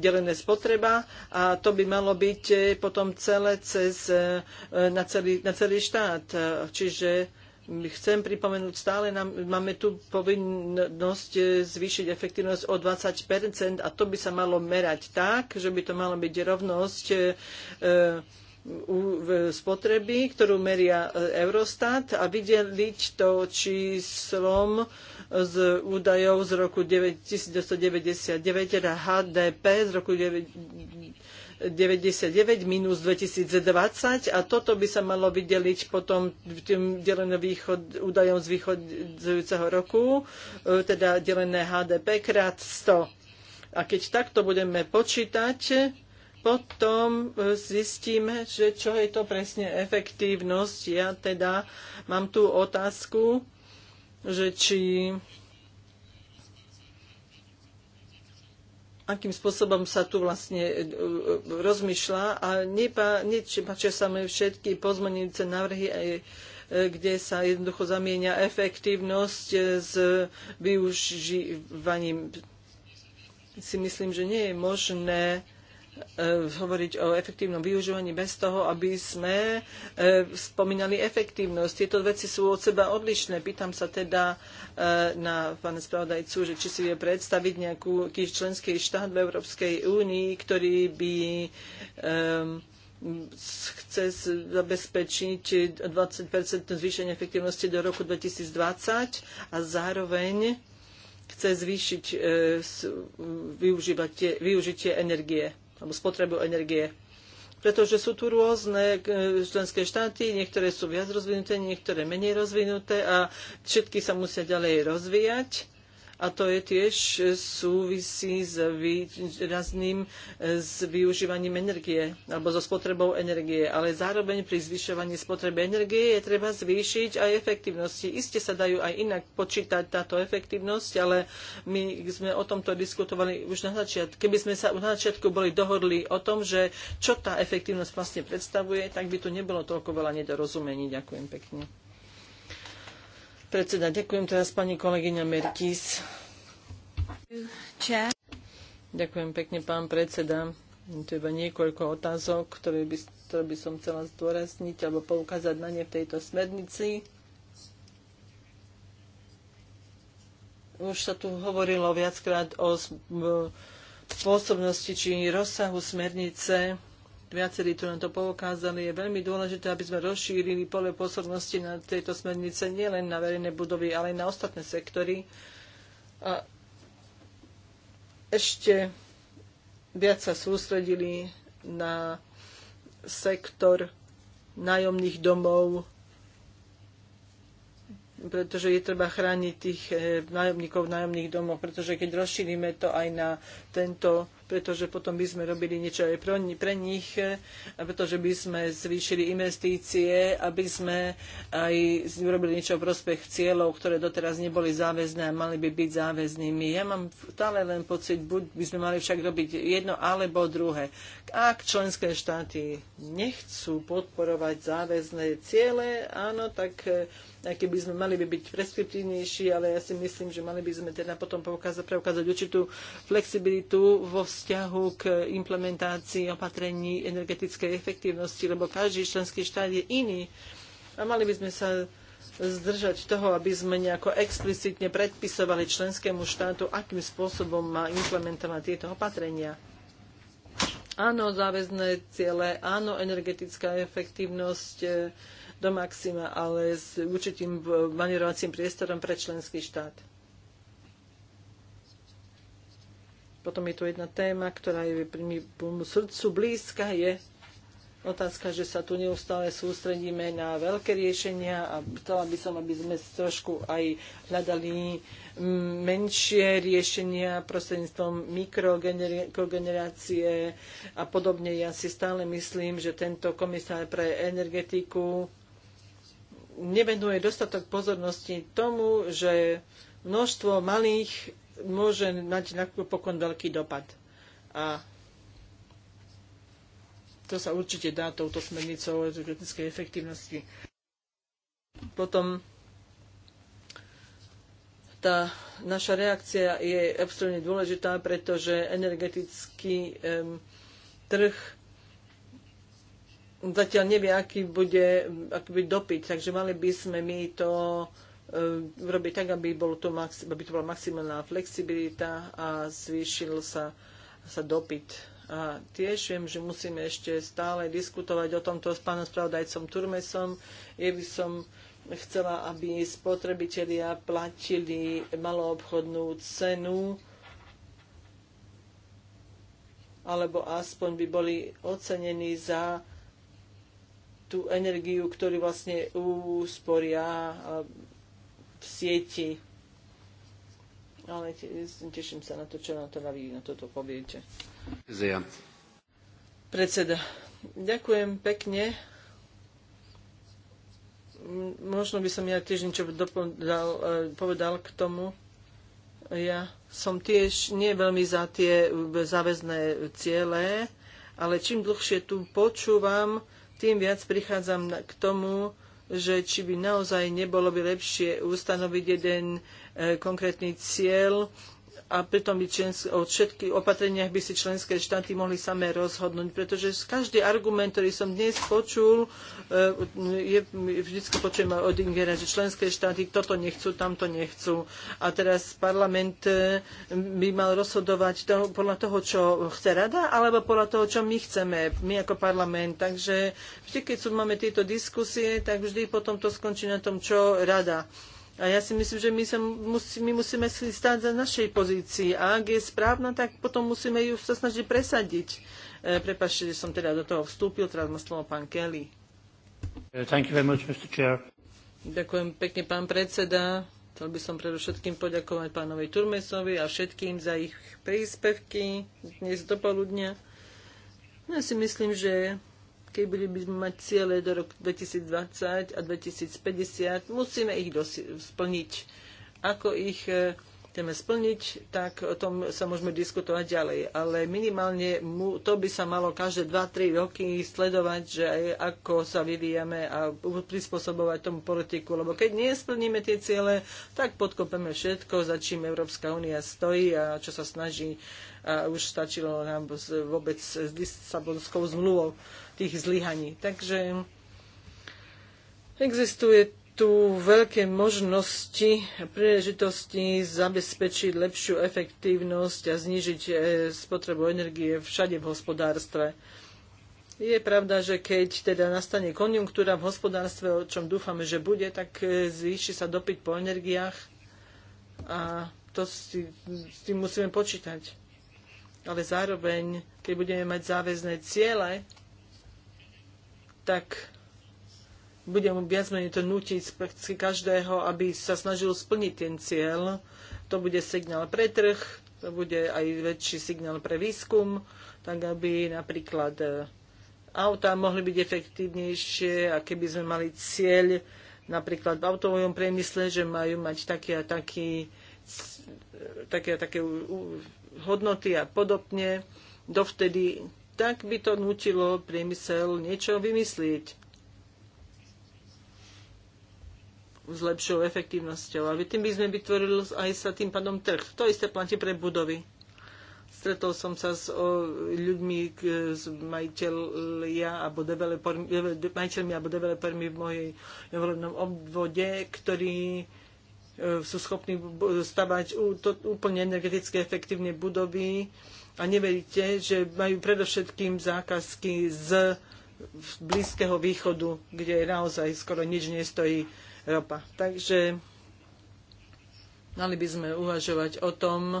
S2: delené spotreba a to by malo byť e, potom celé cez, e, e, na, celý, na celý štát. Čiže chcem pripomenúť, stále nám, máme tu povinnosť zvýšiť efektivnosť o 20 a to by sa malo merať tak, že by to malo byť rovnosť e, spotreby, ktorú meria e, Eurostat a vydeliť to číslom z údajov z roku 1999, teda HDP z roku 99 minus 2020 a toto by sa malo vydeliť potom tým deleným východ, údajom z východzujúceho roku, e, teda delené HDP krát 100. A keď takto budeme počítať, potom e, zistíme, že čo je to presne efektívnosť. Ja teda mám tú otázku, že či akým spôsobom sa tu vlastne e, e, rozmýšľa a nepáčia sa mi všetky pozmenujúce návrhy kde sa jednoducho zamienia efektívnosť s využívaním. Si myslím, že nie je možné Eh, hovoriť o efektívnom využívaní bez toho, aby sme eh, spomínali efektívnosť. Tieto veci sú od seba odlišné. Pýtam sa teda eh, na pána spravodajcu, že či si vie predstaviť nejaký členský štát v Európskej únii, ktorý by ehm, chce zabezpečiť 20 zvýšenie efektivnosti do roku 2020 a zároveň chce zvýšiť využitie energie alebo spotrebu energie. Pretože sú tu rôzne e, členské štáty, niektoré sú viac rozvinuté, niektoré menej rozvinuté a všetky sa musia ďalej rozvíjať a to je tiež e, súvisí s výrazným e, s využívaním energie alebo so spotrebou energie. Ale zároveň pri zvyšovaní spotreby energie je treba zvýšiť aj efektívnosti. Isté sa dajú aj inak počítať táto efektívnosť, ale my sme o tomto diskutovali už na začiatku. Keby sme sa na začiatku boli dohodli o tom, že čo tá efektívnosť vlastne predstavuje, tak by tu nebolo toľko veľa nedorozumení. Ďakujem pekne. Predseda, ďakujem teraz pani kolegyňa Merkis. Ďakujem pekne, pán predseda. To iba niekoľko otázok, ktoré by, ktoré by som chcela zdôrazniť alebo poukázať na ne v tejto smernici. Už sa tu hovorilo viackrát o spôsobnosti či rozsahu smernice viacerí tu nám to poukázali, je veľmi dôležité, aby sme rozšírili pole pôsobnosti na tejto smernice nielen na verejné budovy, ale aj na ostatné sektory. A ešte viac sa sústredili na sektor nájomných domov, pretože je treba chrániť tých eh, nájomníkov v nájomných domoch, pretože keď rozšírime to aj na tento, pretože potom by sme robili niečo aj pre nich, e, pretože by sme zvýšili investície, aby sme aj urobili niečo v prospech cieľov, ktoré doteraz neboli záväzné a mali by byť záväznými. Ja mám stále len pocit, buď by sme mali však robiť jedno alebo druhé. Ak členské štáty nechcú podporovať záväzné ciele, áno, tak e, aký by sme mali by byť preskriptívnejší, ale ja si myslím, že mali by sme teda potom preukázať určitú flexibilitu tu vo vzťahu k implementácii opatrení energetickej efektívnosti, lebo každý členský štát je iný a mali by sme sa zdržať toho, aby sme nejako explicitne predpisovali členskému štátu, akým spôsobom má implementovať tieto opatrenia. Áno, záväzné ciele, áno, energetická efektívnosť e, do maxima, ale s určitým manierovacím priestorom pre členský štát. Potom je tu jedna téma, ktorá je mi srdcu blízka, je otázka, že sa tu neustále sústredíme na veľké riešenia a chcela by som, aby sme trošku aj hľadali mm, menšie riešenia prostredníctvom mikrogenerácie a podobne. Ja si stále myslím, že tento komisár pre energetiku nevenuje dostatok pozornosti tomu, že množstvo malých môže mať napokon veľký dopad. A to sa určite dá touto smernicou energetickej efektivnosti. Potom tá naša reakcia je absolútne dôležitá, pretože energetický um, trh zatiaľ nevie, aký bude, aký bude dopyt, takže mali by sme my to urobiť e, tak, aby, bol to, aby to bola maximálna flexibilita a zvýšil sa, sa dopyt. A tiež viem, že musíme ešte stále diskutovať o tomto s pánom spravodajcom Turmesom. Je by som chcela, aby spotrebitelia platili maloobchodnú cenu alebo aspoň by boli ocenení za tú energiu, ktorú vlastne úsporia sieti. Ale teším sa na to, čo na to na na toto poviete. Zia. Predseda, ďakujem pekne. Možno by som ja tiež niečo dopodal, e, povedal k tomu. Ja som tiež nie veľmi za tie záväzné ciele, ale čím dlhšie tu počúvam, tým viac prichádzam k tomu, že či by naozaj nebolo by lepšie ustanoviť jeden e, konkrétny cieľ a pritom by členské, o všetkých opatreniach by si členské štáty mohli samé rozhodnúť, pretože každý argument, ktorý som dnes počul, e, je, vždycky počujem od Ingera, že členské štáty toto nechcú, tamto nechcú. A teraz parlament e, by mal rozhodovať podľa toho, čo chce rada, alebo podľa toho, čo my chceme, my ako parlament. Takže vždy, keď sú, máme tieto diskusie, tak vždy potom to skončí na tom, čo rada a ja si myslím, že my, sa musí, my musíme si stáť za našej pozícii. A ak je správna, tak potom musíme ju sa snažiť presadiť. E, Prepašte, že som teda do toho vstúpil. Teraz má slovo pán Kelly.
S1: Thank you very much, Mr. Chair.
S2: Ďakujem pekne, pán predseda. Chcel by som predovšetkým poďakovať pánovi Turmesovi a všetkým za ich príspevky dnes do poludnia. Ja si myslím, že Keby by sme mať ciele do roku 2020 a 2050, musíme ich splniť. Ako ich eh, chceme splniť, tak o tom sa môžeme diskutovať ďalej. Ale minimálne mu, to by sa malo každé 2-3 roky sledovať, že aj ako sa vyvíjame a prispôsobovať tomu politiku. Lebo keď nesplníme tie ciele, tak podkopeme všetko, za čím Európska únia stojí a čo sa snaží. A už stačilo nám vôbec s Lisabonskou zmluvou tých zlyhaní. Takže existuje tu veľké možnosti a príležitosti zabezpečiť lepšiu efektívnosť a znižiť e, spotrebu energie všade v hospodárstve. Je pravda, že keď teda nastane konjunktúra v hospodárstve, o čom dúfame, že bude, tak e, zvýši sa dopyt po energiách a to si, s tým musíme počítať. Ale zároveň, keď budeme mať záväzné ciele, tak bude mu viac menej to nutiť prakticky každého, aby sa snažil splniť ten cieľ. To bude signál pre trh, to bude aj väčší signál pre výskum, tak aby napríklad e, auta mohli byť efektívnejšie a keby sme mali cieľ napríklad v autovovom priemysle, že majú mať také a také, e, také a také hodnoty a podobne, dovtedy tak by to nutilo priemysel niečo vymyslieť s lepšou efektívnosťou. A tým by sme vytvorili aj sa tým pádom trh. To isté platí pre budovy. Stretol som sa s o, ľuďmi, s majiteľia alebo majiteľmi alebo developermi v mojej volebnom obvode, ktorí e, sú schopní stavať úplne energeticky efektívne budovy a neveríte, že majú predovšetkým zákazky z Blízkeho východu, kde naozaj skoro nič nestojí ropa. Takže mali by sme uvažovať o tom, e,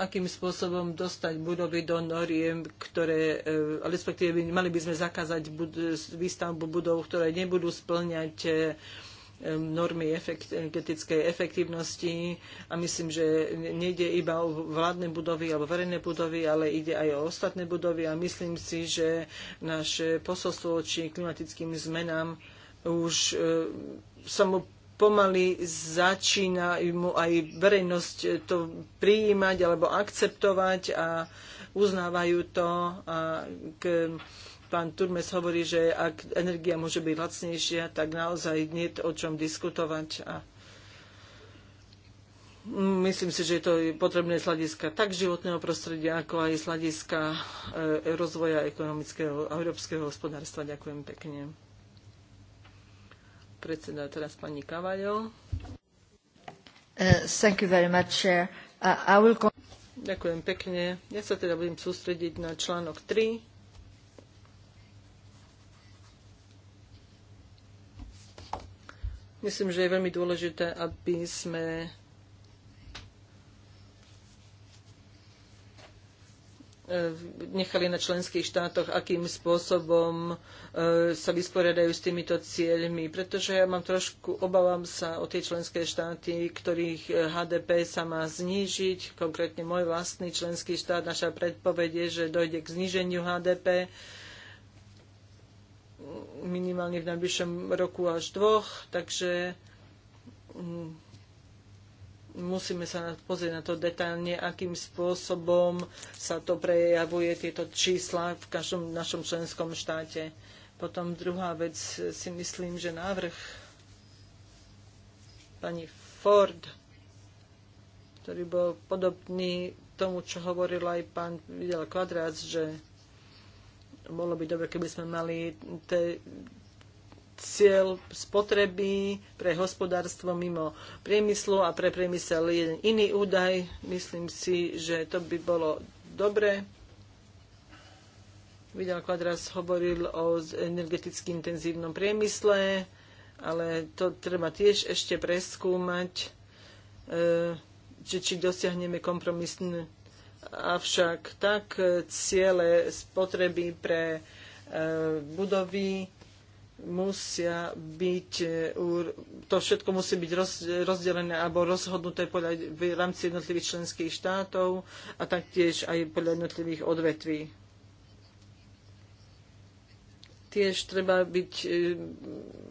S2: akým spôsobom dostať budovy do noriem, ktoré, e, respektíve mali by sme zakázať výstavbu budov, ktoré nebudú splňať e, normy energetickej efektívnosti a myslím, že nejde iba o vládne budovy alebo verejné budovy, ale ide aj o ostatné budovy a myslím si, že naše posolstvo či klimatickým zmenám už e, sa mu pomaly začína mu aj verejnosť to prijímať alebo akceptovať a uznávajú to. A k, pán Turmes hovorí, že ak energia môže byť lacnejšia, tak naozaj nie je o čom diskutovať. A Myslím si, že to je potrebné z hľadiska tak životného prostredia, ako aj z hľadiska e, rozvoja ekonomického a európskeho hospodárstva. Ďakujem pekne predseda, teraz pani Kavajo. Uh, thank you very much, Chair. Uh, I will... Ďakujem pekne. Ja sa teda budem sústrediť na článok 3. Myslím, že je veľmi dôležité, aby sme E, nechali na členských štátoch, akým spôsobom e, sa vysporiadajú s týmito cieľmi. Pretože ja mám trošku, obávam sa o tie členské štáty, ktorých e, HDP sa má znížiť. Konkrétne môj vlastný členský štát, naša predpoveď je, že dojde k zníženiu HDP minimálne v najbližšom roku až dvoch. Takže mm, musíme sa pozrieť na to detailne, akým spôsobom sa to prejavuje, tieto čísla v každom našom členskom štáte. Potom druhá vec, si myslím, že návrh pani Ford, ktorý bol podobný tomu, čo hovoril aj pán Videl Kvadrác, že bolo by dobre, keby sme mali te, cieľ spotreby pre hospodárstvo mimo priemyslu a pre priemysel je iný údaj. Myslím si, že to by bolo dobre. Vidal Kvadras hovoril o energeticky intenzívnom priemysle, ale to treba tiež ešte preskúmať, či, e, či dosiahneme kompromisný avšak tak e, ciele spotreby pre e, budovy musia byť, e, to všetko musí byť rozdelené alebo rozhodnuté podľa, v rámci jednotlivých členských štátov a taktiež aj podľa jednotlivých odvetví. Tiež treba byť, e,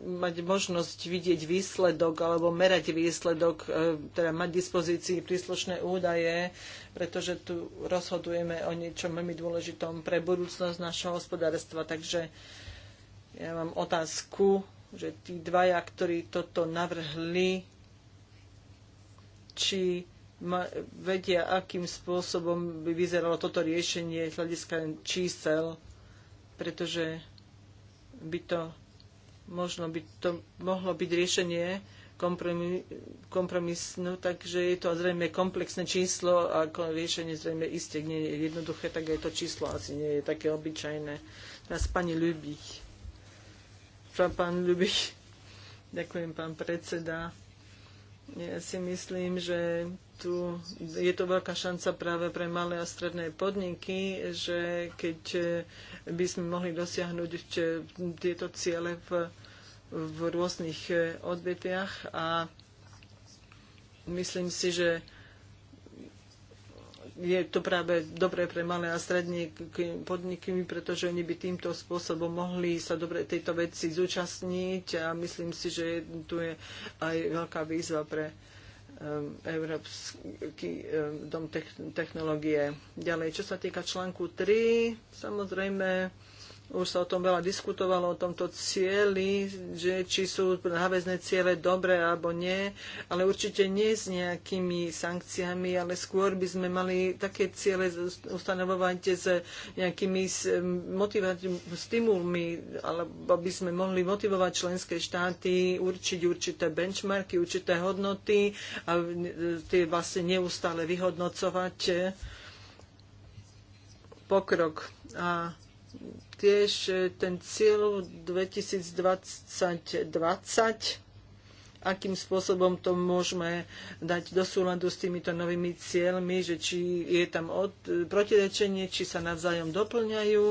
S2: mať možnosť vidieť výsledok alebo merať výsledok, e, teda mať dispozícii príslušné údaje, pretože tu rozhodujeme o niečom veľmi dôležitom pre budúcnosť našho hospodárstva. Takže ja mám otázku, že tí dvaja, ktorí toto navrhli, či vedia, akým spôsobom by vyzeralo toto riešenie z hľadiska čísel, pretože by to, možno by to mohlo byť riešenie kompromis, no, takže je to zrejme komplexné číslo a riešenie zrejme isté nie je jednoduché, tak aj to číslo asi nie je také obyčajné. Teraz pani Ľubich pán Ďakujem, pán predseda. Ja si myslím, že tu je to veľká šanca práve pre malé a stredné podniky, že keď eh, by sme mohli dosiahnuť eh, tieto ciele v, v rôznych eh, odvetviach a myslím si, že je to práve dobré pre malé a stredné podniky, pretože oni by týmto spôsobom mohli sa dobre tejto veci zúčastniť a myslím si, že tu je aj veľká výzva pre um, Európsky um, dom technológie. Ďalej, čo sa týka článku 3, samozrejme, už sa o tom veľa diskutovalo, o tomto cieli, že či sú náväzné ciele dobré alebo nie, ale určite nie s nejakými sankciami, ale skôr by sme mali také ciele ustanovovať s nejakými stimulmi, alebo by sme mohli motivovať členské štáty určiť určité benchmarky, určité hodnoty a tie vlastne neustále vyhodnocovať pokrok. A tiež e, ten cieľ 2020-2020 akým spôsobom to môžeme dať do súladu s týmito novými cieľmi, že či je tam od, protirečenie, či sa navzájom doplňajú.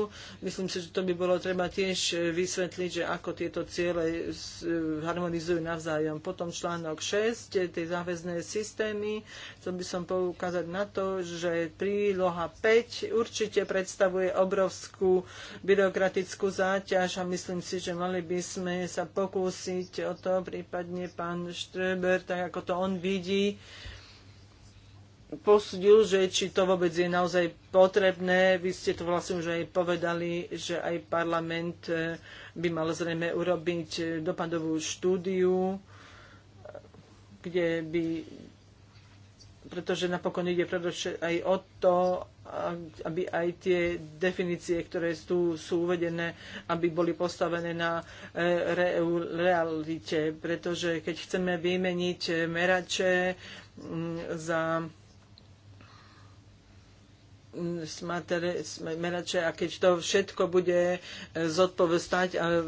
S2: Myslím si, že to by bolo treba tiež vysvetliť, že ako tieto ciele harmonizujú navzájom. Potom článok 6, tie záväzné systémy. Chcel by som poukázať na to, že príloha 5 určite predstavuje obrovskú byrokratickú záťaž a myslím si, že mali by sme sa pokúsiť o to prípadne pán Štreber, tak ako to on vidí, posudil, že či to vôbec je naozaj potrebné. Vy ste to vlastne už aj povedali, že aj parlament e, by mal zrejme urobiť e, dopadovú štúdiu, kde by pretože napokon ide aj o to, aby aj tie definície, ktoré tu sú uvedené, aby boli postavené na e, realite. Pretože keď chceme vymeniť merače za merače a keď to všetko bude e, zodpovestať a e,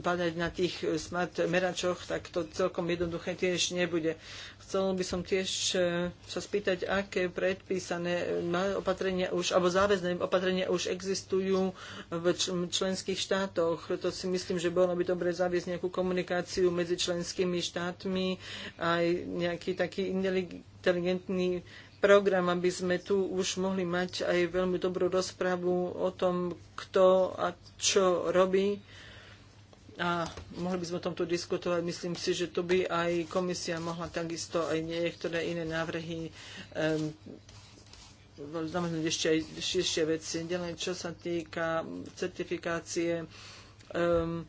S2: padať na tých smart meračoch, tak to celkom jednoduché tiež nebude. Chcel by som tiež e, sa spýtať, aké predpísané opatrenia už, alebo záväzné opatrenia už existujú v členských štátoch. To si myslím, že bolo by dobre zaviesť nejakú komunikáciu medzi členskými štátmi aj nejaký taký inteligentný program, aby sme tu už mohli mať aj veľmi dobrú rozprávu o tom, kto a čo robí. A mohli by sme o tomto diskutovať. Myslím si, že to by aj komisia mohla takisto aj niektoré iné návrhy um, znamenáť ešte aj širšie veci. Ďalej, čo sa týka certifikácie um,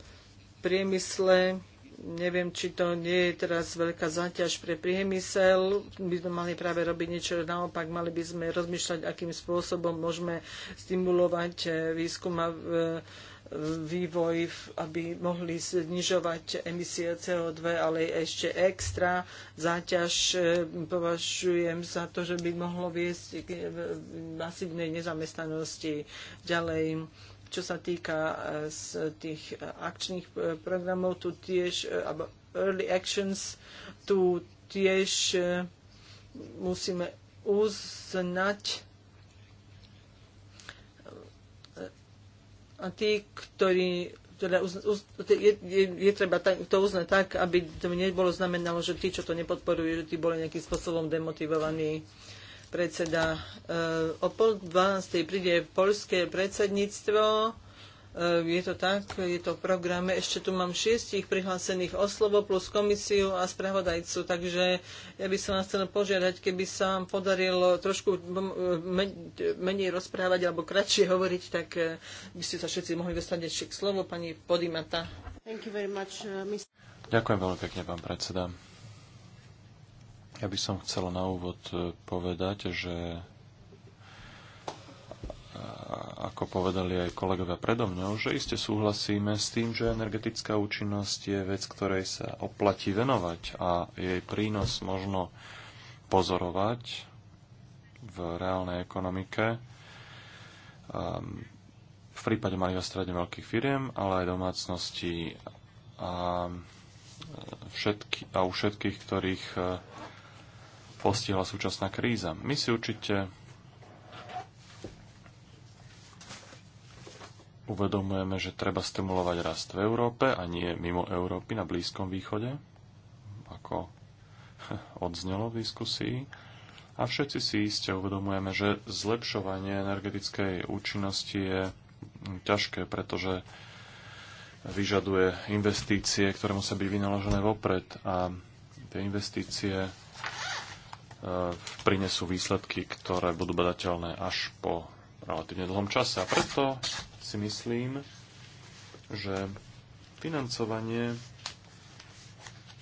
S2: priemysle, neviem, či to nie je teraz veľká záťaž pre priemysel. My sme mali práve robiť niečo naopak, mali by sme rozmýšľať, akým spôsobom môžeme stimulovať eh, výskum a eh, vývoj, aby mohli znižovať emisie CO2, ale ešte extra záťaž eh, považujem za to, že by mohlo viesť k masívnej nezamestnanosti ďalej čo sa týka z e, tých e, akčných e, programov, tu tiež, alebo early actions, tu tiež musíme uznať a tí, ktorí teda uz, uz, je, je, je treba to uznať tak, aby to nebolo znamenalo, že tí, čo to nepodporujú, že tí boli nejakým spôsobom demotivovaní. Uh, predseda. Eh, o pol dvanástej príde polské predsedníctvo. Eh, je to tak, je to v programe. Ešte tu mám šiestich prihlásených o slovo plus komisiu a spravodajcu, takže ja by som vás chcel požiadať, keby sa vám podarilo trošku menej rozprávať alebo kratšie hovoriť, tak eh, by ste sa všetci mohli dostať ešte k slovu. Pani Podimata. Much, uh,
S3: Ďakujem veľmi pekne, pán predseda. Ja by som chcel na úvod e, povedať, že e, ako povedali aj kolegovia predo mňou, že iste súhlasíme s tým, že energetická účinnosť je vec, ktorej sa oplatí venovať a jej prínos možno pozorovať v reálnej ekonomike ehm, v prípade malých a stredne veľkých firiem, ale aj domácností a, e, všetky, a u všetkých, ktorých postihla súčasná kríza. My si určite uvedomujeme, že treba stimulovať rast v Európe a nie mimo Európy na Blízkom východe, ako odznelo v diskusii. A všetci si iste uvedomujeme, že zlepšovanie energetickej účinnosti je ťažké, pretože vyžaduje investície, ktoré musia byť vynaložené vopred a tie investície Eh, prinesú výsledky, ktoré budú badateľné až po relatívne dlhom čase. A preto si myslím, že financovanie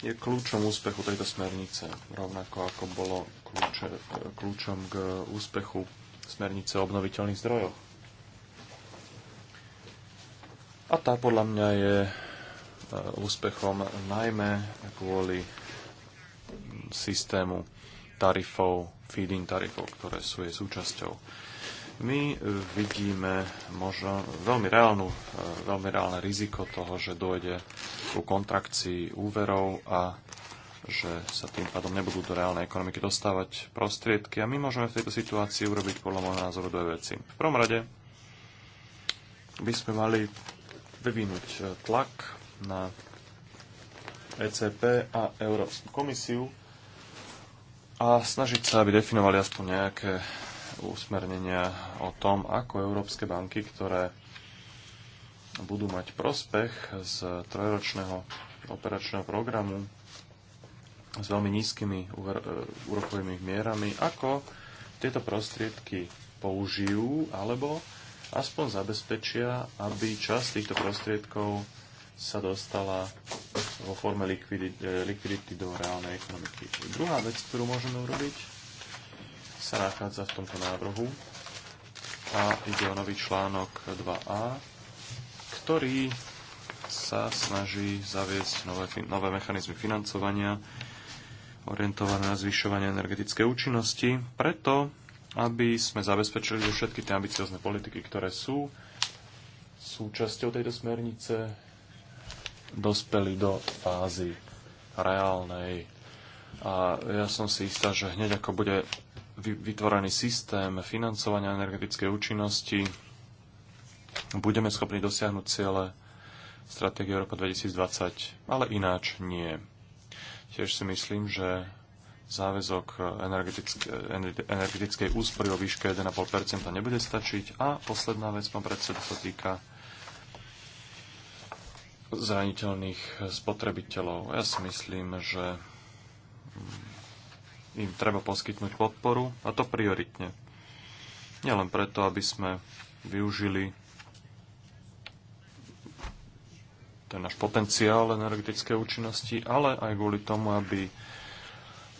S3: je kľúčom úspechu tejto smernice, rovnako ako bolo kľúče, kľúčom k úspechu smernice o obnoviteľných zdrojoch. A tá podľa mňa je eh, úspechom najmä kvôli systému tarifov, feed-in tarifov, ktoré sú jej súčasťou. My e, vidíme možno veľmi, reálnu, e, veľmi reálne riziko toho, že dojde ku kontrakcii úverov a že sa tým pádom nebudú do reálnej ekonomiky dostávať prostriedky a my môžeme v tejto situácii urobiť podľa môjho názoru dve veci. V prvom rade by sme mali vyvinúť e, tlak na ECP a Európsku komisiu, a snažiť sa, aby definovali aspoň nejaké usmernenia o tom, ako európske banky, ktoré budú mať prospech z trojročného operačného programu s veľmi nízkymi e, úrokovými mierami, ako tieto prostriedky použijú alebo aspoň zabezpečia, aby časť týchto prostriedkov sa dostala vo forme eh, likvidity do reálnej ekonomiky. Druhá vec, ktorú môžeme urobiť, sa nachádza v tomto návrhu a ide o nový článok 2a, ktorý sa snaží zaviesť nové, nové mechanizmy financovania orientované na zvyšovanie energetickej účinnosti, preto aby sme zabezpečili, že všetky tie ambiciozne politiky, ktoré sú súčasťou tejto smernice, dospeli do fázy reálnej. A ja som si istá, že hneď ako bude vytvorený systém financovania energetickej účinnosti, budeme schopní dosiahnuť ciele stratégie Európa 2020, ale ináč nie. Tiež si myslím, že záväzok energetické, energetickej úspory o výške 1,5 nebude stačiť. A posledná vec, pán predseda, sa týka zraniteľných spotrebiteľov. Ja si myslím, že im treba poskytnúť podporu, a to prioritne. Nielen preto, aby sme využili ten náš potenciál energetickej účinnosti, ale aj kvôli tomu, aby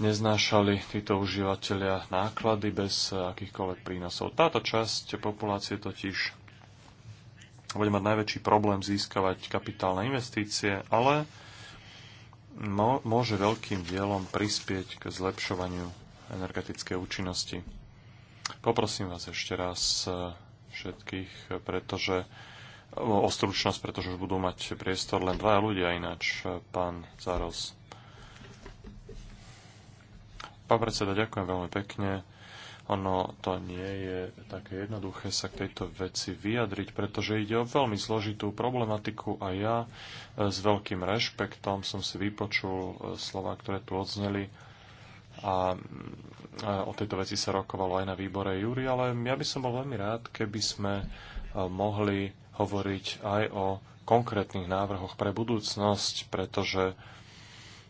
S3: neznášali títo užívateľia náklady bez akýchkoľvek prínosov. Táto časť populácie totiž bude mať najväčší problém získavať kapitálne investície, ale môže veľkým dielom prispieť k zlepšovaniu energetickej účinnosti. Poprosím vás ešte raz eh, všetkých, pretože o stručnosť, pretože už budú mať priestor len dva ľudia ináč, eh, pán Zaros. Pán predseda, ďakujem veľmi pekne. Ono to nie je také jednoduché sa k tejto veci vyjadriť, pretože ide o veľmi zložitú problematiku a ja e, s veľkým rešpektom som si vypočul e, slova, ktoré tu odzneli a e, o tejto veci sa rokovalo aj na výbore Júri, ale ja by som bol veľmi rád, keby sme mohli hovoriť aj o konkrétnych návrhoch pre budúcnosť, pretože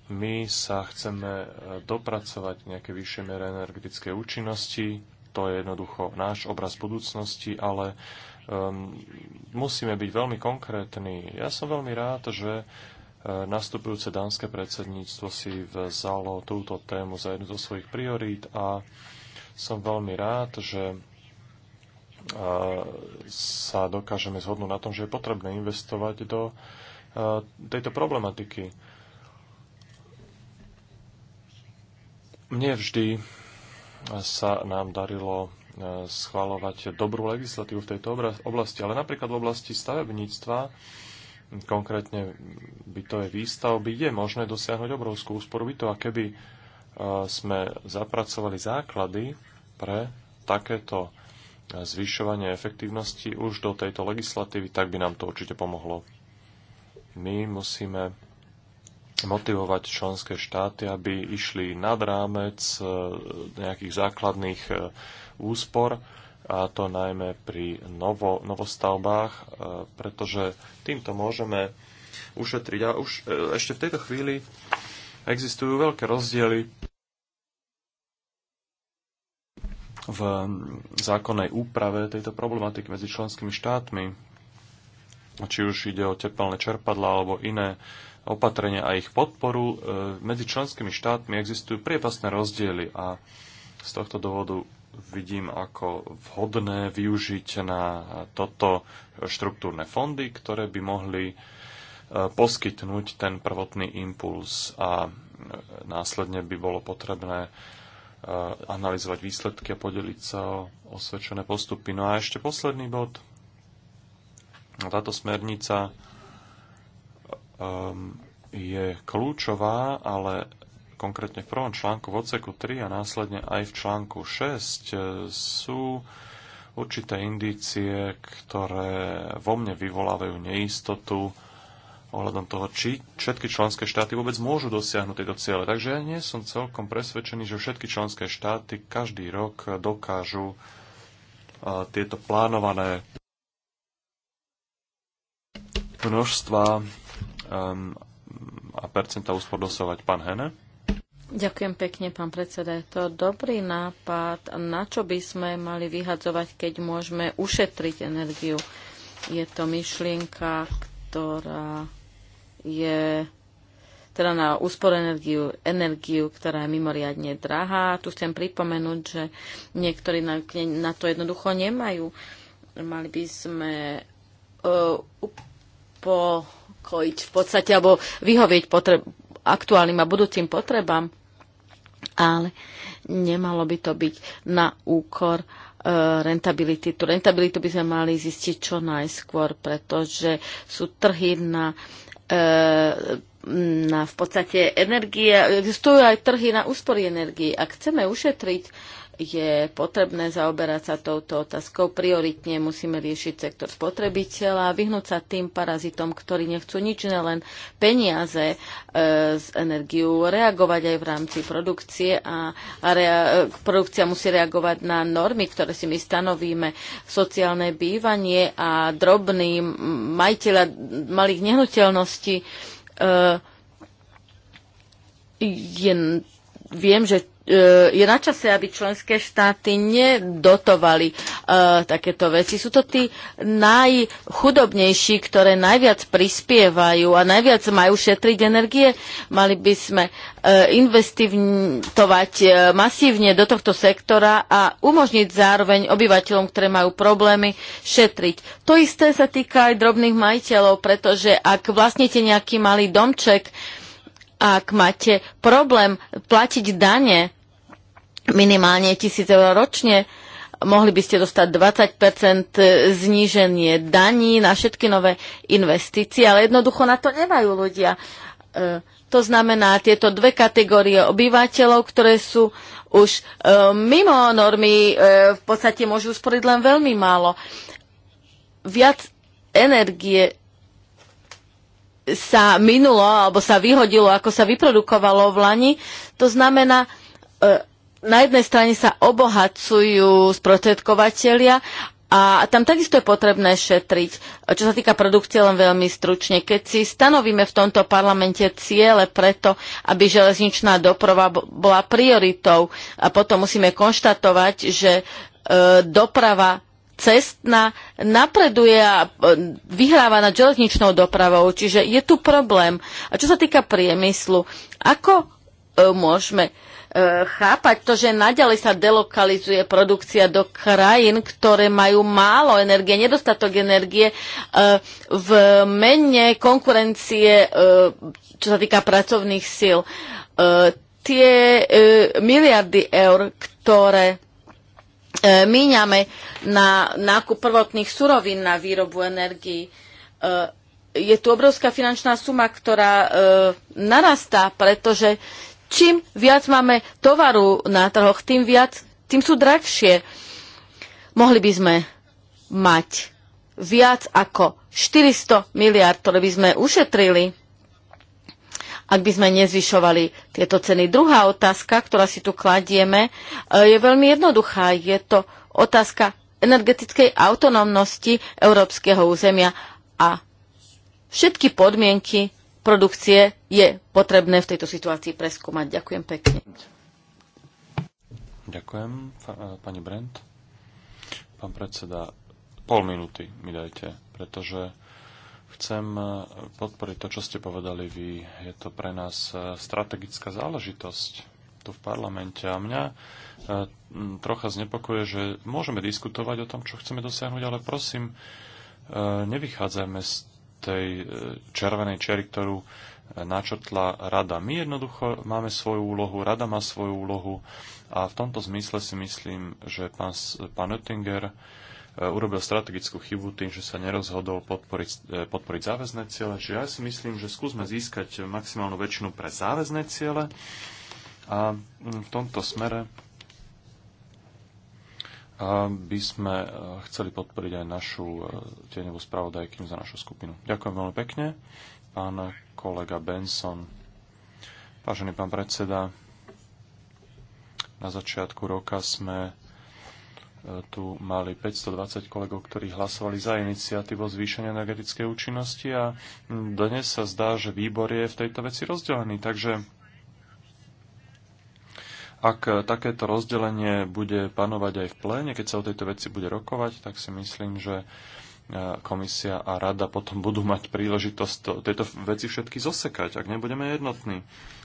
S3: my sa chceme e, dopracovať nejaké vyššie mere energetickej účinnosti, to je jednoducho náš obraz budúcnosti, ale um, musíme byť veľmi konkrétni. Ja som veľmi rád, že e, nastupujúce dánske predsedníctvo si vzalo túto tému za jednu zo svojich priorít a som veľmi rád, že e, sa dokážeme zhodnúť na tom, že je potrebné investovať do tejto problematiky. Nie vždy sa nám darilo e, schvalovať dobrú legislatívu v tejto oblasti, ale napríklad v oblasti stavebníctva, konkrétne bytové výstavby, je možné dosiahnuť obrovskú úsporu bytov a keby e, sme zapracovali základy pre takéto e, zvyšovanie efektívnosti už do tejto legislatívy, tak by nám to určite pomohlo. My musíme motivovať členské štáty, aby išli nad rámec e, nejakých základných e, úspor, a to najmä pri novo, novostavbách, e, pretože týmto môžeme ušetriť. A už ešte v tejto chvíli existujú veľké rozdiely v zákonnej úprave tejto problematiky medzi členskými štátmi, či už ide o tepelné čerpadla alebo iné opatrenia a ich podporu, e, medzi členskými štátmi existujú priepasné rozdiely a z tohto dôvodu vidím ako vhodné využiť na toto štruktúrne fondy, ktoré by mohli e, poskytnúť ten prvotný impuls a e, následne by bolo potrebné analyzovať výsledky a podeliť sa o osvedčené postupy. No a ešte posledný bod. Táto smernica Ehm, je kľúčová, ale konkrétne v prvom článku v odseku 3 a následne aj v článku 6 e, sú určité indície, ktoré vo mne vyvolávajú neistotu ohľadom toho, či všetky členské štáty vôbec môžu dosiahnuť tieto ciele. Takže ja nie som celkom presvedčený, že všetky členské štáty každý rok dokážu e, tieto plánované množstva Um, a percenta úspor dosovať. Pán Hene?
S1: Ďakujem pekne, pán predseda. Je to dobrý nápad. Na čo by sme mali vyhadzovať, keď môžeme ušetriť energiu? Je to myšlienka, ktorá je teda na úspor energiu, energiu, ktorá je mimoriadne drahá. Tu chcem pripomenúť, že niektorí na, na to jednoducho nemajú. Mali by sme uh, po uspokojiť v podstate, alebo vyhovieť potreb, aktuálnym a budúcim potrebám, ale nemalo by to byť na úkor e, rentability. Tu rentabilitu by sme mali zistiť čo najskôr, pretože sú trhy na, e, na v podstate energie, existujú aj trhy na úspory energii. Ak chceme ušetriť je potrebné zaoberať sa touto otázkou. Prioritne musíme riešiť sektor spotrebiteľa, a vyhnúť sa tým parazitom, ktorí nechcú nič, len peniaze e, z energiu, reagovať aj v rámci produkcie a, a rea- produkcia musí reagovať na normy, ktoré si my stanovíme, sociálne bývanie a drobný majiteľa malých nehnuteľností e, je, viem, že E, je na čase, aby členské štáty nedotovali uh, takéto veci. Sú to tí najchudobnejší, ktoré najviac prispievajú a najviac majú šetriť energie. Mali by sme uh, investovať uh, masívne do tohto sektora a umožniť zároveň obyvateľom, ktoré majú problémy, šetriť. To isté sa týka aj drobných majiteľov, pretože ak vlastnete nejaký malý domček, uh, ak máte problém platiť dane minimálne tisíc eur ročne, mohli by ste dostať 20% zníženie daní na všetky nové investície, ale jednoducho na to nemajú ľudia. E, to znamená tieto dve kategórie obyvateľov, ktoré sú už e, mimo normy, e, v podstate môžu usporiť len veľmi málo. Viac energie sa minulo alebo sa vyhodilo, ako sa vyprodukovalo v Lani. To znamená, e, na jednej strane sa obohacujú sprostredkovateľia a tam takisto je potrebné šetriť. E, čo sa týka produkcie, len veľmi stručne. Keď si stanovíme v tomto parlamente ciele preto, aby železničná doprava bola prioritou a potom musíme konštatovať, že e, doprava cestná napreduje a e, vyhráva nad železničnou dopravou, čiže je tu problém. A čo sa týka priemyslu, ako e, môžeme e, chápať to, že naďalej sa delokalizuje produkcia do krajín, ktoré majú málo energie, nedostatok energie v mene konkurencie, čo sa týka pracovných síl. Tie miliardy eur, ktoré E, míňame na nákup prvotných surovín na výrobu energii. E, je tu obrovská finančná suma, ktorá e, narastá, pretože čím viac máme tovaru na trhoch, tým viac, tým sú drahšie. Mohli by sme mať viac ako 400 miliard, ktoré by sme ušetrili ak by sme nezvyšovali tieto ceny. Druhá otázka, ktorá si tu kladieme, e, je veľmi jednoduchá. Je to otázka energetickej autonómnosti európskeho územia a všetky podmienky produkcie je potrebné v tejto situácii preskúmať. Ďakujem pekne.
S3: Ďakujem, e, pani Brent. Pán predseda, pol minúty mi dajte, pretože Chcem e, podporiť to, čo ste povedali vy. Je to pre nás e, strategická záležitosť tu v parlamente. A mňa e, trocha znepokoje, že môžeme diskutovať o tom, čo chceme dosiahnuť, ale prosím, nevychádzajme z tej červenej čery, ktorú načrtla rada. My jednoducho máme svoju úlohu, rada má svoju úlohu a v tomto zmysle si myslím, že pán, pán Oettinger Eh, urobil strategickú chybu tým, že sa nerozhodol podporiť, eh, podporiť záväzné ciele. Čiže ja si myslím, že skúsme získať maximálnu väčšinu pre záväzné ciele a mm, v tomto smere by sme eh, chceli podporiť aj našu tieňovú spravodajkyňu za našu skupinu. Ďakujem veľmi pekne, pán kolega Benson. Vážený pán predseda, na začiatku roka sme tu mali 520 kolegov, ktorí hlasovali za iniciatívu zvýšenia energetickej účinnosti a dnes sa zdá, že výbor je v tejto veci rozdelený. Takže ak takéto rozdelenie bude panovať aj v pléne, keď sa o tejto veci bude rokovať, tak si myslím, že e, komisia a rada potom budú mať príležitosť tejto veci všetky zosekať, ak nebudeme jednotní.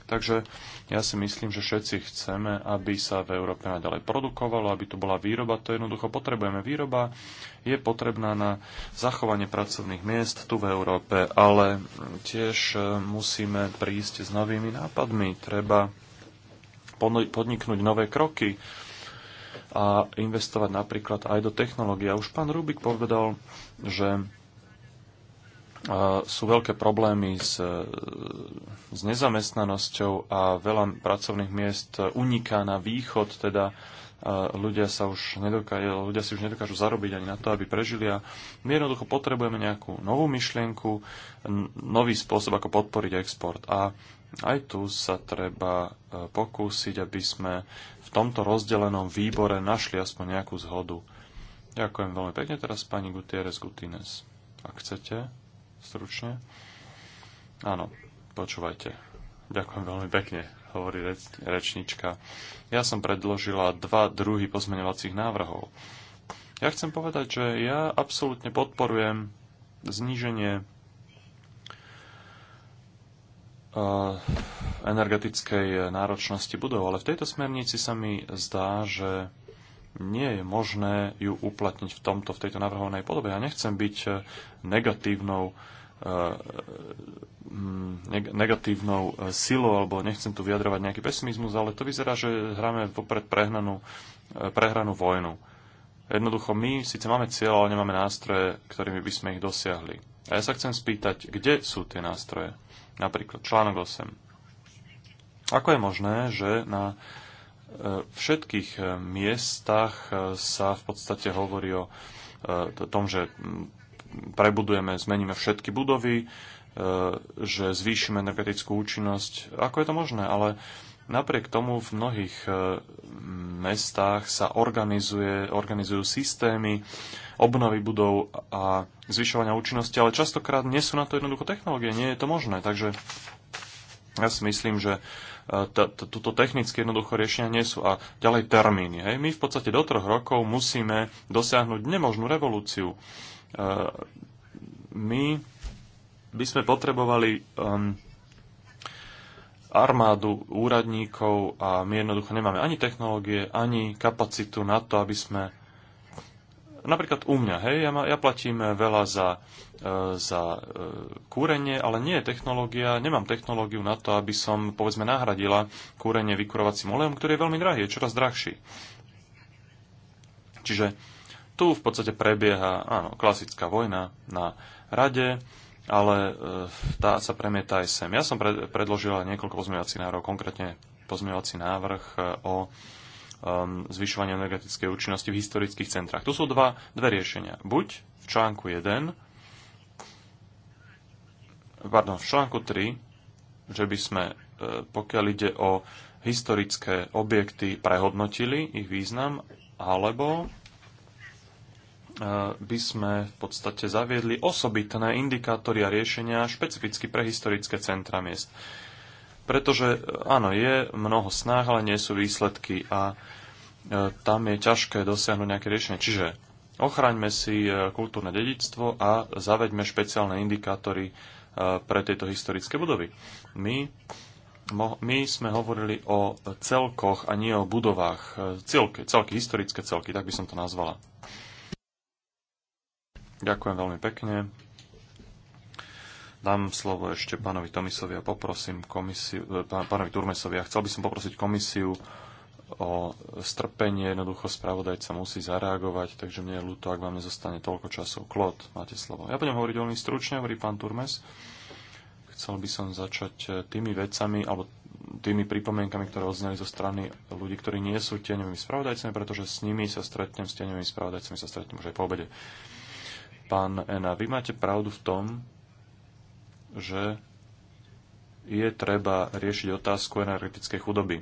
S3: Takže ja si myslím, že všetci chceme, aby sa v Európe naďalej produkovalo, aby tu bola výroba. To jednoducho potrebujeme. Výroba je potrebná na zachovanie pracovných miest tu v Európe, ale tiež e, musíme prísť s novými nápadmi. Treba podniknúť nové kroky a investovať napríklad aj do technológie. Už pán Rubik povedal, že sú veľké problémy s, e, s nezamestnanosťou a veľa pracovných miest uniká na východ, teda e, ľudia, sa už nedokážu, ľudia si už nedokážu zarobiť ani na to, aby prežili. A my jednoducho potrebujeme nejakú novú myšlienku, nový spôsob, ako podporiť export. A aj tu sa treba e, pokúsiť, aby sme v tomto rozdelenom výbore našli aspoň nejakú zhodu. Ďakujem veľmi pekne teraz pani Gutierrez Gutines. Ak chcete stručne. Áno, počúvajte. Ďakujem veľmi pekne, hovorí reč, rečnička. Ja som predložila dva druhy pozmeňovacích návrhov. Ja chcem povedať, že ja absolútne podporujem zníženie energetickej náročnosti budov, ale v tejto smernici sa mi zdá, že nie je možné ju uplatniť v tomto, v tejto navrhovanej podobe. Ja nechcem byť eh, negatívnou eh, mm, negatívnou eh, silou, alebo nechcem tu vyjadrovať nejaký pesimizmus, ale to vyzerá, že hráme vopred prehnanú, prehranú vojnu. Jednoducho, my síce máme cieľ, ale nemáme nástroje, ktorými by sme ich dosiahli. A ja sa chcem spýtať, kde sú tie nástroje? Napríklad článok 8. Ako je možné, že na všetkých eh, miestach eh, sa v podstate hovorí o eh, tom, že mm, prebudujeme, zmeníme všetky budovy, že zvýšime energetickú účinnosť. Ako je to možné? Ale napriek tomu v mnohých mestách sa organizuje, organizujú systémy obnovy budov a zvyšovania účinnosti, ale častokrát nie sú na to jednoducho technológie, nie je to možné. Takže ja si myslím, že E, tuto technické jednoducho riešenia nie sú. A ďalej termíny. Hej. My v podstate do troch rokov musíme dosiahnuť nemožnú revolúciu. E, my by sme potrebovali um, armádu úradníkov a my jednoducho nemáme ani technológie, ani kapacitu na to, aby sme Napríklad u mňa, hej, ja, ma, ja platím eh, veľa za, e, za e, kúrenie, ale nie je technológia, nemám technológiu na to, aby som, povedzme, nahradila kúrenie vykurovacím olejom, ktorý je veľmi drahý, je čoraz drahší. Čiže tu v podstate prebieha, áno, klasická vojna na rade, ale tá sa premieta aj sem. Ja som predložil niekoľko pozmeňovacích návrhov, konkrétne pozmeňovací návrh o um, zvyšovania energetickej účinnosti v historických centrách. Tu sú dva, dve riešenia. Buď v článku 1, pardon, v článku 3, že by sme, e, pokiaľ ide o historické objekty, prehodnotili ich význam, alebo e, by sme v podstate zaviedli osobitné indikátory a riešenia špecificky pre historické centra miest. Pretože áno, je mnoho snáh, ale nie sú výsledky a e, tam je ťažké dosiahnuť nejaké riešenie. Čiže ochraňme si e, kultúrne dedictvo a zaveďme špeciálne indikátory e, pre tieto historické budovy. My, my sme hovorili o celkoch a nie o budovách. Celky, celky, historické celky, tak by som to nazvala. Ďakujem veľmi pekne. Dám slovo ešte pánovi Tomisovi a poprosím komisiu, e, pánovi Turmesovi a chcel by som poprosiť komisiu o strpenie. Jednoducho spravodajca musí zareagovať, takže mne je ľúto, ak vám nezostane toľko času. Klod, máte slovo. Ja budem hovoriť veľmi stručne, hovorí pán Turmes. Chcel by som začať e, tými vecami, alebo tými pripomienkami, ktoré odzneli zo strany ľudí, ktorí nie sú tieňovými spravodajcami, pretože s nimi sa stretnem, s tieňovými spravodajcami sa stretnem už aj po obede. Pán Ena, vy máte pravdu v tom, že je treba riešiť otázku energetickej chudoby.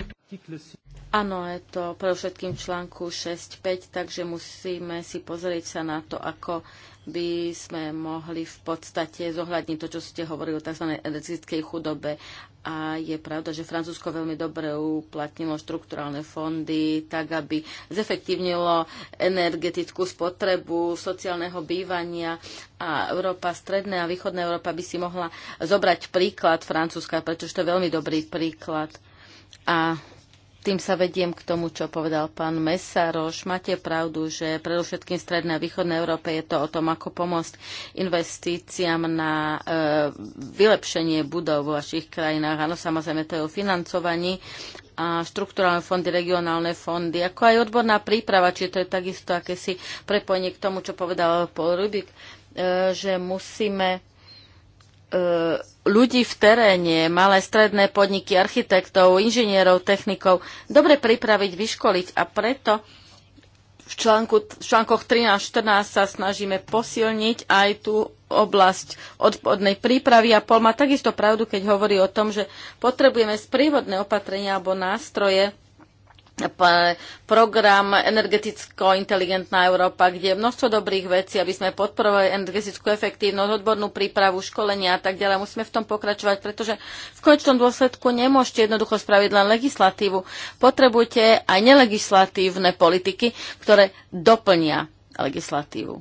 S1: Áno, je to pre všetkým článku 6.5, takže musíme si pozrieť sa na to, ako by sme mohli v podstate zohľadniť to, čo ste hovorili o tzv. energetickej chudobe. A je pravda, že Francúzsko veľmi dobre uplatnilo štrukturálne fondy tak, aby zefektívnilo energetickú spotrebu sociálneho bývania a Európa, stredná a východná Európa by si mohla zobrať príklad Francúzska, pretože to je veľmi dobrý príklad. A tým sa vediem k tomu, čo povedal pán Mesaroš. Máte pravdu, že predovšetkým v Strednej a Východnej Európe je to o tom, ako pomôcť investíciám na e, vylepšenie budov v vašich krajinách. Áno, samozrejme, to je o financovaní a štrukturálne fondy, regionálne fondy, ako aj odborná príprava, či to je takisto akési prepojenie k tomu, čo povedal Paul Rubik, e, že musíme e, ľudí v teréne, malé stredné podniky, architektov, inžinierov, technikov, dobre pripraviť, vyškoliť a preto v, článku, v článkoch 13-14 sa snažíme posilniť aj tú oblasť odpodnej prípravy a Pol má takisto pravdu, keď hovorí o tom, že potrebujeme sprievodné opatrenia alebo nástroje, program Energeticko-inteligentná Európa, kde je množstvo dobrých vecí, aby sme podporovali energetickú efektívnosť, odbornú prípravu, školenia a tak ďalej. Musíme v tom pokračovať, pretože v konečnom dôsledku nemôžete jednoducho spraviť len legislatívu. Potrebujete aj nelegislatívne politiky, ktoré doplnia legislatívu.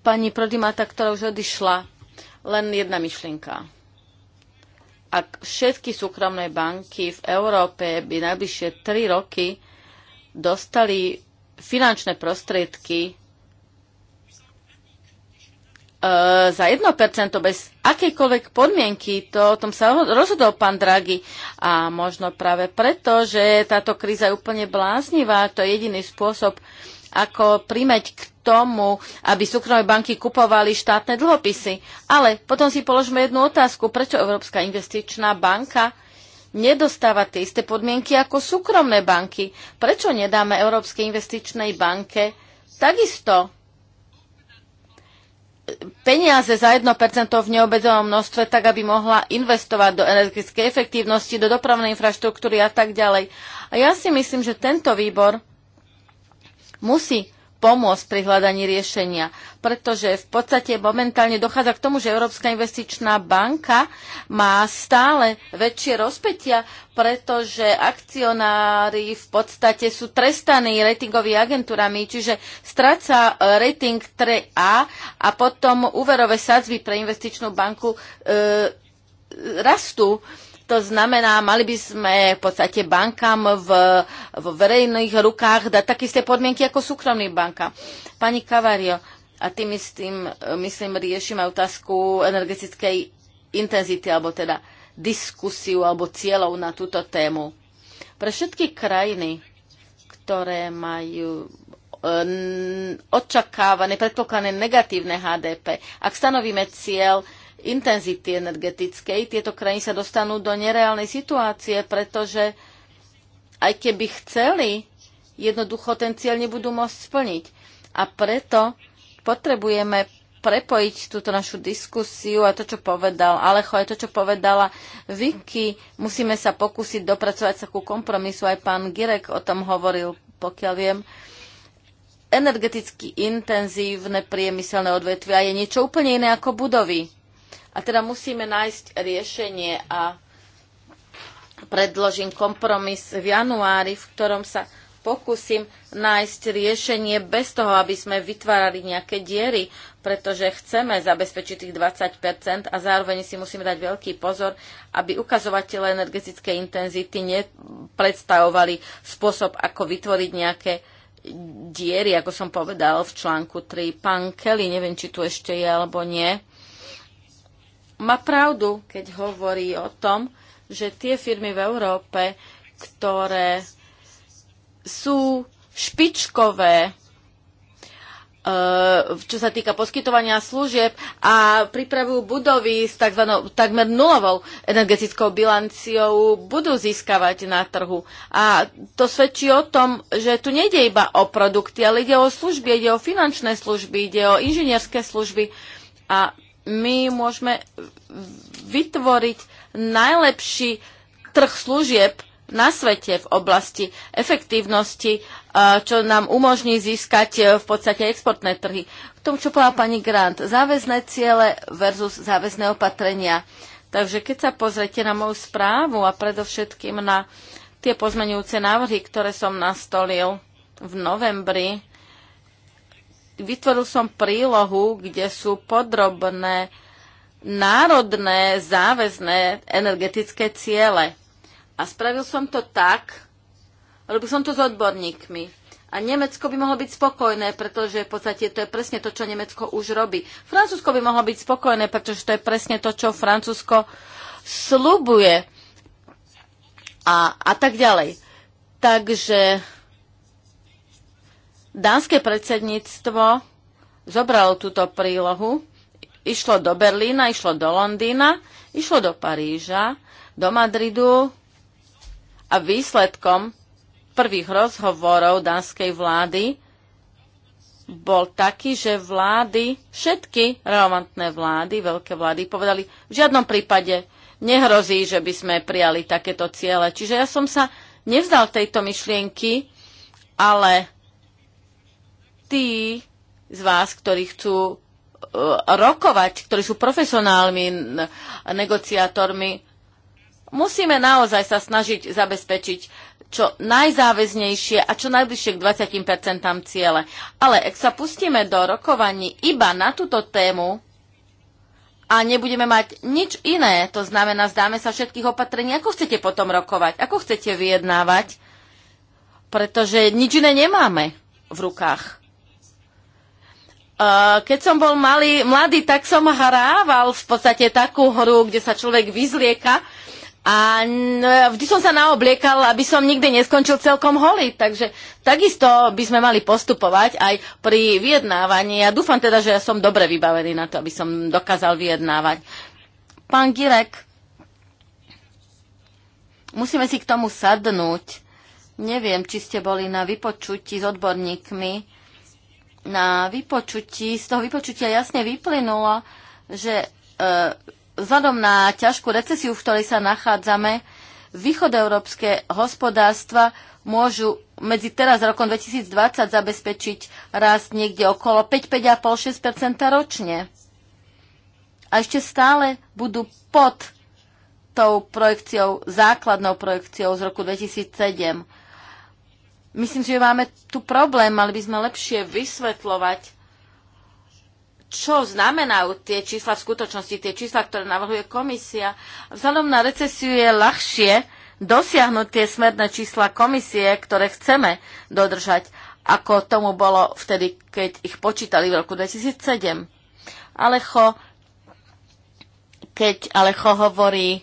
S1: Pani Prodimata, ktorá už odišla, len jedna myšlienka ak všetky súkromné banky v Európe by najbližšie 3 roky dostali finančné prostriedky e, za 1% bez akejkoľvek podmienky. To o tom sa rozhodol pán Draghi. A možno práve preto, že táto kríza je úplne bláznivá. To je jediný spôsob, ako primeť k tomu, aby súkromné banky kupovali štátne dlhopisy. Ale potom si položme jednu otázku, prečo Európska investičná banka nedostáva tie isté podmienky ako súkromné banky. Prečo nedáme Európskej investičnej banke takisto peniaze za 1% v neobedzovom množstve, tak aby mohla investovať do energetickej efektívnosti, do dopravnej infraštruktúry a tak ďalej. A ja si myslím, že tento výbor musí pomôcť pri hľadaní riešenia, pretože v podstate momentálne dochádza k tomu, že Európska investičná banka má stále väčšie rozpetia, pretože akcionári v podstate sú trestaní ratingovými agentúrami, čiže stráca e, rating 3A a potom úverové sadzby pre investičnú banku e, e rastú. E, to znamená, mali by sme v podstate bankám v, v verejných rukách dať také isté podmienky ako súkromným bankám. Pani Kavario, a tým istým, myslím, riešime otázku energetickej intenzity, alebo teda diskusiu alebo cieľov na túto tému. Pre všetky krajiny, ktoré majú e, očakávané, predpokladané negatívne HDP. Ak stanovíme cieľ intenzity energetickej, tieto krajiny sa dostanú do nereálnej situácie, pretože aj keby chceli, jednoducho ten cieľ nebudú môcť splniť. A preto potrebujeme prepojiť túto našu diskusiu a to, čo povedal Alecho, aj to, čo povedala Vicky. Musíme sa pokúsiť dopracovať sa ku kompromisu. Aj pán Girek o tom hovoril, pokiaľ viem. Energeticky intenzívne priemyselné odvetvia je niečo úplne iné ako budovy a teda musíme nájsť riešenie a predložím kompromis v januári, v ktorom sa pokúsim nájsť riešenie bez toho, aby sme vytvárali nejaké diery, pretože chceme zabezpečiť tých 20 a zároveň si musíme dať veľký pozor, aby ukazovatele energetickej intenzity nepredstavovali spôsob, ako vytvoriť nejaké diery, ako som povedal v článku 3. Pán Kelly, neviem, či tu ešte je alebo nie má pravdu, keď hovorí o tom, že tie firmy v Európe, ktoré sú špičkové, eh, čo sa týka poskytovania služieb a pripravujú budovy s tzv. takmer nulovou energetickou bilanciou, budú získavať na trhu. A to svedčí o tom, že tu nejde iba o produkty, ale ide o služby, ide o finančné služby, ide o inžinierské služby. A my môžeme vytvoriť najlepší trh služieb na svete v oblasti efektívnosti, čo nám umožní získať e, v podstate exportné trhy. K tomu, čo povedala pani Grant, záväzné ciele versus záväzné opatrenia. Takže keď sa pozrete na moju správu a predovšetkým na tie pozmenujúce návrhy, ktoré som nastolil v novembri, vytvoril som prílohu, kde sú podrobné národné záväzné energetické ciele. A spravil som to tak, robil som to s odborníkmi. A Nemecko by mohlo byť spokojné, pretože v podstate to je presne to, čo Nemecko už robí. Francúzsko by mohlo byť spokojné, pretože to je presne to, čo Francúzsko slubuje. A, a tak ďalej. Takže Dánske predsedníctvo zobralo túto prílohu, išlo do Berlína, išlo do Londýna, išlo do Paríža, do Madridu a výsledkom prvých rozhovorov dánskej vlády bol taký, že vlády, všetky relevantné vlády, veľké vlády, povedali, v žiadnom prípade nehrozí, že by sme prijali takéto ciele. Čiže ja som sa nevzdal tejto myšlienky, ale tí z vás, ktorí chcú eh, rokovať, ktorí sú profesionálmi negociátormi, musíme naozaj sa snažiť zabezpečiť čo najzáväznejšie a čo najbližšie k 20% ciele. Ale ak sa pustíme do rokovaní iba na túto tému a nebudeme mať nič iné, to znamená, zdáme sa všetkých opatrení, ako chcete potom rokovať, ako chcete vyjednávať, pretože nič iné nemáme v rukách. Eh, keď som bol malý, mladý, tak som hrával v podstate takú hru, kde sa človek vyzlieka a vždy som sa naobliekal, aby som nikdy neskončil celkom holý. Takže takisto by sme mali postupovať aj pri vyjednávaní. Ja dúfam teda, že ja som dobre vybavený na to, aby som dokázal vyjednávať. Pán Girek, musíme si k tomu sadnúť. Neviem, či ste boli na vypočutí s odborníkmi na vypočutí, z toho vypočutia jasne vyplynulo, že e, vzhľadom na ťažkú recesiu, v ktorej sa nachádzame, východoeurópske hospodárstva môžu medzi teraz rokom 2020 zabezpečiť rast niekde okolo 5-5,5-6 ročne. A ešte stále budú pod tou projekciou, základnou projekciou z roku 2007 Myslím si, že máme tu problém, mali by sme lepšie vysvetľovať, čo znamenajú tie čísla v skutočnosti, tie čísla, ktoré navrhuje komisia. Vzhľadom na recesiu je ľahšie dosiahnuť tie smerné čísla komisie, ktoré chceme dodržať, ako tomu bolo vtedy, keď ich počítali v roku 2007. Alecho, keď Alecho hovorí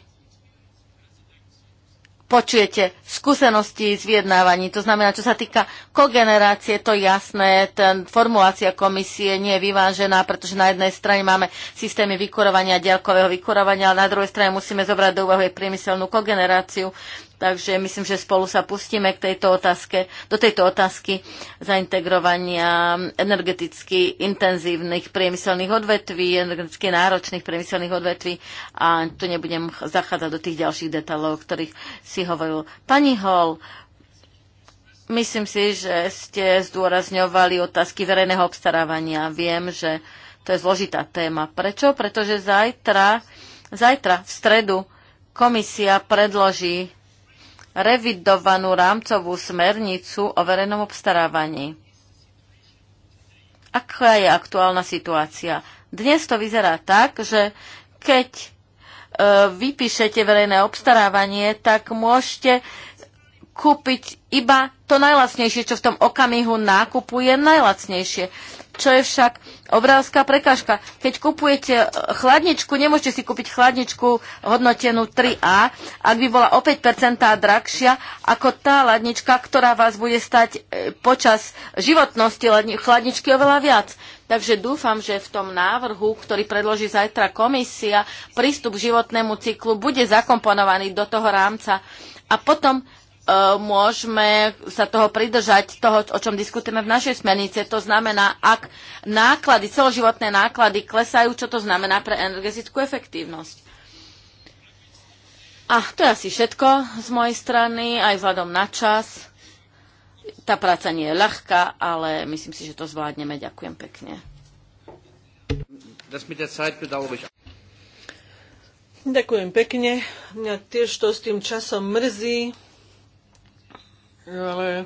S1: počujete skúsenosti z vyjednávaní. To znamená, čo sa týka kogenerácie, to jasné, ten formulácia komisie nie je vyvážená, pretože na jednej strane máme systémy vykurovania, ďalkového vykurovania, ale na druhej strane musíme zobrať do úvahy priemyselnú kogeneráciu. Takže myslím, že spolu sa pustíme k tejto otázke, do tejto otázky zaintegrovania energeticky intenzívnych priemyselných odvetví, energeticky náročných priemyselných odvetví a tu nebudem zachádzať do tých ďalších detailov, o ktorých si hovoril pani Hall. Myslím si, že ste zdôrazňovali otázky verejného obstarávania. Viem, že to je zložitá téma. Prečo? Pretože zajtra, zajtra v stredu komisia predloží revidovanú rámcovú smernicu o verejnom obstarávaní. Aká je aktuálna situácia? Dnes to vyzerá tak, že keď e, vypíšete verejné obstarávanie, tak môžete kúpiť iba to najlacnejšie, čo v tom okamihu nákupu je najlacnejšie čo je však obrovská prekážka. Keď kupujete eh, chladničku, nemôžete si kúpiť chladničku hodnotenú 3A, ak by bola o 5% drahšia ako tá ladnička, ktorá vás bude stať eh, počas životnosti chladničky oveľa viac. Takže dúfam, že v tom návrhu, ktorý predloží zajtra komisia, prístup k životnému cyklu bude zakomponovaný do toho rámca. A potom E, môžeme sa toho pridržať, toho, o čom diskutujeme v našej smernice. To znamená, ak náklady, celoživotné náklady klesajú, čo to znamená pre energetickú efektívnosť. A to je asi všetko z mojej strany, aj vzhľadom na čas. Tá práca nie je ľahká, ale myslím si, že to zvládneme. Ďakujem pekne. Ďakujem pekne. Mňa
S2: tiež to s tým časom mrzí ale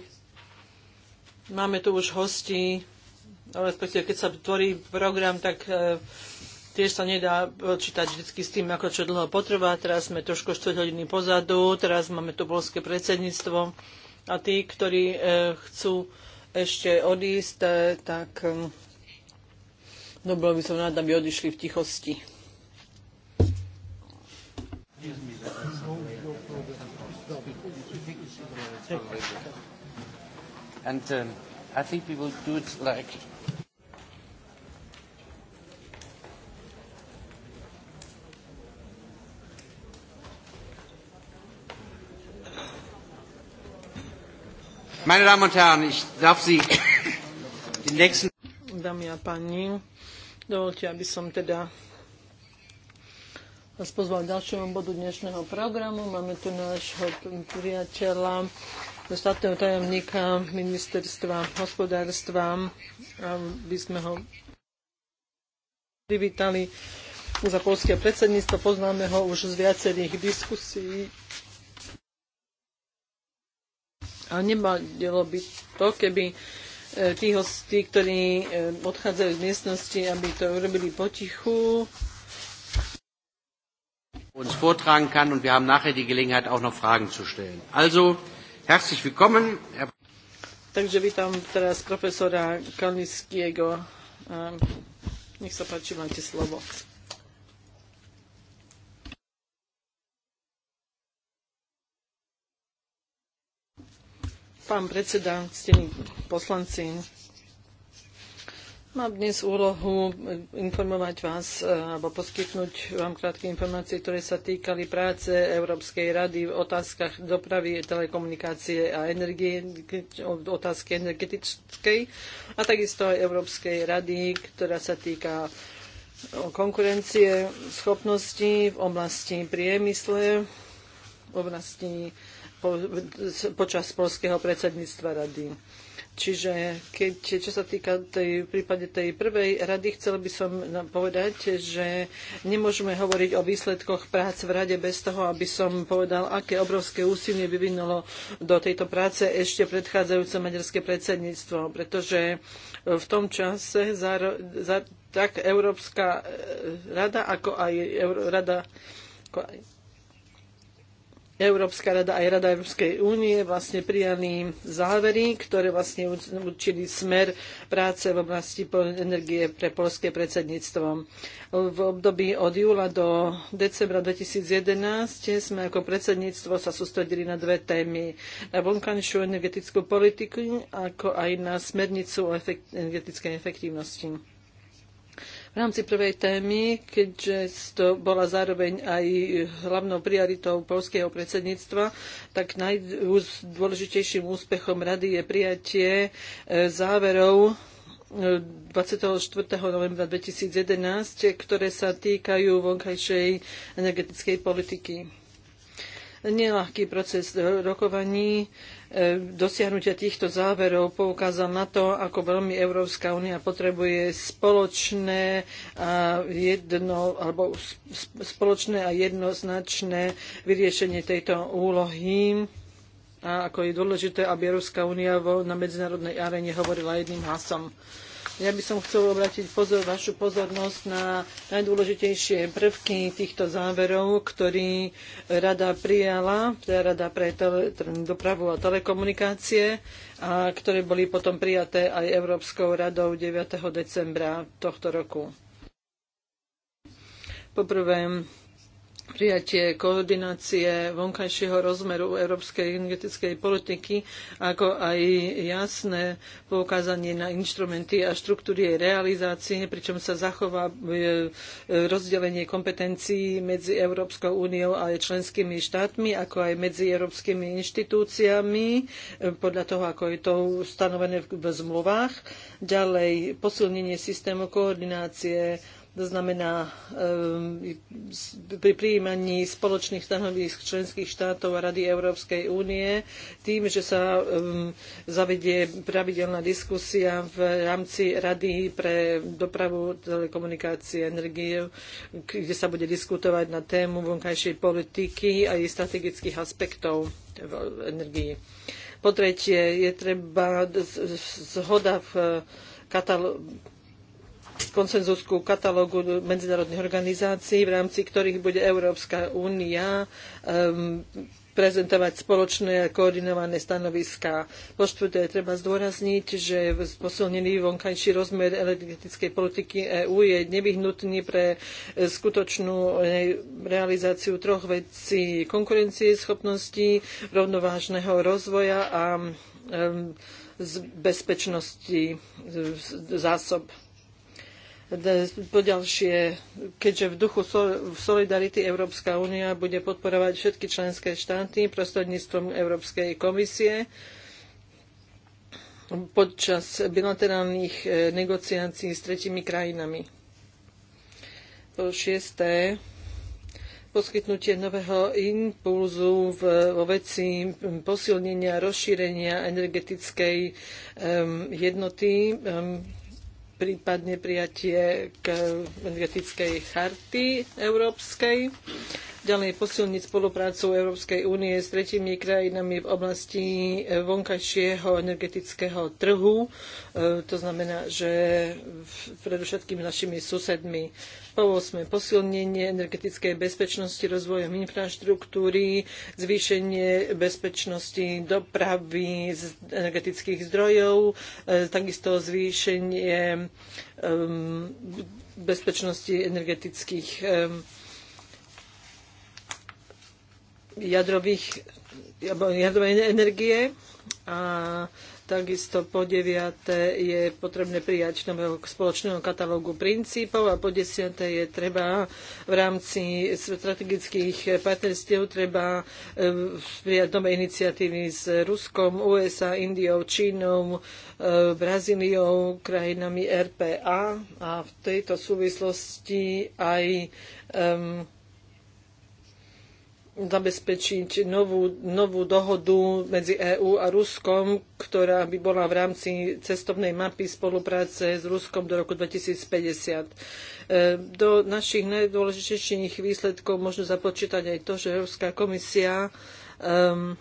S2: máme tu už hostí, respektíve keď sa tvorí program, tak e, tiež sa nedá počítať vždy s tým, ako čo dlho potrvá. Teraz sme trošku 4 hodiny pozadu, teraz máme tu polské predsedníctvo a tí, ktorí e, chcú ešte odísť, e, tak e, dobro no, by som rád, aby odišli v tichosti.
S1: Yes, And um, I think we will do it like Meine Damen und Herren, ich darf Sie den nächsten
S2: Dámy a páni, dovolte, aby som teda vás pozval k ďalšiemu bodu dnešného programu. Máme tu nášho priateľa, dostatného tajomníka ministerstva hospodárstva, aby sme ho privítali za polské predsedníctvo. Poznáme ho už z viacerých diskusí. A nebadilo by to, keby e, tí hosti, ktorí e, odchádzajú z miestnosti, aby to urobili potichu, uns vortragen kann und wir haben
S1: nachher die Gelegenheit auch noch Fragen zu stellen. Also, herzlich willkommen.
S2: Takže vítam teraz profesora Kalniskiego. Ehm, nech sa páči, máte slovo. Pán predseda, ctení poslanci, Mám dnes úlohu informovať vás e, alebo poskytnúť vám krátke informácie, ktoré sa týkali práce Európskej rady v otázkach dopravy, telekomunikácie a energie, otázky energetickej a takisto aj Európskej rady, ktorá sa týka konkurencie, schopnosti v oblasti priemysle, v oblasti po, počas polského predsedníctva rady. Čiže keď, čo sa týka tej, v prípade tej prvej rady, chcel by som povedať, že nemôžeme hovoriť o výsledkoch prác v rade bez toho, aby som povedal, aké obrovské úsilie vyvinulo do tejto práce ešte predchádzajúce maďarské predsedníctvo, pretože v tom čase za, za, tak Európska e, rada, ako aj Euró, rada ako aj Európska rada aj Rada Európskej únie vlastne prijali závery, ktoré vlastne určili smer práce v oblasti energie pre polské predsedníctvo. V období od júla do decembra 2011 sme ako predsedníctvo sa sústredili na dve témy. Na vonkajšiu energetickú politiku, ako aj na smernicu o energetickej efektívnosti. V rámci prvej témy, keďže to bola zároveň aj hlavnou prioritou polského predsedníctva, tak najdôležitejším úspechom rady je prijatie e, záverov 24. E, novembra 2011, ktoré sa týkajú vonkajšej energetickej politiky nelahký proces rokovaní. E, dosiahnutia týchto záverov poukázal na to, ako veľmi Európska únia potrebuje spoločné a, jedno, alebo spoločné a jednoznačné vyriešenie tejto úlohy a ako je dôležité, aby Európska únia na medzinárodnej arene hovorila jedným hlasom. Ja by som chcel obrátiť pozor, vašu pozornosť na najdôležitejšie prvky týchto záverov, ktorý rada prijala, teda rada pre tele, dopravu a telekomunikácie, a ktoré boli potom prijaté aj Európskou radou 9. decembra tohto roku. Poprvé, prijatie koordinácie vonkajšieho rozmeru európskej energetickej politiky, ako aj jasné poukázanie na inštrumenty a štruktúry jej realizácie, pričom sa zachová e, e, rozdelenie kompetencií medzi Európskou úniou a členskými štátmi, ako aj medzi európskymi inštitúciami, e, podľa toho, ako je to stanovené v zmluvách. Ďalej, posilnenie systému koordinácie to znamená, ehm, pri prijímaní spoločných stanovisk členských štátov a Rady Európskej únie, tým, že sa ehm, zavedie pravidelná diskusia v rámci Rady pre dopravu, telekomunikácie, energie, kde sa bude diskutovať na tému vonkajšej politiky a jej strategických aspektov v energii. Po tretie, je treba zhoda v katalógu konsenzus ku katalógu medzinárodných organizácií, v rámci ktorých bude Európska únia um, prezentovať spoločné a koordinované stanoviská. Po štvrté, treba zdôrazniť, že posilnený vonkajší rozmer energetickej politiky EÚ je nevyhnutný pre eh, skutočnú eh, realizáciu troch vecí konkurencie, schopností, rovnovážneho rozvoja a ehm, bezpečnosti zásob. Poďalšie, keďže v duchu solidarity Európska únia bude podporovať všetky členské štáty prostredníctvom Európskej komisie, počas bilaterálnych e, negociácií s tretimi krajinami. Po šiesté, poskytnutie nového impulzu v, vo veci posilnenia rozšírenia energetickej um, jednoty um, prípadne prijatie k energetickej charty európskej ďalej posilniť spoluprácu Európskej únie s tretími krajinami v oblasti eh, vonkajšieho energetického trhu. Eh, to znamená, že predovšetkým našimi susedmi. Po 8. posilnenie energetickej bezpečnosti rozvojom infraštruktúry, zvýšenie bezpečnosti dopravy z energetických zdrojov, eh, takisto zvýšenie bezpečnosti energetických um, jadrových jadrovej energie a Takisto po deviate je potrebné prijať nového spoločného katalógu princípov a po desiate je treba v rámci strategických partnerstiev treba eh, prijať nové iniciatívy s Ruskom, USA, Indiou, Čínou, eh, Brazíliou, krajinami RPA a v tejto súvislosti aj um, zabezpečiť novú, novú dohodu medzi EÚ a Ruskom, ktorá by bola v rámci cestovnej mapy spolupráce s Ruskom do roku 2050. E, do našich najdôležitejších výsledkov možno započítať aj to, že Európska komisia um,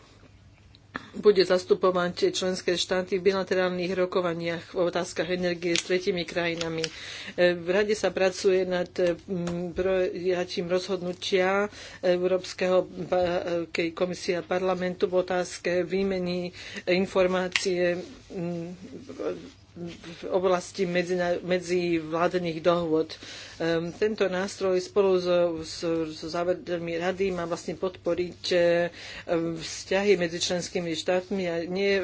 S2: bude zastupovať členské štáty v bilaterálnych rokovaniach v otázkach energie s tretimi krajinami. E, v rade sa pracuje nad mm, prijatím rozhodnutia Európskeho e, komisia parlamentu v otázke výmeny informácie mm, v oblasti medzivládnych dohôd. Ehm, tento nástroj spolu so, so, so závedmi rady má vlastne podporiť ehm, vzťahy medzi členskými štátmi a nie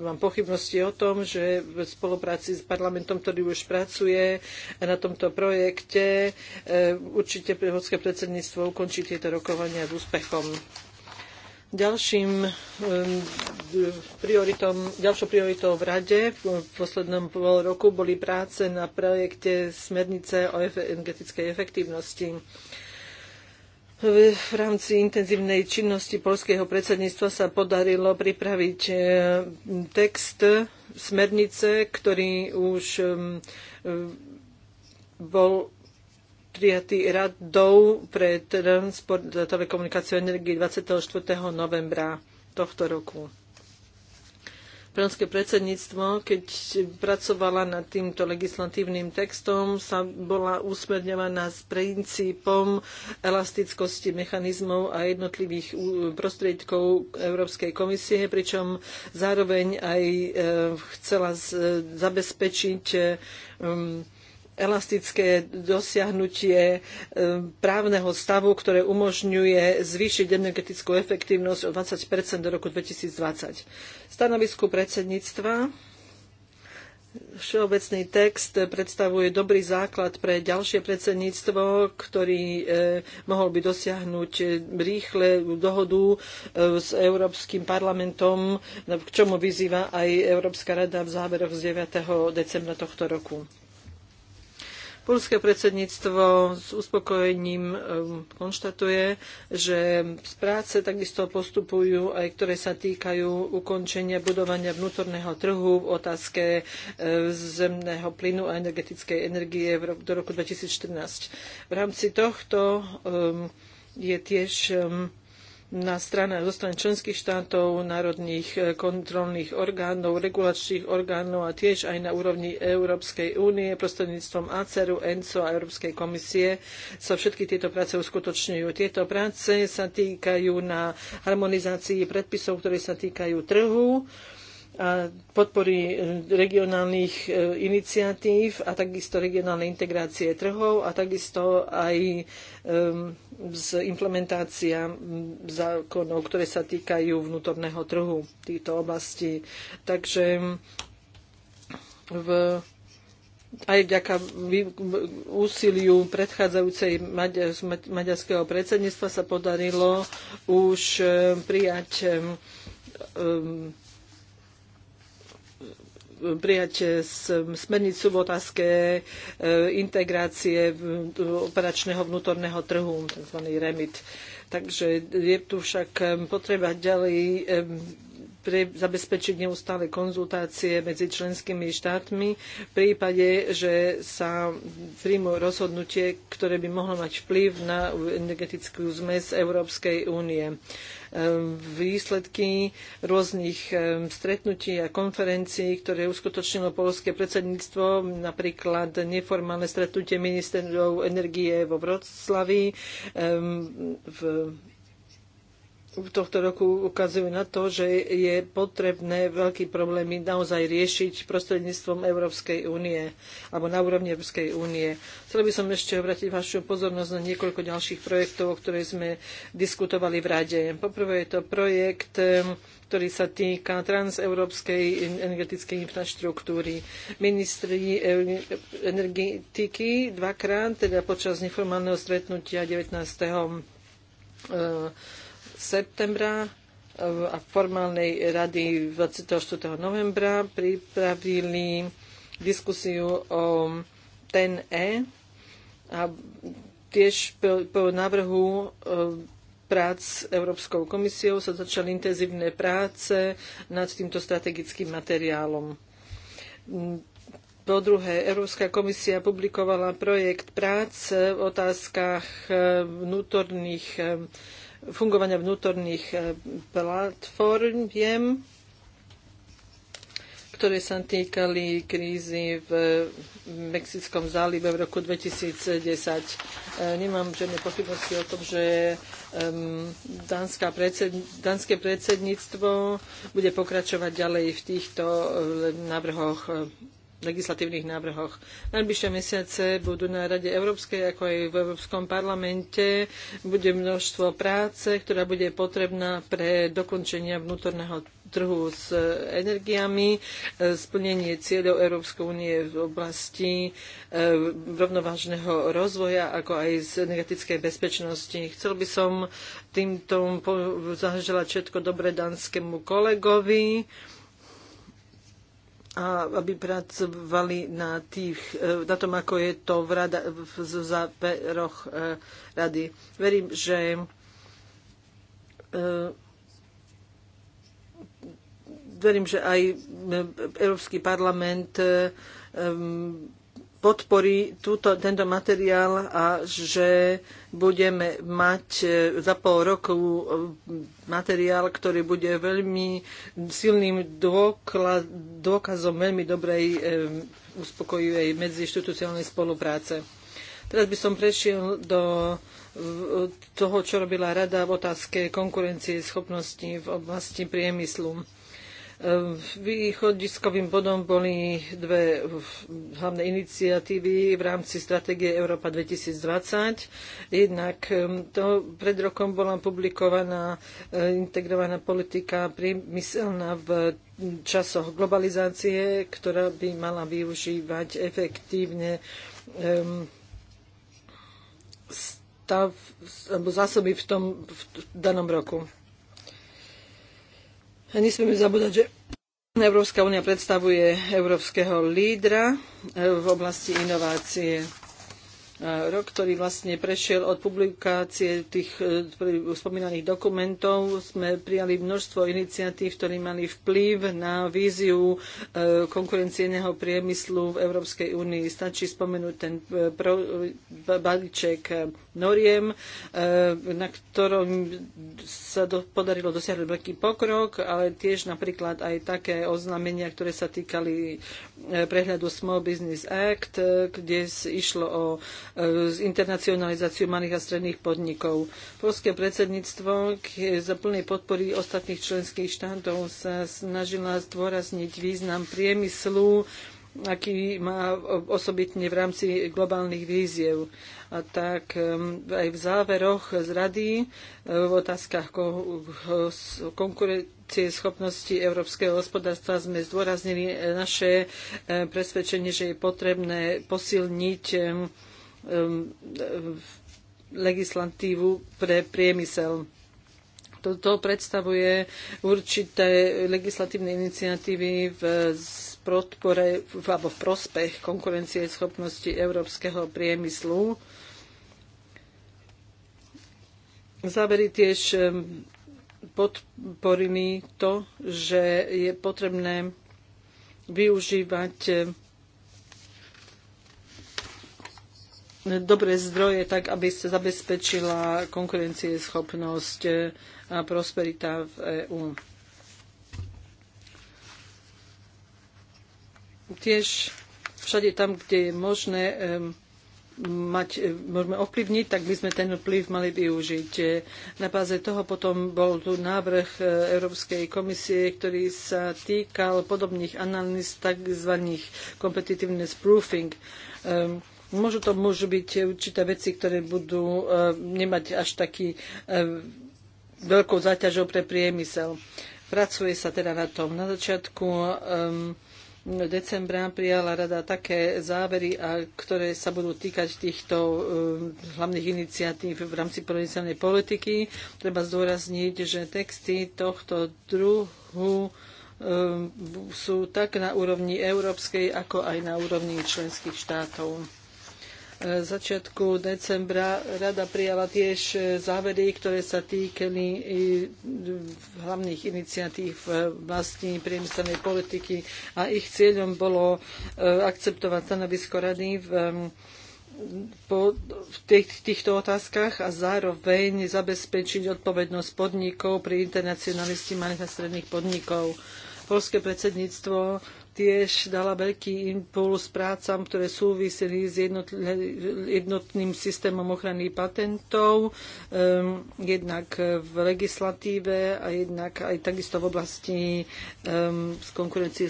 S2: mám pochybnosti o tom, že v spolupráci s parlamentom, ktorý už pracuje na tomto projekte, ehm, určite prehodské predsedníctvo ukončí tieto rokovania s úspechom. Ďalším prioritom, ďalšou prioritou v Rade v poslednom pol roku boli práce na projekte Smernice o energetickej efektívnosti. V rámci intenzívnej činnosti polského predsedníctva sa podarilo pripraviť text smernice, ktorý už bol prijatý radou pre transport, a telekomunikáciu energii 24. novembra tohto roku. Polské predsedníctvo, keď pracovala nad týmto legislatívnym textom, sa bola usmerňovaná s princípom elastickosti mechanizmov a jednotlivých prostriedkov Európskej komisie, pričom zároveň aj e, chcela zabezpečiť e, elastické dosiahnutie e, právneho stavu, ktoré umožňuje zvýšiť energetickú efektívnosť o 20 do roku 2020. Stanovisku predsedníctva Všeobecný text predstavuje dobrý základ pre ďalšie predsedníctvo, ktorý e, mohol by dosiahnuť rýchle dohodu e, s Európskym parlamentom, no, k čomu vyzýva aj Európska rada v záveroch z 9. decembra tohto roku. Polské predsedníctvo s uspokojením e, konštatuje, že z práce takisto postupujú aj ktoré sa týkajú ukončenia budovania vnútorného trhu v otázke e, zemného plynu a energetickej energie do roku 2014. V rámci tohto e, je tiež na strane, zo strany členských štátov, národných eh, kontrolných orgánov, regulačných orgánov a tiež aj na úrovni Európskej únie prostredníctvom ACERu, ENCO a Európskej komisie sa všetky tieto práce uskutočňujú. Tieto práce sa týkajú na harmonizácii predpisov, ktoré sa týkajú trhu, a podpory e, regionálnych e, iniciatív a takisto regionálnej integrácie trhov a takisto aj z implementácia zákonov, ktoré sa týkajú vnútorného trhu týchto oblasti. Takže v aj vďaka úsiliu predchádzajúcej maďarského predsedníctva sa podarilo už prijať um, prijať e, smernicu v otázke e, integrácie operačného vnútorného trhu, tzv. REMIT. Takže je tu však e, potreba ďalej pre zabezpečiť neustále konzultácie medzi členskými štátmi v prípade, že sa príjmu rozhodnutie, ktoré by mohlo mať vplyv na energetickú zmes Európskej únie výsledky rôznych stretnutí a konferencií, ktoré uskutočnilo polské predsedníctvo, napríklad neformálne stretnutie ministerov energie vo Vroclavi, v tohto roku ukazujú na to, že je potrebné veľký problémy naozaj riešiť prostredníctvom Európskej únie alebo na úrovni Európskej únie. Chcel by som ešte obrátiť vašu pozornosť na niekoľko ďalších projektov, o ktorých sme diskutovali v Rade. Poprvé je to projekt ktorý sa týka transeurópskej energetickej infraštruktúry. Ministri energetiky dvakrát, teda počas neformálneho stretnutia 19 septembra eh, a formálnej rady 24. novembra pripravili diskusiu o TEN-E a tiež po, po návrhu eh, prác s Európskou komisiou sa začali intenzívne práce nad týmto strategickým materiálom. Po druhé, Európska komisia publikovala projekt prác v otázkach eh, vnútorných fungovania vnútorných e, platform, ktoré sa týkali krízy v Mexickom zálive v roku 2010. E, nemám žiadne pochybnosti o tom, že dánska predsed, dánske predsedníctvo bude pokračovať ďalej v týchto e, návrhoch legislatívnych návrhoch. Najbližšie mesiace budú na Rade Európskej, ako aj v Európskom parlamente, bude množstvo práce, ktorá bude potrebná pre dokončenie vnútorného trhu s energiami, splnenie cieľov Európskej únie v oblasti eh, rovnovážneho rozvoja, ako aj z energetickej bezpečnosti. Chcel by som týmto zaželať všetko dobré danskému kolegovi a aby pracovali na, tých, e, na tom, ako je to v, rada, v záveroch e, rady. Verím, že e, verím, že aj Európsky parlament podporí túto, tento materiál a že budeme mať e, za pol roku e, materiál, ktorý bude veľmi silným dôkazom veľmi dobrej e, uspokojivej medziinstitucionálnej spolupráce. Teraz by som prešiel do toho, čo robila rada v otázke konkurencie schopnosti v oblasti priemyslu. Východiskovým bodom boli dve hlavné iniciatívy v rámci stratégie Európa 2020. Jednak ehm, to pred rokom bola publikovaná eh, integrovaná politika priemyselná v časoch globalizácie, ktorá by mala využívať efektívne ehm, stav alebo zásoby v tom v danom roku. Nesmieme zabúdať, že Európska únia predstavuje európskeho lídra v oblasti inovácie rok, ktorý vlastne prešiel od publikácie tých e, spomínaných dokumentov, sme prijali množstvo iniciatív, ktoré mali vplyv na víziu e, konkurencieného priemyslu v Európskej únii. Stačí spomenúť ten e, balíček noriem, na ktorom sa podarilo dosiahnuť veľký pokrok, ale tiež napríklad aj také oznámenia, ktoré sa týkali prehľadu Small Business Act, kde išlo o z internacionalizáciu malých a stredných podnikov. Polské predsedníctvo za plnej podpory ostatných členských štátov sa snažila zdôrazniť význam priemyslu, aký má osobitne v rámci globálnych víziev. A tak um, aj v záveroch z rady uh, v otázkach uh, konkurencie schopnosti európskeho hospodárstva sme zdôraznili naše uh, presvedčenie, že je potrebné posilniť um, Um, um, legislatívu pre priemysel. Toto predstavuje určité legislatívne iniciatívy v podpore alebo v prospech konkurencie schopnosti európskeho priemyslu. Závery tiež um, podporili to, že je potrebné využívať dobré zdroje, tak aby sa zabezpečila konkurencieschopnosť a prosperita v EÚ. Tiež všade tam, kde je možné mať, e, môžeme ovplyvniť, tak by sme ten vplyv mali využiť. Na báze toho potom bol tu návrh e, Európskej komisie, ktorý sa týkal podobných analýz tzv. competitiveness proofing. Um, Môžu to môžu byť určité veci, ktoré budú e, nemať až taký e, veľkou záťažou pre priemysel. Pracuje sa teda na tom. Na začiatku e, decembra prijala rada také závery, a ktoré sa budú týkať týchto hlavných iniciatív v rámci provinciálnej politiky. Treba zdôrazniť, že texty tohto druhu sú tak na úrovni európskej, ako aj na úrovni členských štátov začiatku decembra rada prijala tiež e, závery, ktoré sa týkali hlavných iniciatív e, vlastní priemyselnej politiky a ich cieľom bolo e, akceptovať stanovisko rady v po, v tých, týchto otázkach a zároveň zabezpečiť odpovednosť podnikov pri internacionalisti malých a stredných podnikov. Polské predsedníctvo tiež dala veľký impuls prácam, ktoré súviseli s jednotným systémom ochrany patentov, um, jednak v legislatíve a jednak aj takisto v oblasti um, z konkurencie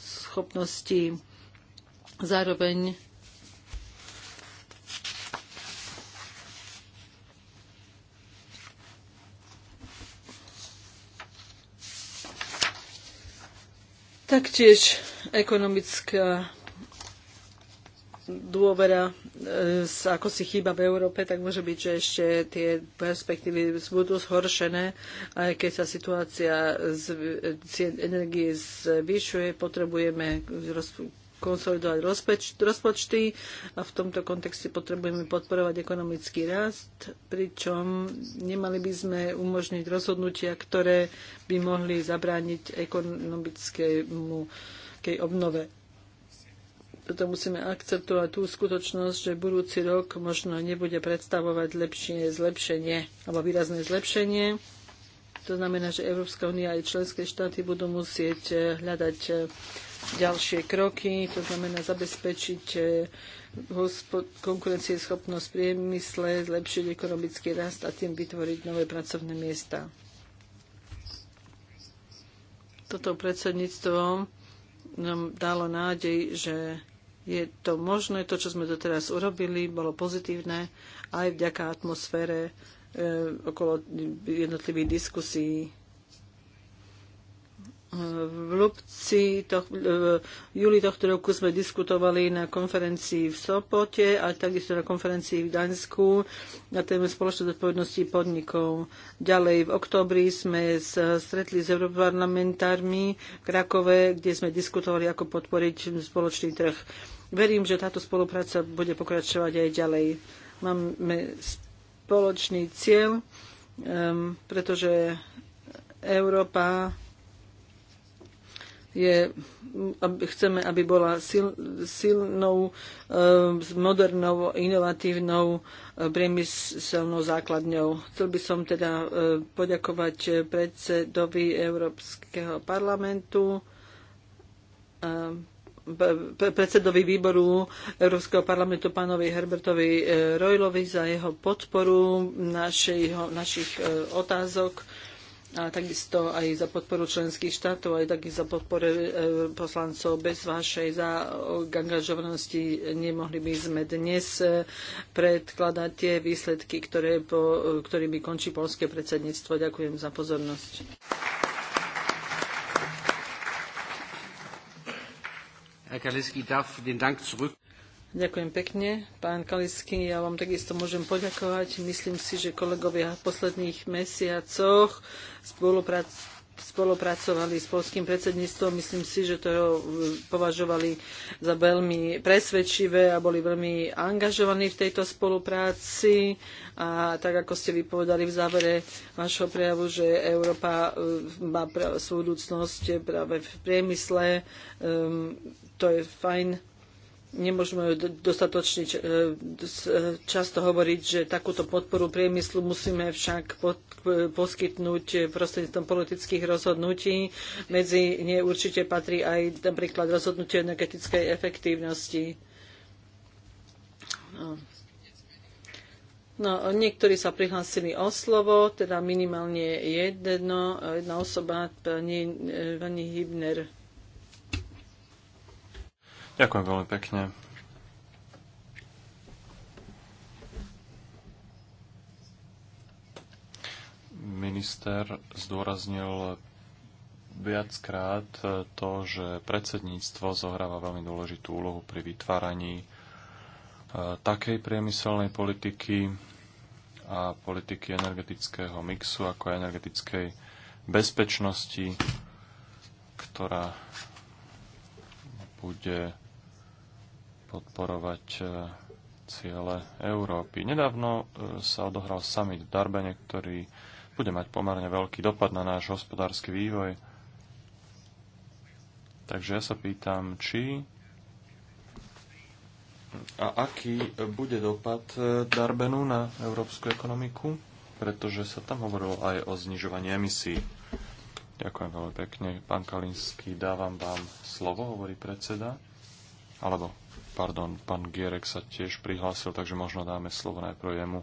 S2: schopnosti. Zároveň Taktiež ekonomická dôvera, e, ako si chýba v Európe, tak môže byť, že ešte tie perspektívy budú zhoršené, aj keď sa situácia z, energie zvyšuje, potrebujeme konsolidovať rozpočty a v tomto kontexte potrebujeme podporovať ekonomický rast, pričom nemali by sme umožniť rozhodnutia, ktoré by mohli zabrániť ekonomickému obnove. Preto musíme akceptovať tú skutočnosť, že budúci rok možno nebude predstavovať lepšie zlepšenie alebo výrazné zlepšenie. To znamená, že Európska únia aj členské štáty budú musieť eh, hľadať eh, ďalšie kroky, to znamená zabezpečiť e, konkurencieschopnosť priemysle, zlepšiť ekonomický rast a tým vytvoriť nové pracovné miesta. Toto predsedníctvo nám dalo nádej, že je to možné. To, čo sme doteraz urobili, bolo pozitívne aj vďaka atmosfére e, okolo jednotlivých diskusí v Lubci, to, v júli tohto roku sme diskutovali na konferencii v Sopote a takisto na konferencii v Gdaňsku na téme spoločnej zodpovednosti podnikov. Ďalej v oktobri sme sa stretli s europarlamentármi v Krakove, kde sme diskutovali, ako podporiť spoločný trh. Verím, že táto spolupráca bude pokračovať aj ďalej. Máme spoločný cieľ, um, pretože Európa je, aby, chceme, aby bola sil, silnou, eh, modernou, inovatívnou eh, priemyselnou základňou. Chcel by som teda eh, poďakovať predsedovi Európskeho parlamentu, predsedovi výboru Európskeho parlamentu pánovi Herbertovi Rojlovi za jeho podporu našich, našich otázok a takisto aj za podporu členských štátov, aj takisto za podporu e, poslancov. Bez vašej zaangažovanosti nemohli by sme dnes e, predkladať tie výsledky, ktoré po, e, ktorými končí polské predsedníctvo. Ďakujem za pozornosť.
S1: Herr Kaliski darf den Dank zurück.
S2: Ďakujem pekne. Pán Kalisky, ja vám takisto môžem poďakovať. Myslím si, že kolegovia v posledných mesiacoch spolupracovali s polským predsedníctvom. Myslím si, že to e, považovali za veľmi presvedčivé a boli veľmi angažovaní v tejto spolupráci. A tak, ako ste vypovedali v závere vašho prejavu, že Európa e, má svoju budúcnosť práve v priemysle, e, to je fajn nemôžeme dostatočne e, e, často hovoriť, že takúto podporu priemyslu musíme však e, poskytnúť prostredníctvom politických rozhodnutí. Medzi ne určite patrí aj napríklad rozhodnutie energetickej efektívnosti. No. no. niektorí sa prihlásili o slovo, teda minimálne jedno, jedna osoba, pani, pani
S3: Ďakujem veľmi pekne. Minister zdôraznil viackrát to, že predsedníctvo zohráva veľmi dôležitú úlohu pri vytváraní e, takej priemyselnej politiky a politiky energetického mixu, ako aj energetickej bezpečnosti, ktorá bude podporovať e, ciele Európy. Nedávno e, sa odohral summit v Darbene, ktorý bude mať pomerne veľký dopad na náš hospodársky vývoj. Takže ja sa pýtam, či a aký bude dopad e, Darbenu na európsku ekonomiku, pretože sa tam hovorilo aj o znižovaní emisí. Ďakujem veľmi pekne. Pán Kalinsky, dávam vám slovo, hovorí predseda. Alebo Pardon, pán Gierek sa tiež prihlásil, takže možno dáme slovo najprv jemu,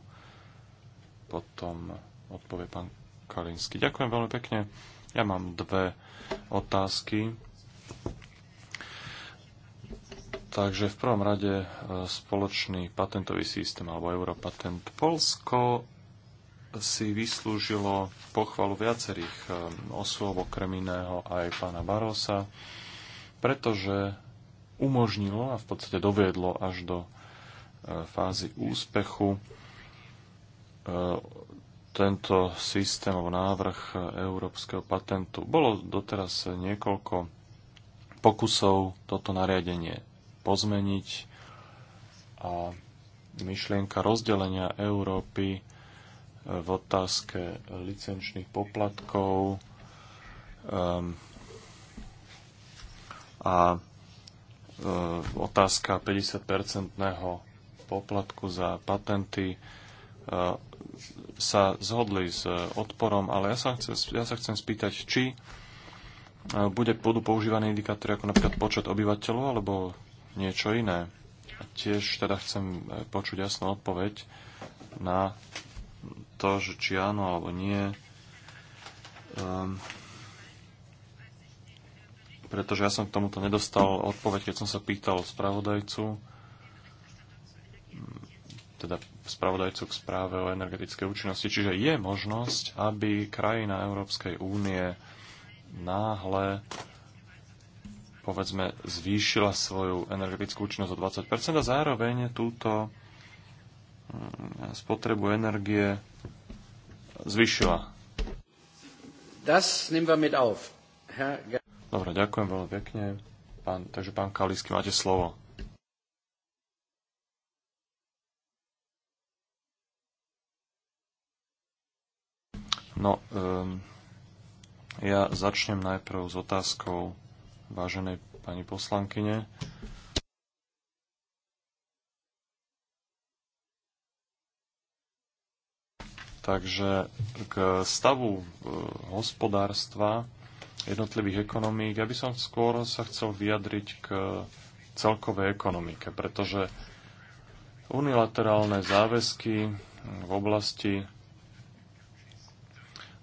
S3: potom odpovie pán Kalinsky. Ďakujem veľmi pekne. Ja mám dve otázky. Takže v prvom rade e, spoločný patentový systém alebo europatent. Polsko si vyslúžilo pochvalu viacerých e, osôb, okrem iného aj pána Barosa, pretože umožnilo a v podstate doviedlo až do e, fázy úspechu e, tento systém alebo návrh európskeho patentu. Bolo doteraz niekoľko pokusov toto nariadenie pozmeniť a myšlienka rozdelenia Európy e, v otázke licenčných poplatkov um, a E, otázka 50-percentného poplatku za patenty e, sa zhodli s odporom, ale ja sa chcem, ja sa chcem spýtať, či e, bude, budú používané indikátory ako napríklad počet obyvateľov alebo niečo iné. A tiež teda chcem počuť jasnú odpoveď na to, že či áno alebo nie. Um, pretože ja som k tomuto nedostal odpoveď, keď som sa pýtal spravodajcu, teda spravodajcu k správe o energetickej účinnosti. Čiže je možnosť, aby krajina Európskej únie náhle povedzme, zvýšila svoju energetickú účinnosť o 20 a zároveň túto mm, spotrebu energie zvýšila.
S2: Das nehmen wir mit auf. Herr
S3: Dobre, ďakujem veľmi pekne. Pán, takže pán Kalisky, máte slovo. No, um, ja začnem najprv s otázkou váženej pani poslankyne. Takže k stavu eh, hospodárstva jednotlivých ekonomík. Ja by som skôr sa chcel vyjadriť k celkovej ekonomike, pretože unilaterálne záväzky v oblasti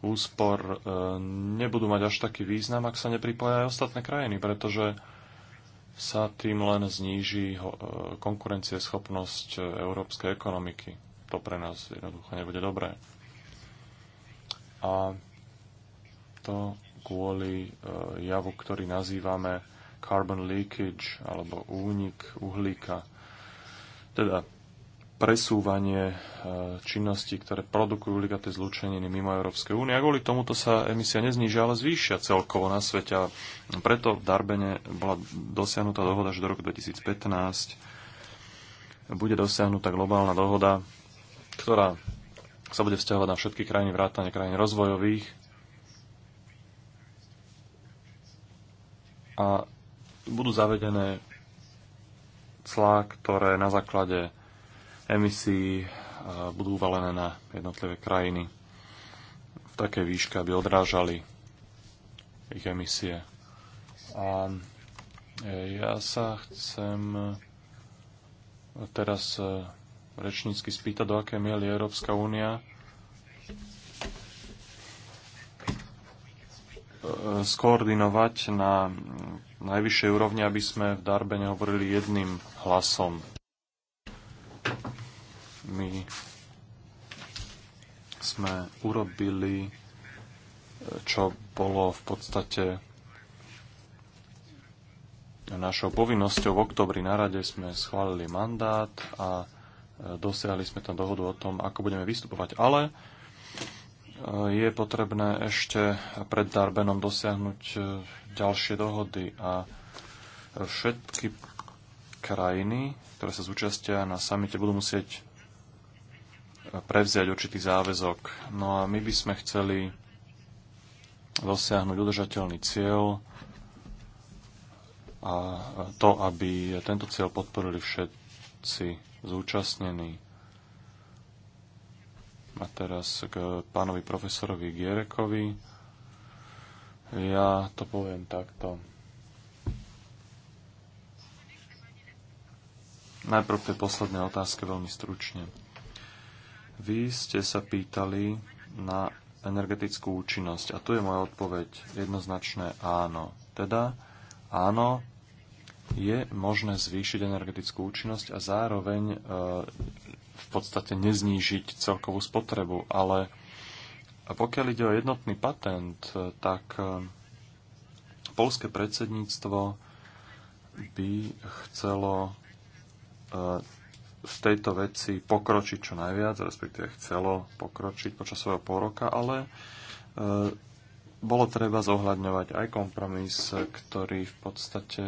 S3: úspor e, nebudú mať až taký význam, ak sa nepripoja aj ostatné krajiny, pretože sa tým len zníži e, konkurencieschopnosť e, európskej ekonomiky. To pre nás jednoducho nebude dobré. A to kvôli e, javu, ktorý nazývame carbon leakage alebo únik uhlíka. Teda presúvanie e, činností, ktoré produkujú uhlíkaté zlúčeniny mimo Európskej únie. A kvôli tomuto sa emisia neznížia, ale zvýšia celkovo na svete. A preto v Darbene bola dosiahnutá dohoda, že do roku 2015 bude dosiahnutá globálna dohoda, ktorá sa bude vzťahovať na všetky krajiny vrátane krajín rozvojových a budú zavedené clá, ktoré na základe emisí e, budú uvalené na jednotlivé krajiny v takej výške, aby odrážali ich emisie. A e, ja sa chcem teraz e, rečnícky spýtať, do aké miely Európska únia skoordinovať na najvyššej úrovni, aby sme v Darbene hovorili jedným hlasom. My sme urobili, eh, čo bolo v podstate našou povinnosťou. V oktobri na rade sme schválili mandát a eh, dosiahli sme tam dohodu o tom, ako budeme vystupovať. Ale je potrebné ešte pred Darbenom dosiahnuť e, ďalšie dohody a všetky krajiny, ktoré sa zúčastia na samite, budú musieť prevziať určitý záväzok. No a my by sme chceli dosiahnuť udržateľný cieľ a to, aby tento cieľ podporili všetci zúčastnení. A teraz k pánovi profesorovi Gierekovi. Ja to poviem takto. Najprv tej poslednej otázke veľmi stručne. Vy ste sa pýtali na energetickú účinnosť a tu je moja odpoveď jednoznačné áno. Teda áno, je možné zvýšiť energetickú účinnosť a zároveň e, v podstate neznížiť celkovú spotrebu, ale pokiaľ ide o jednotný patent, tak e, polské predsedníctvo by chcelo e, v tejto veci pokročiť čo najviac, respektíve chcelo pokročiť počas svojho pôroka, ale e, bolo treba zohľadňovať aj kompromis, ktorý v podstate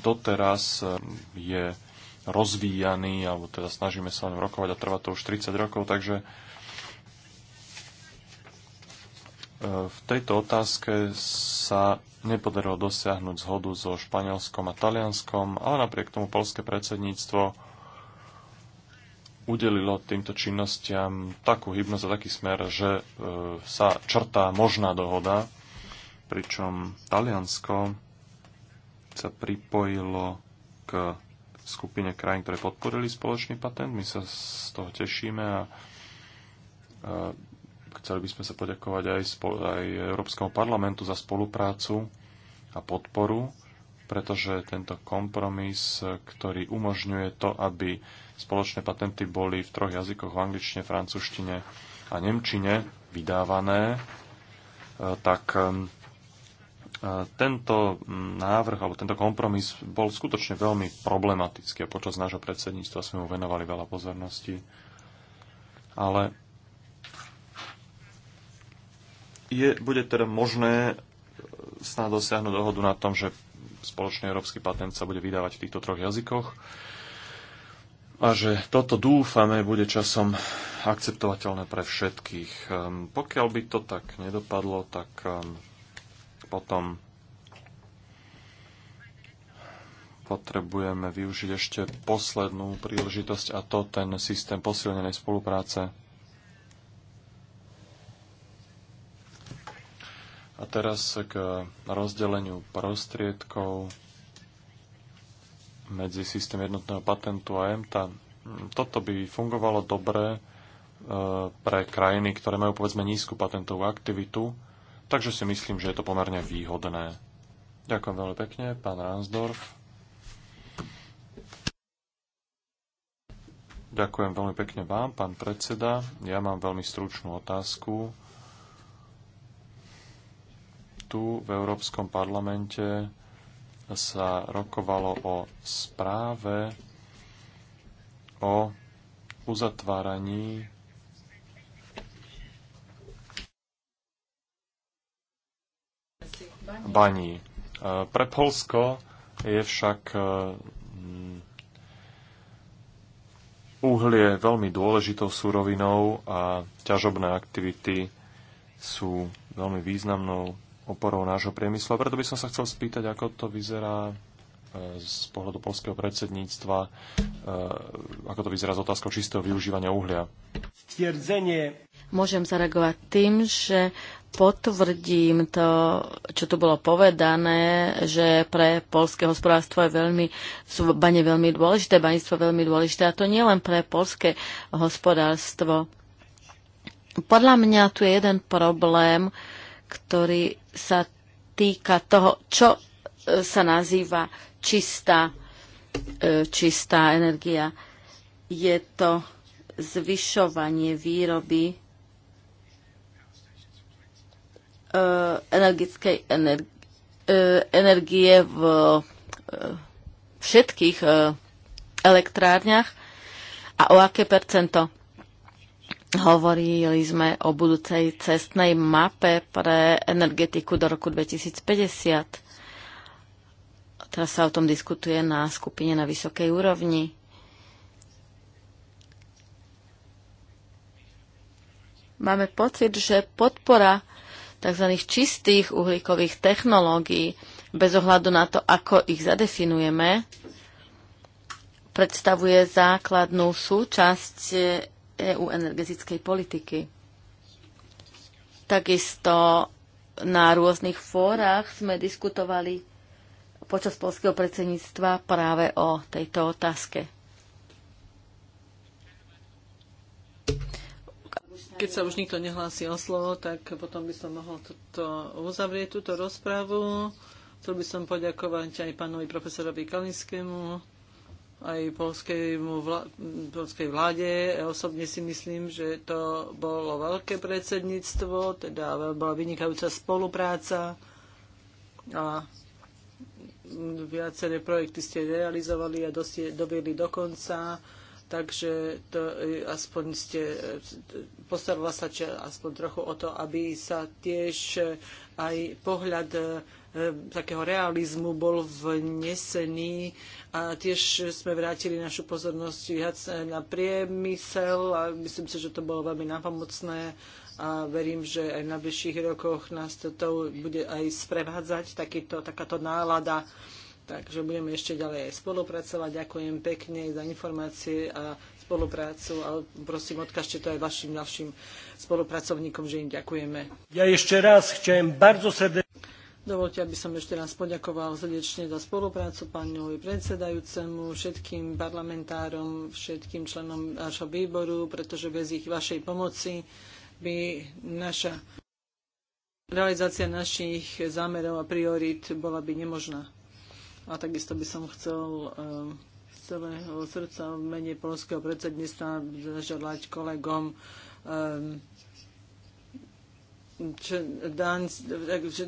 S3: doteraz je rozvíjaný, alebo teda snažíme sa o ňom rokovať a trvá to už 30 rokov, takže e, v tejto otázke sa nepodarilo dosiahnuť zhodu so Španielskom a Talianskom, ale napriek tomu polské predsedníctvo udelilo týmto činnostiam takú hybnosť a taký smer, že e, sa črtá možná dohoda, pričom Taliansko sa pripojilo k skupine krajín, ktoré podporili spoločný patent. My sa z toho tešíme a, a chceli by sme sa poďakovať aj, spol- aj Európskemu parlamentu za spoluprácu a podporu, pretože tento kompromis, ktorý umožňuje to, aby spoločné patenty boli v troch jazykoch, v angličtine, francúzštine a nemčine vydávané, e, tak tento mm, návrh alebo tento kompromis bol skutočne veľmi problematický a počas nášho predsedníctva sme mu venovali veľa pozornosti. Ale je, bude teda možné e, snáď dosiahnuť dohodu na tom, že spoločný európsky patent sa bude vydávať v týchto troch jazykoch a že toto dúfame bude časom akceptovateľné pre všetkých. Ehm, pokiaľ by to tak nedopadlo, tak ehm, potom potrebujeme využiť ešte poslednú príležitosť a to ten systém posilnenej spolupráce. A teraz k rozdeleniu prostriedkov medzi systém jednotného patentu a EMTA. Toto by fungovalo dobre eh, pre krajiny, ktoré majú povedzme nízku patentovú aktivitu, Takže si myslím, že je to pomerne výhodné. Ďakujem veľmi pekne, pán Ransdorf. Ďakujem veľmi pekne vám, pán predseda. Ja mám veľmi stručnú otázku. Tu v Európskom parlamente sa rokovalo o správe o uzatváraní baní. E, pre Polsko je však e, uhlie veľmi dôležitou surovinou a ťažobné aktivity sú veľmi významnou oporou nášho priemyslu. A preto by som sa chcel spýtať, ako to vyzerá e, z pohľadu polského predsedníctva, ako to vyzerá s otázkou čistého využívania uhlia.
S1: Môžem zareagovať tým, že potvrdím to, čo tu bolo povedané, že pre polské hospodárstvo je veľmi, sú bane veľmi dôležité, baníctvo veľmi dôležité a to nie len pre polské hospodárstvo. Podľa mňa tu je jeden problém, ktorý sa týka toho, čo e, sa nazýva čistá, e, čistá energia. Je to zvyšovanie výroby Eh, energetickej energie, eh, energie v eh, všetkých elektrárniach a o aké percento. Hovorili sme o budúcej cestnej mape pre energetiku do roku 2050. Teraz sa o tom diskutuje na skupine na vysokej úrovni. Máme pocit, že podpora tzv. čistých uhlíkových technológií, bez ohľadu na to, ako ich zadefinujeme, predstavuje základnú súčasť EU energetickej politiky. Takisto na rôznych fórach sme diskutovali počas polského predsedníctva práve o tejto otázke.
S2: Keď sa už nikto nehlási o slovo, tak potom by som mohol toto uzavrieť túto rozpravu. Chcel by som poďakovať aj pánovi profesorovi Kalinskému, aj polskej vláde. Ja osobne si myslím, že to bolo veľké predsedníctvo, teda bola vynikajúca spolupráca a viaceré projekty ste realizovali a dosť, dobili do konca takže to e, aspoň ste, e, postarala sa či aspoň trochu o to, aby sa tiež e, aj pohľad takého realizmu bol vnesený a tiež sme vrátili našu pozornosť viac na priemysel a myslím si, že to bolo veľmi napomocné a verím, že aj v najbližších rokoch nás to bude aj sprevádzať takýto, takáto nálada Takže budeme ešte ďalej spolupracovať. Ďakujem pekne za informácie a spoluprácu a prosím, odkažte to aj vašim ďalším spolupracovníkom, že im ďakujeme. Ja ešte raz chcem bardzo srdečne... Dovolte, aby som ešte raz poďakoval srdečne za spoluprácu pánovi predsedajúcemu, všetkým parlamentárom, všetkým členom nášho výboru, pretože bez ich vašej pomoci by naša realizácia našich zámerov a priorít bola by nemožná. A takisto by som chcel ehm, z celého srdca v mene polského predsedníctva zaželať kolegom ehm, Dan,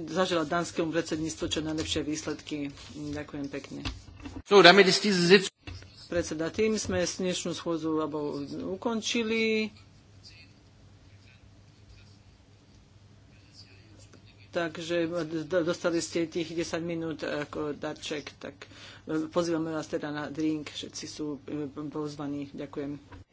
S2: zaželať danskému predsedníctvu čo najlepšie výsledky. Ďakujem pekne. So, damit ist diese Sitzung... Predseda, tým sme dnešnú schôdzu ukončili. takže dostali ste tých 10 minút ako darček, tak e, pozývame vás teda na drink, všetci sú e, pozvaní. Ďakujem.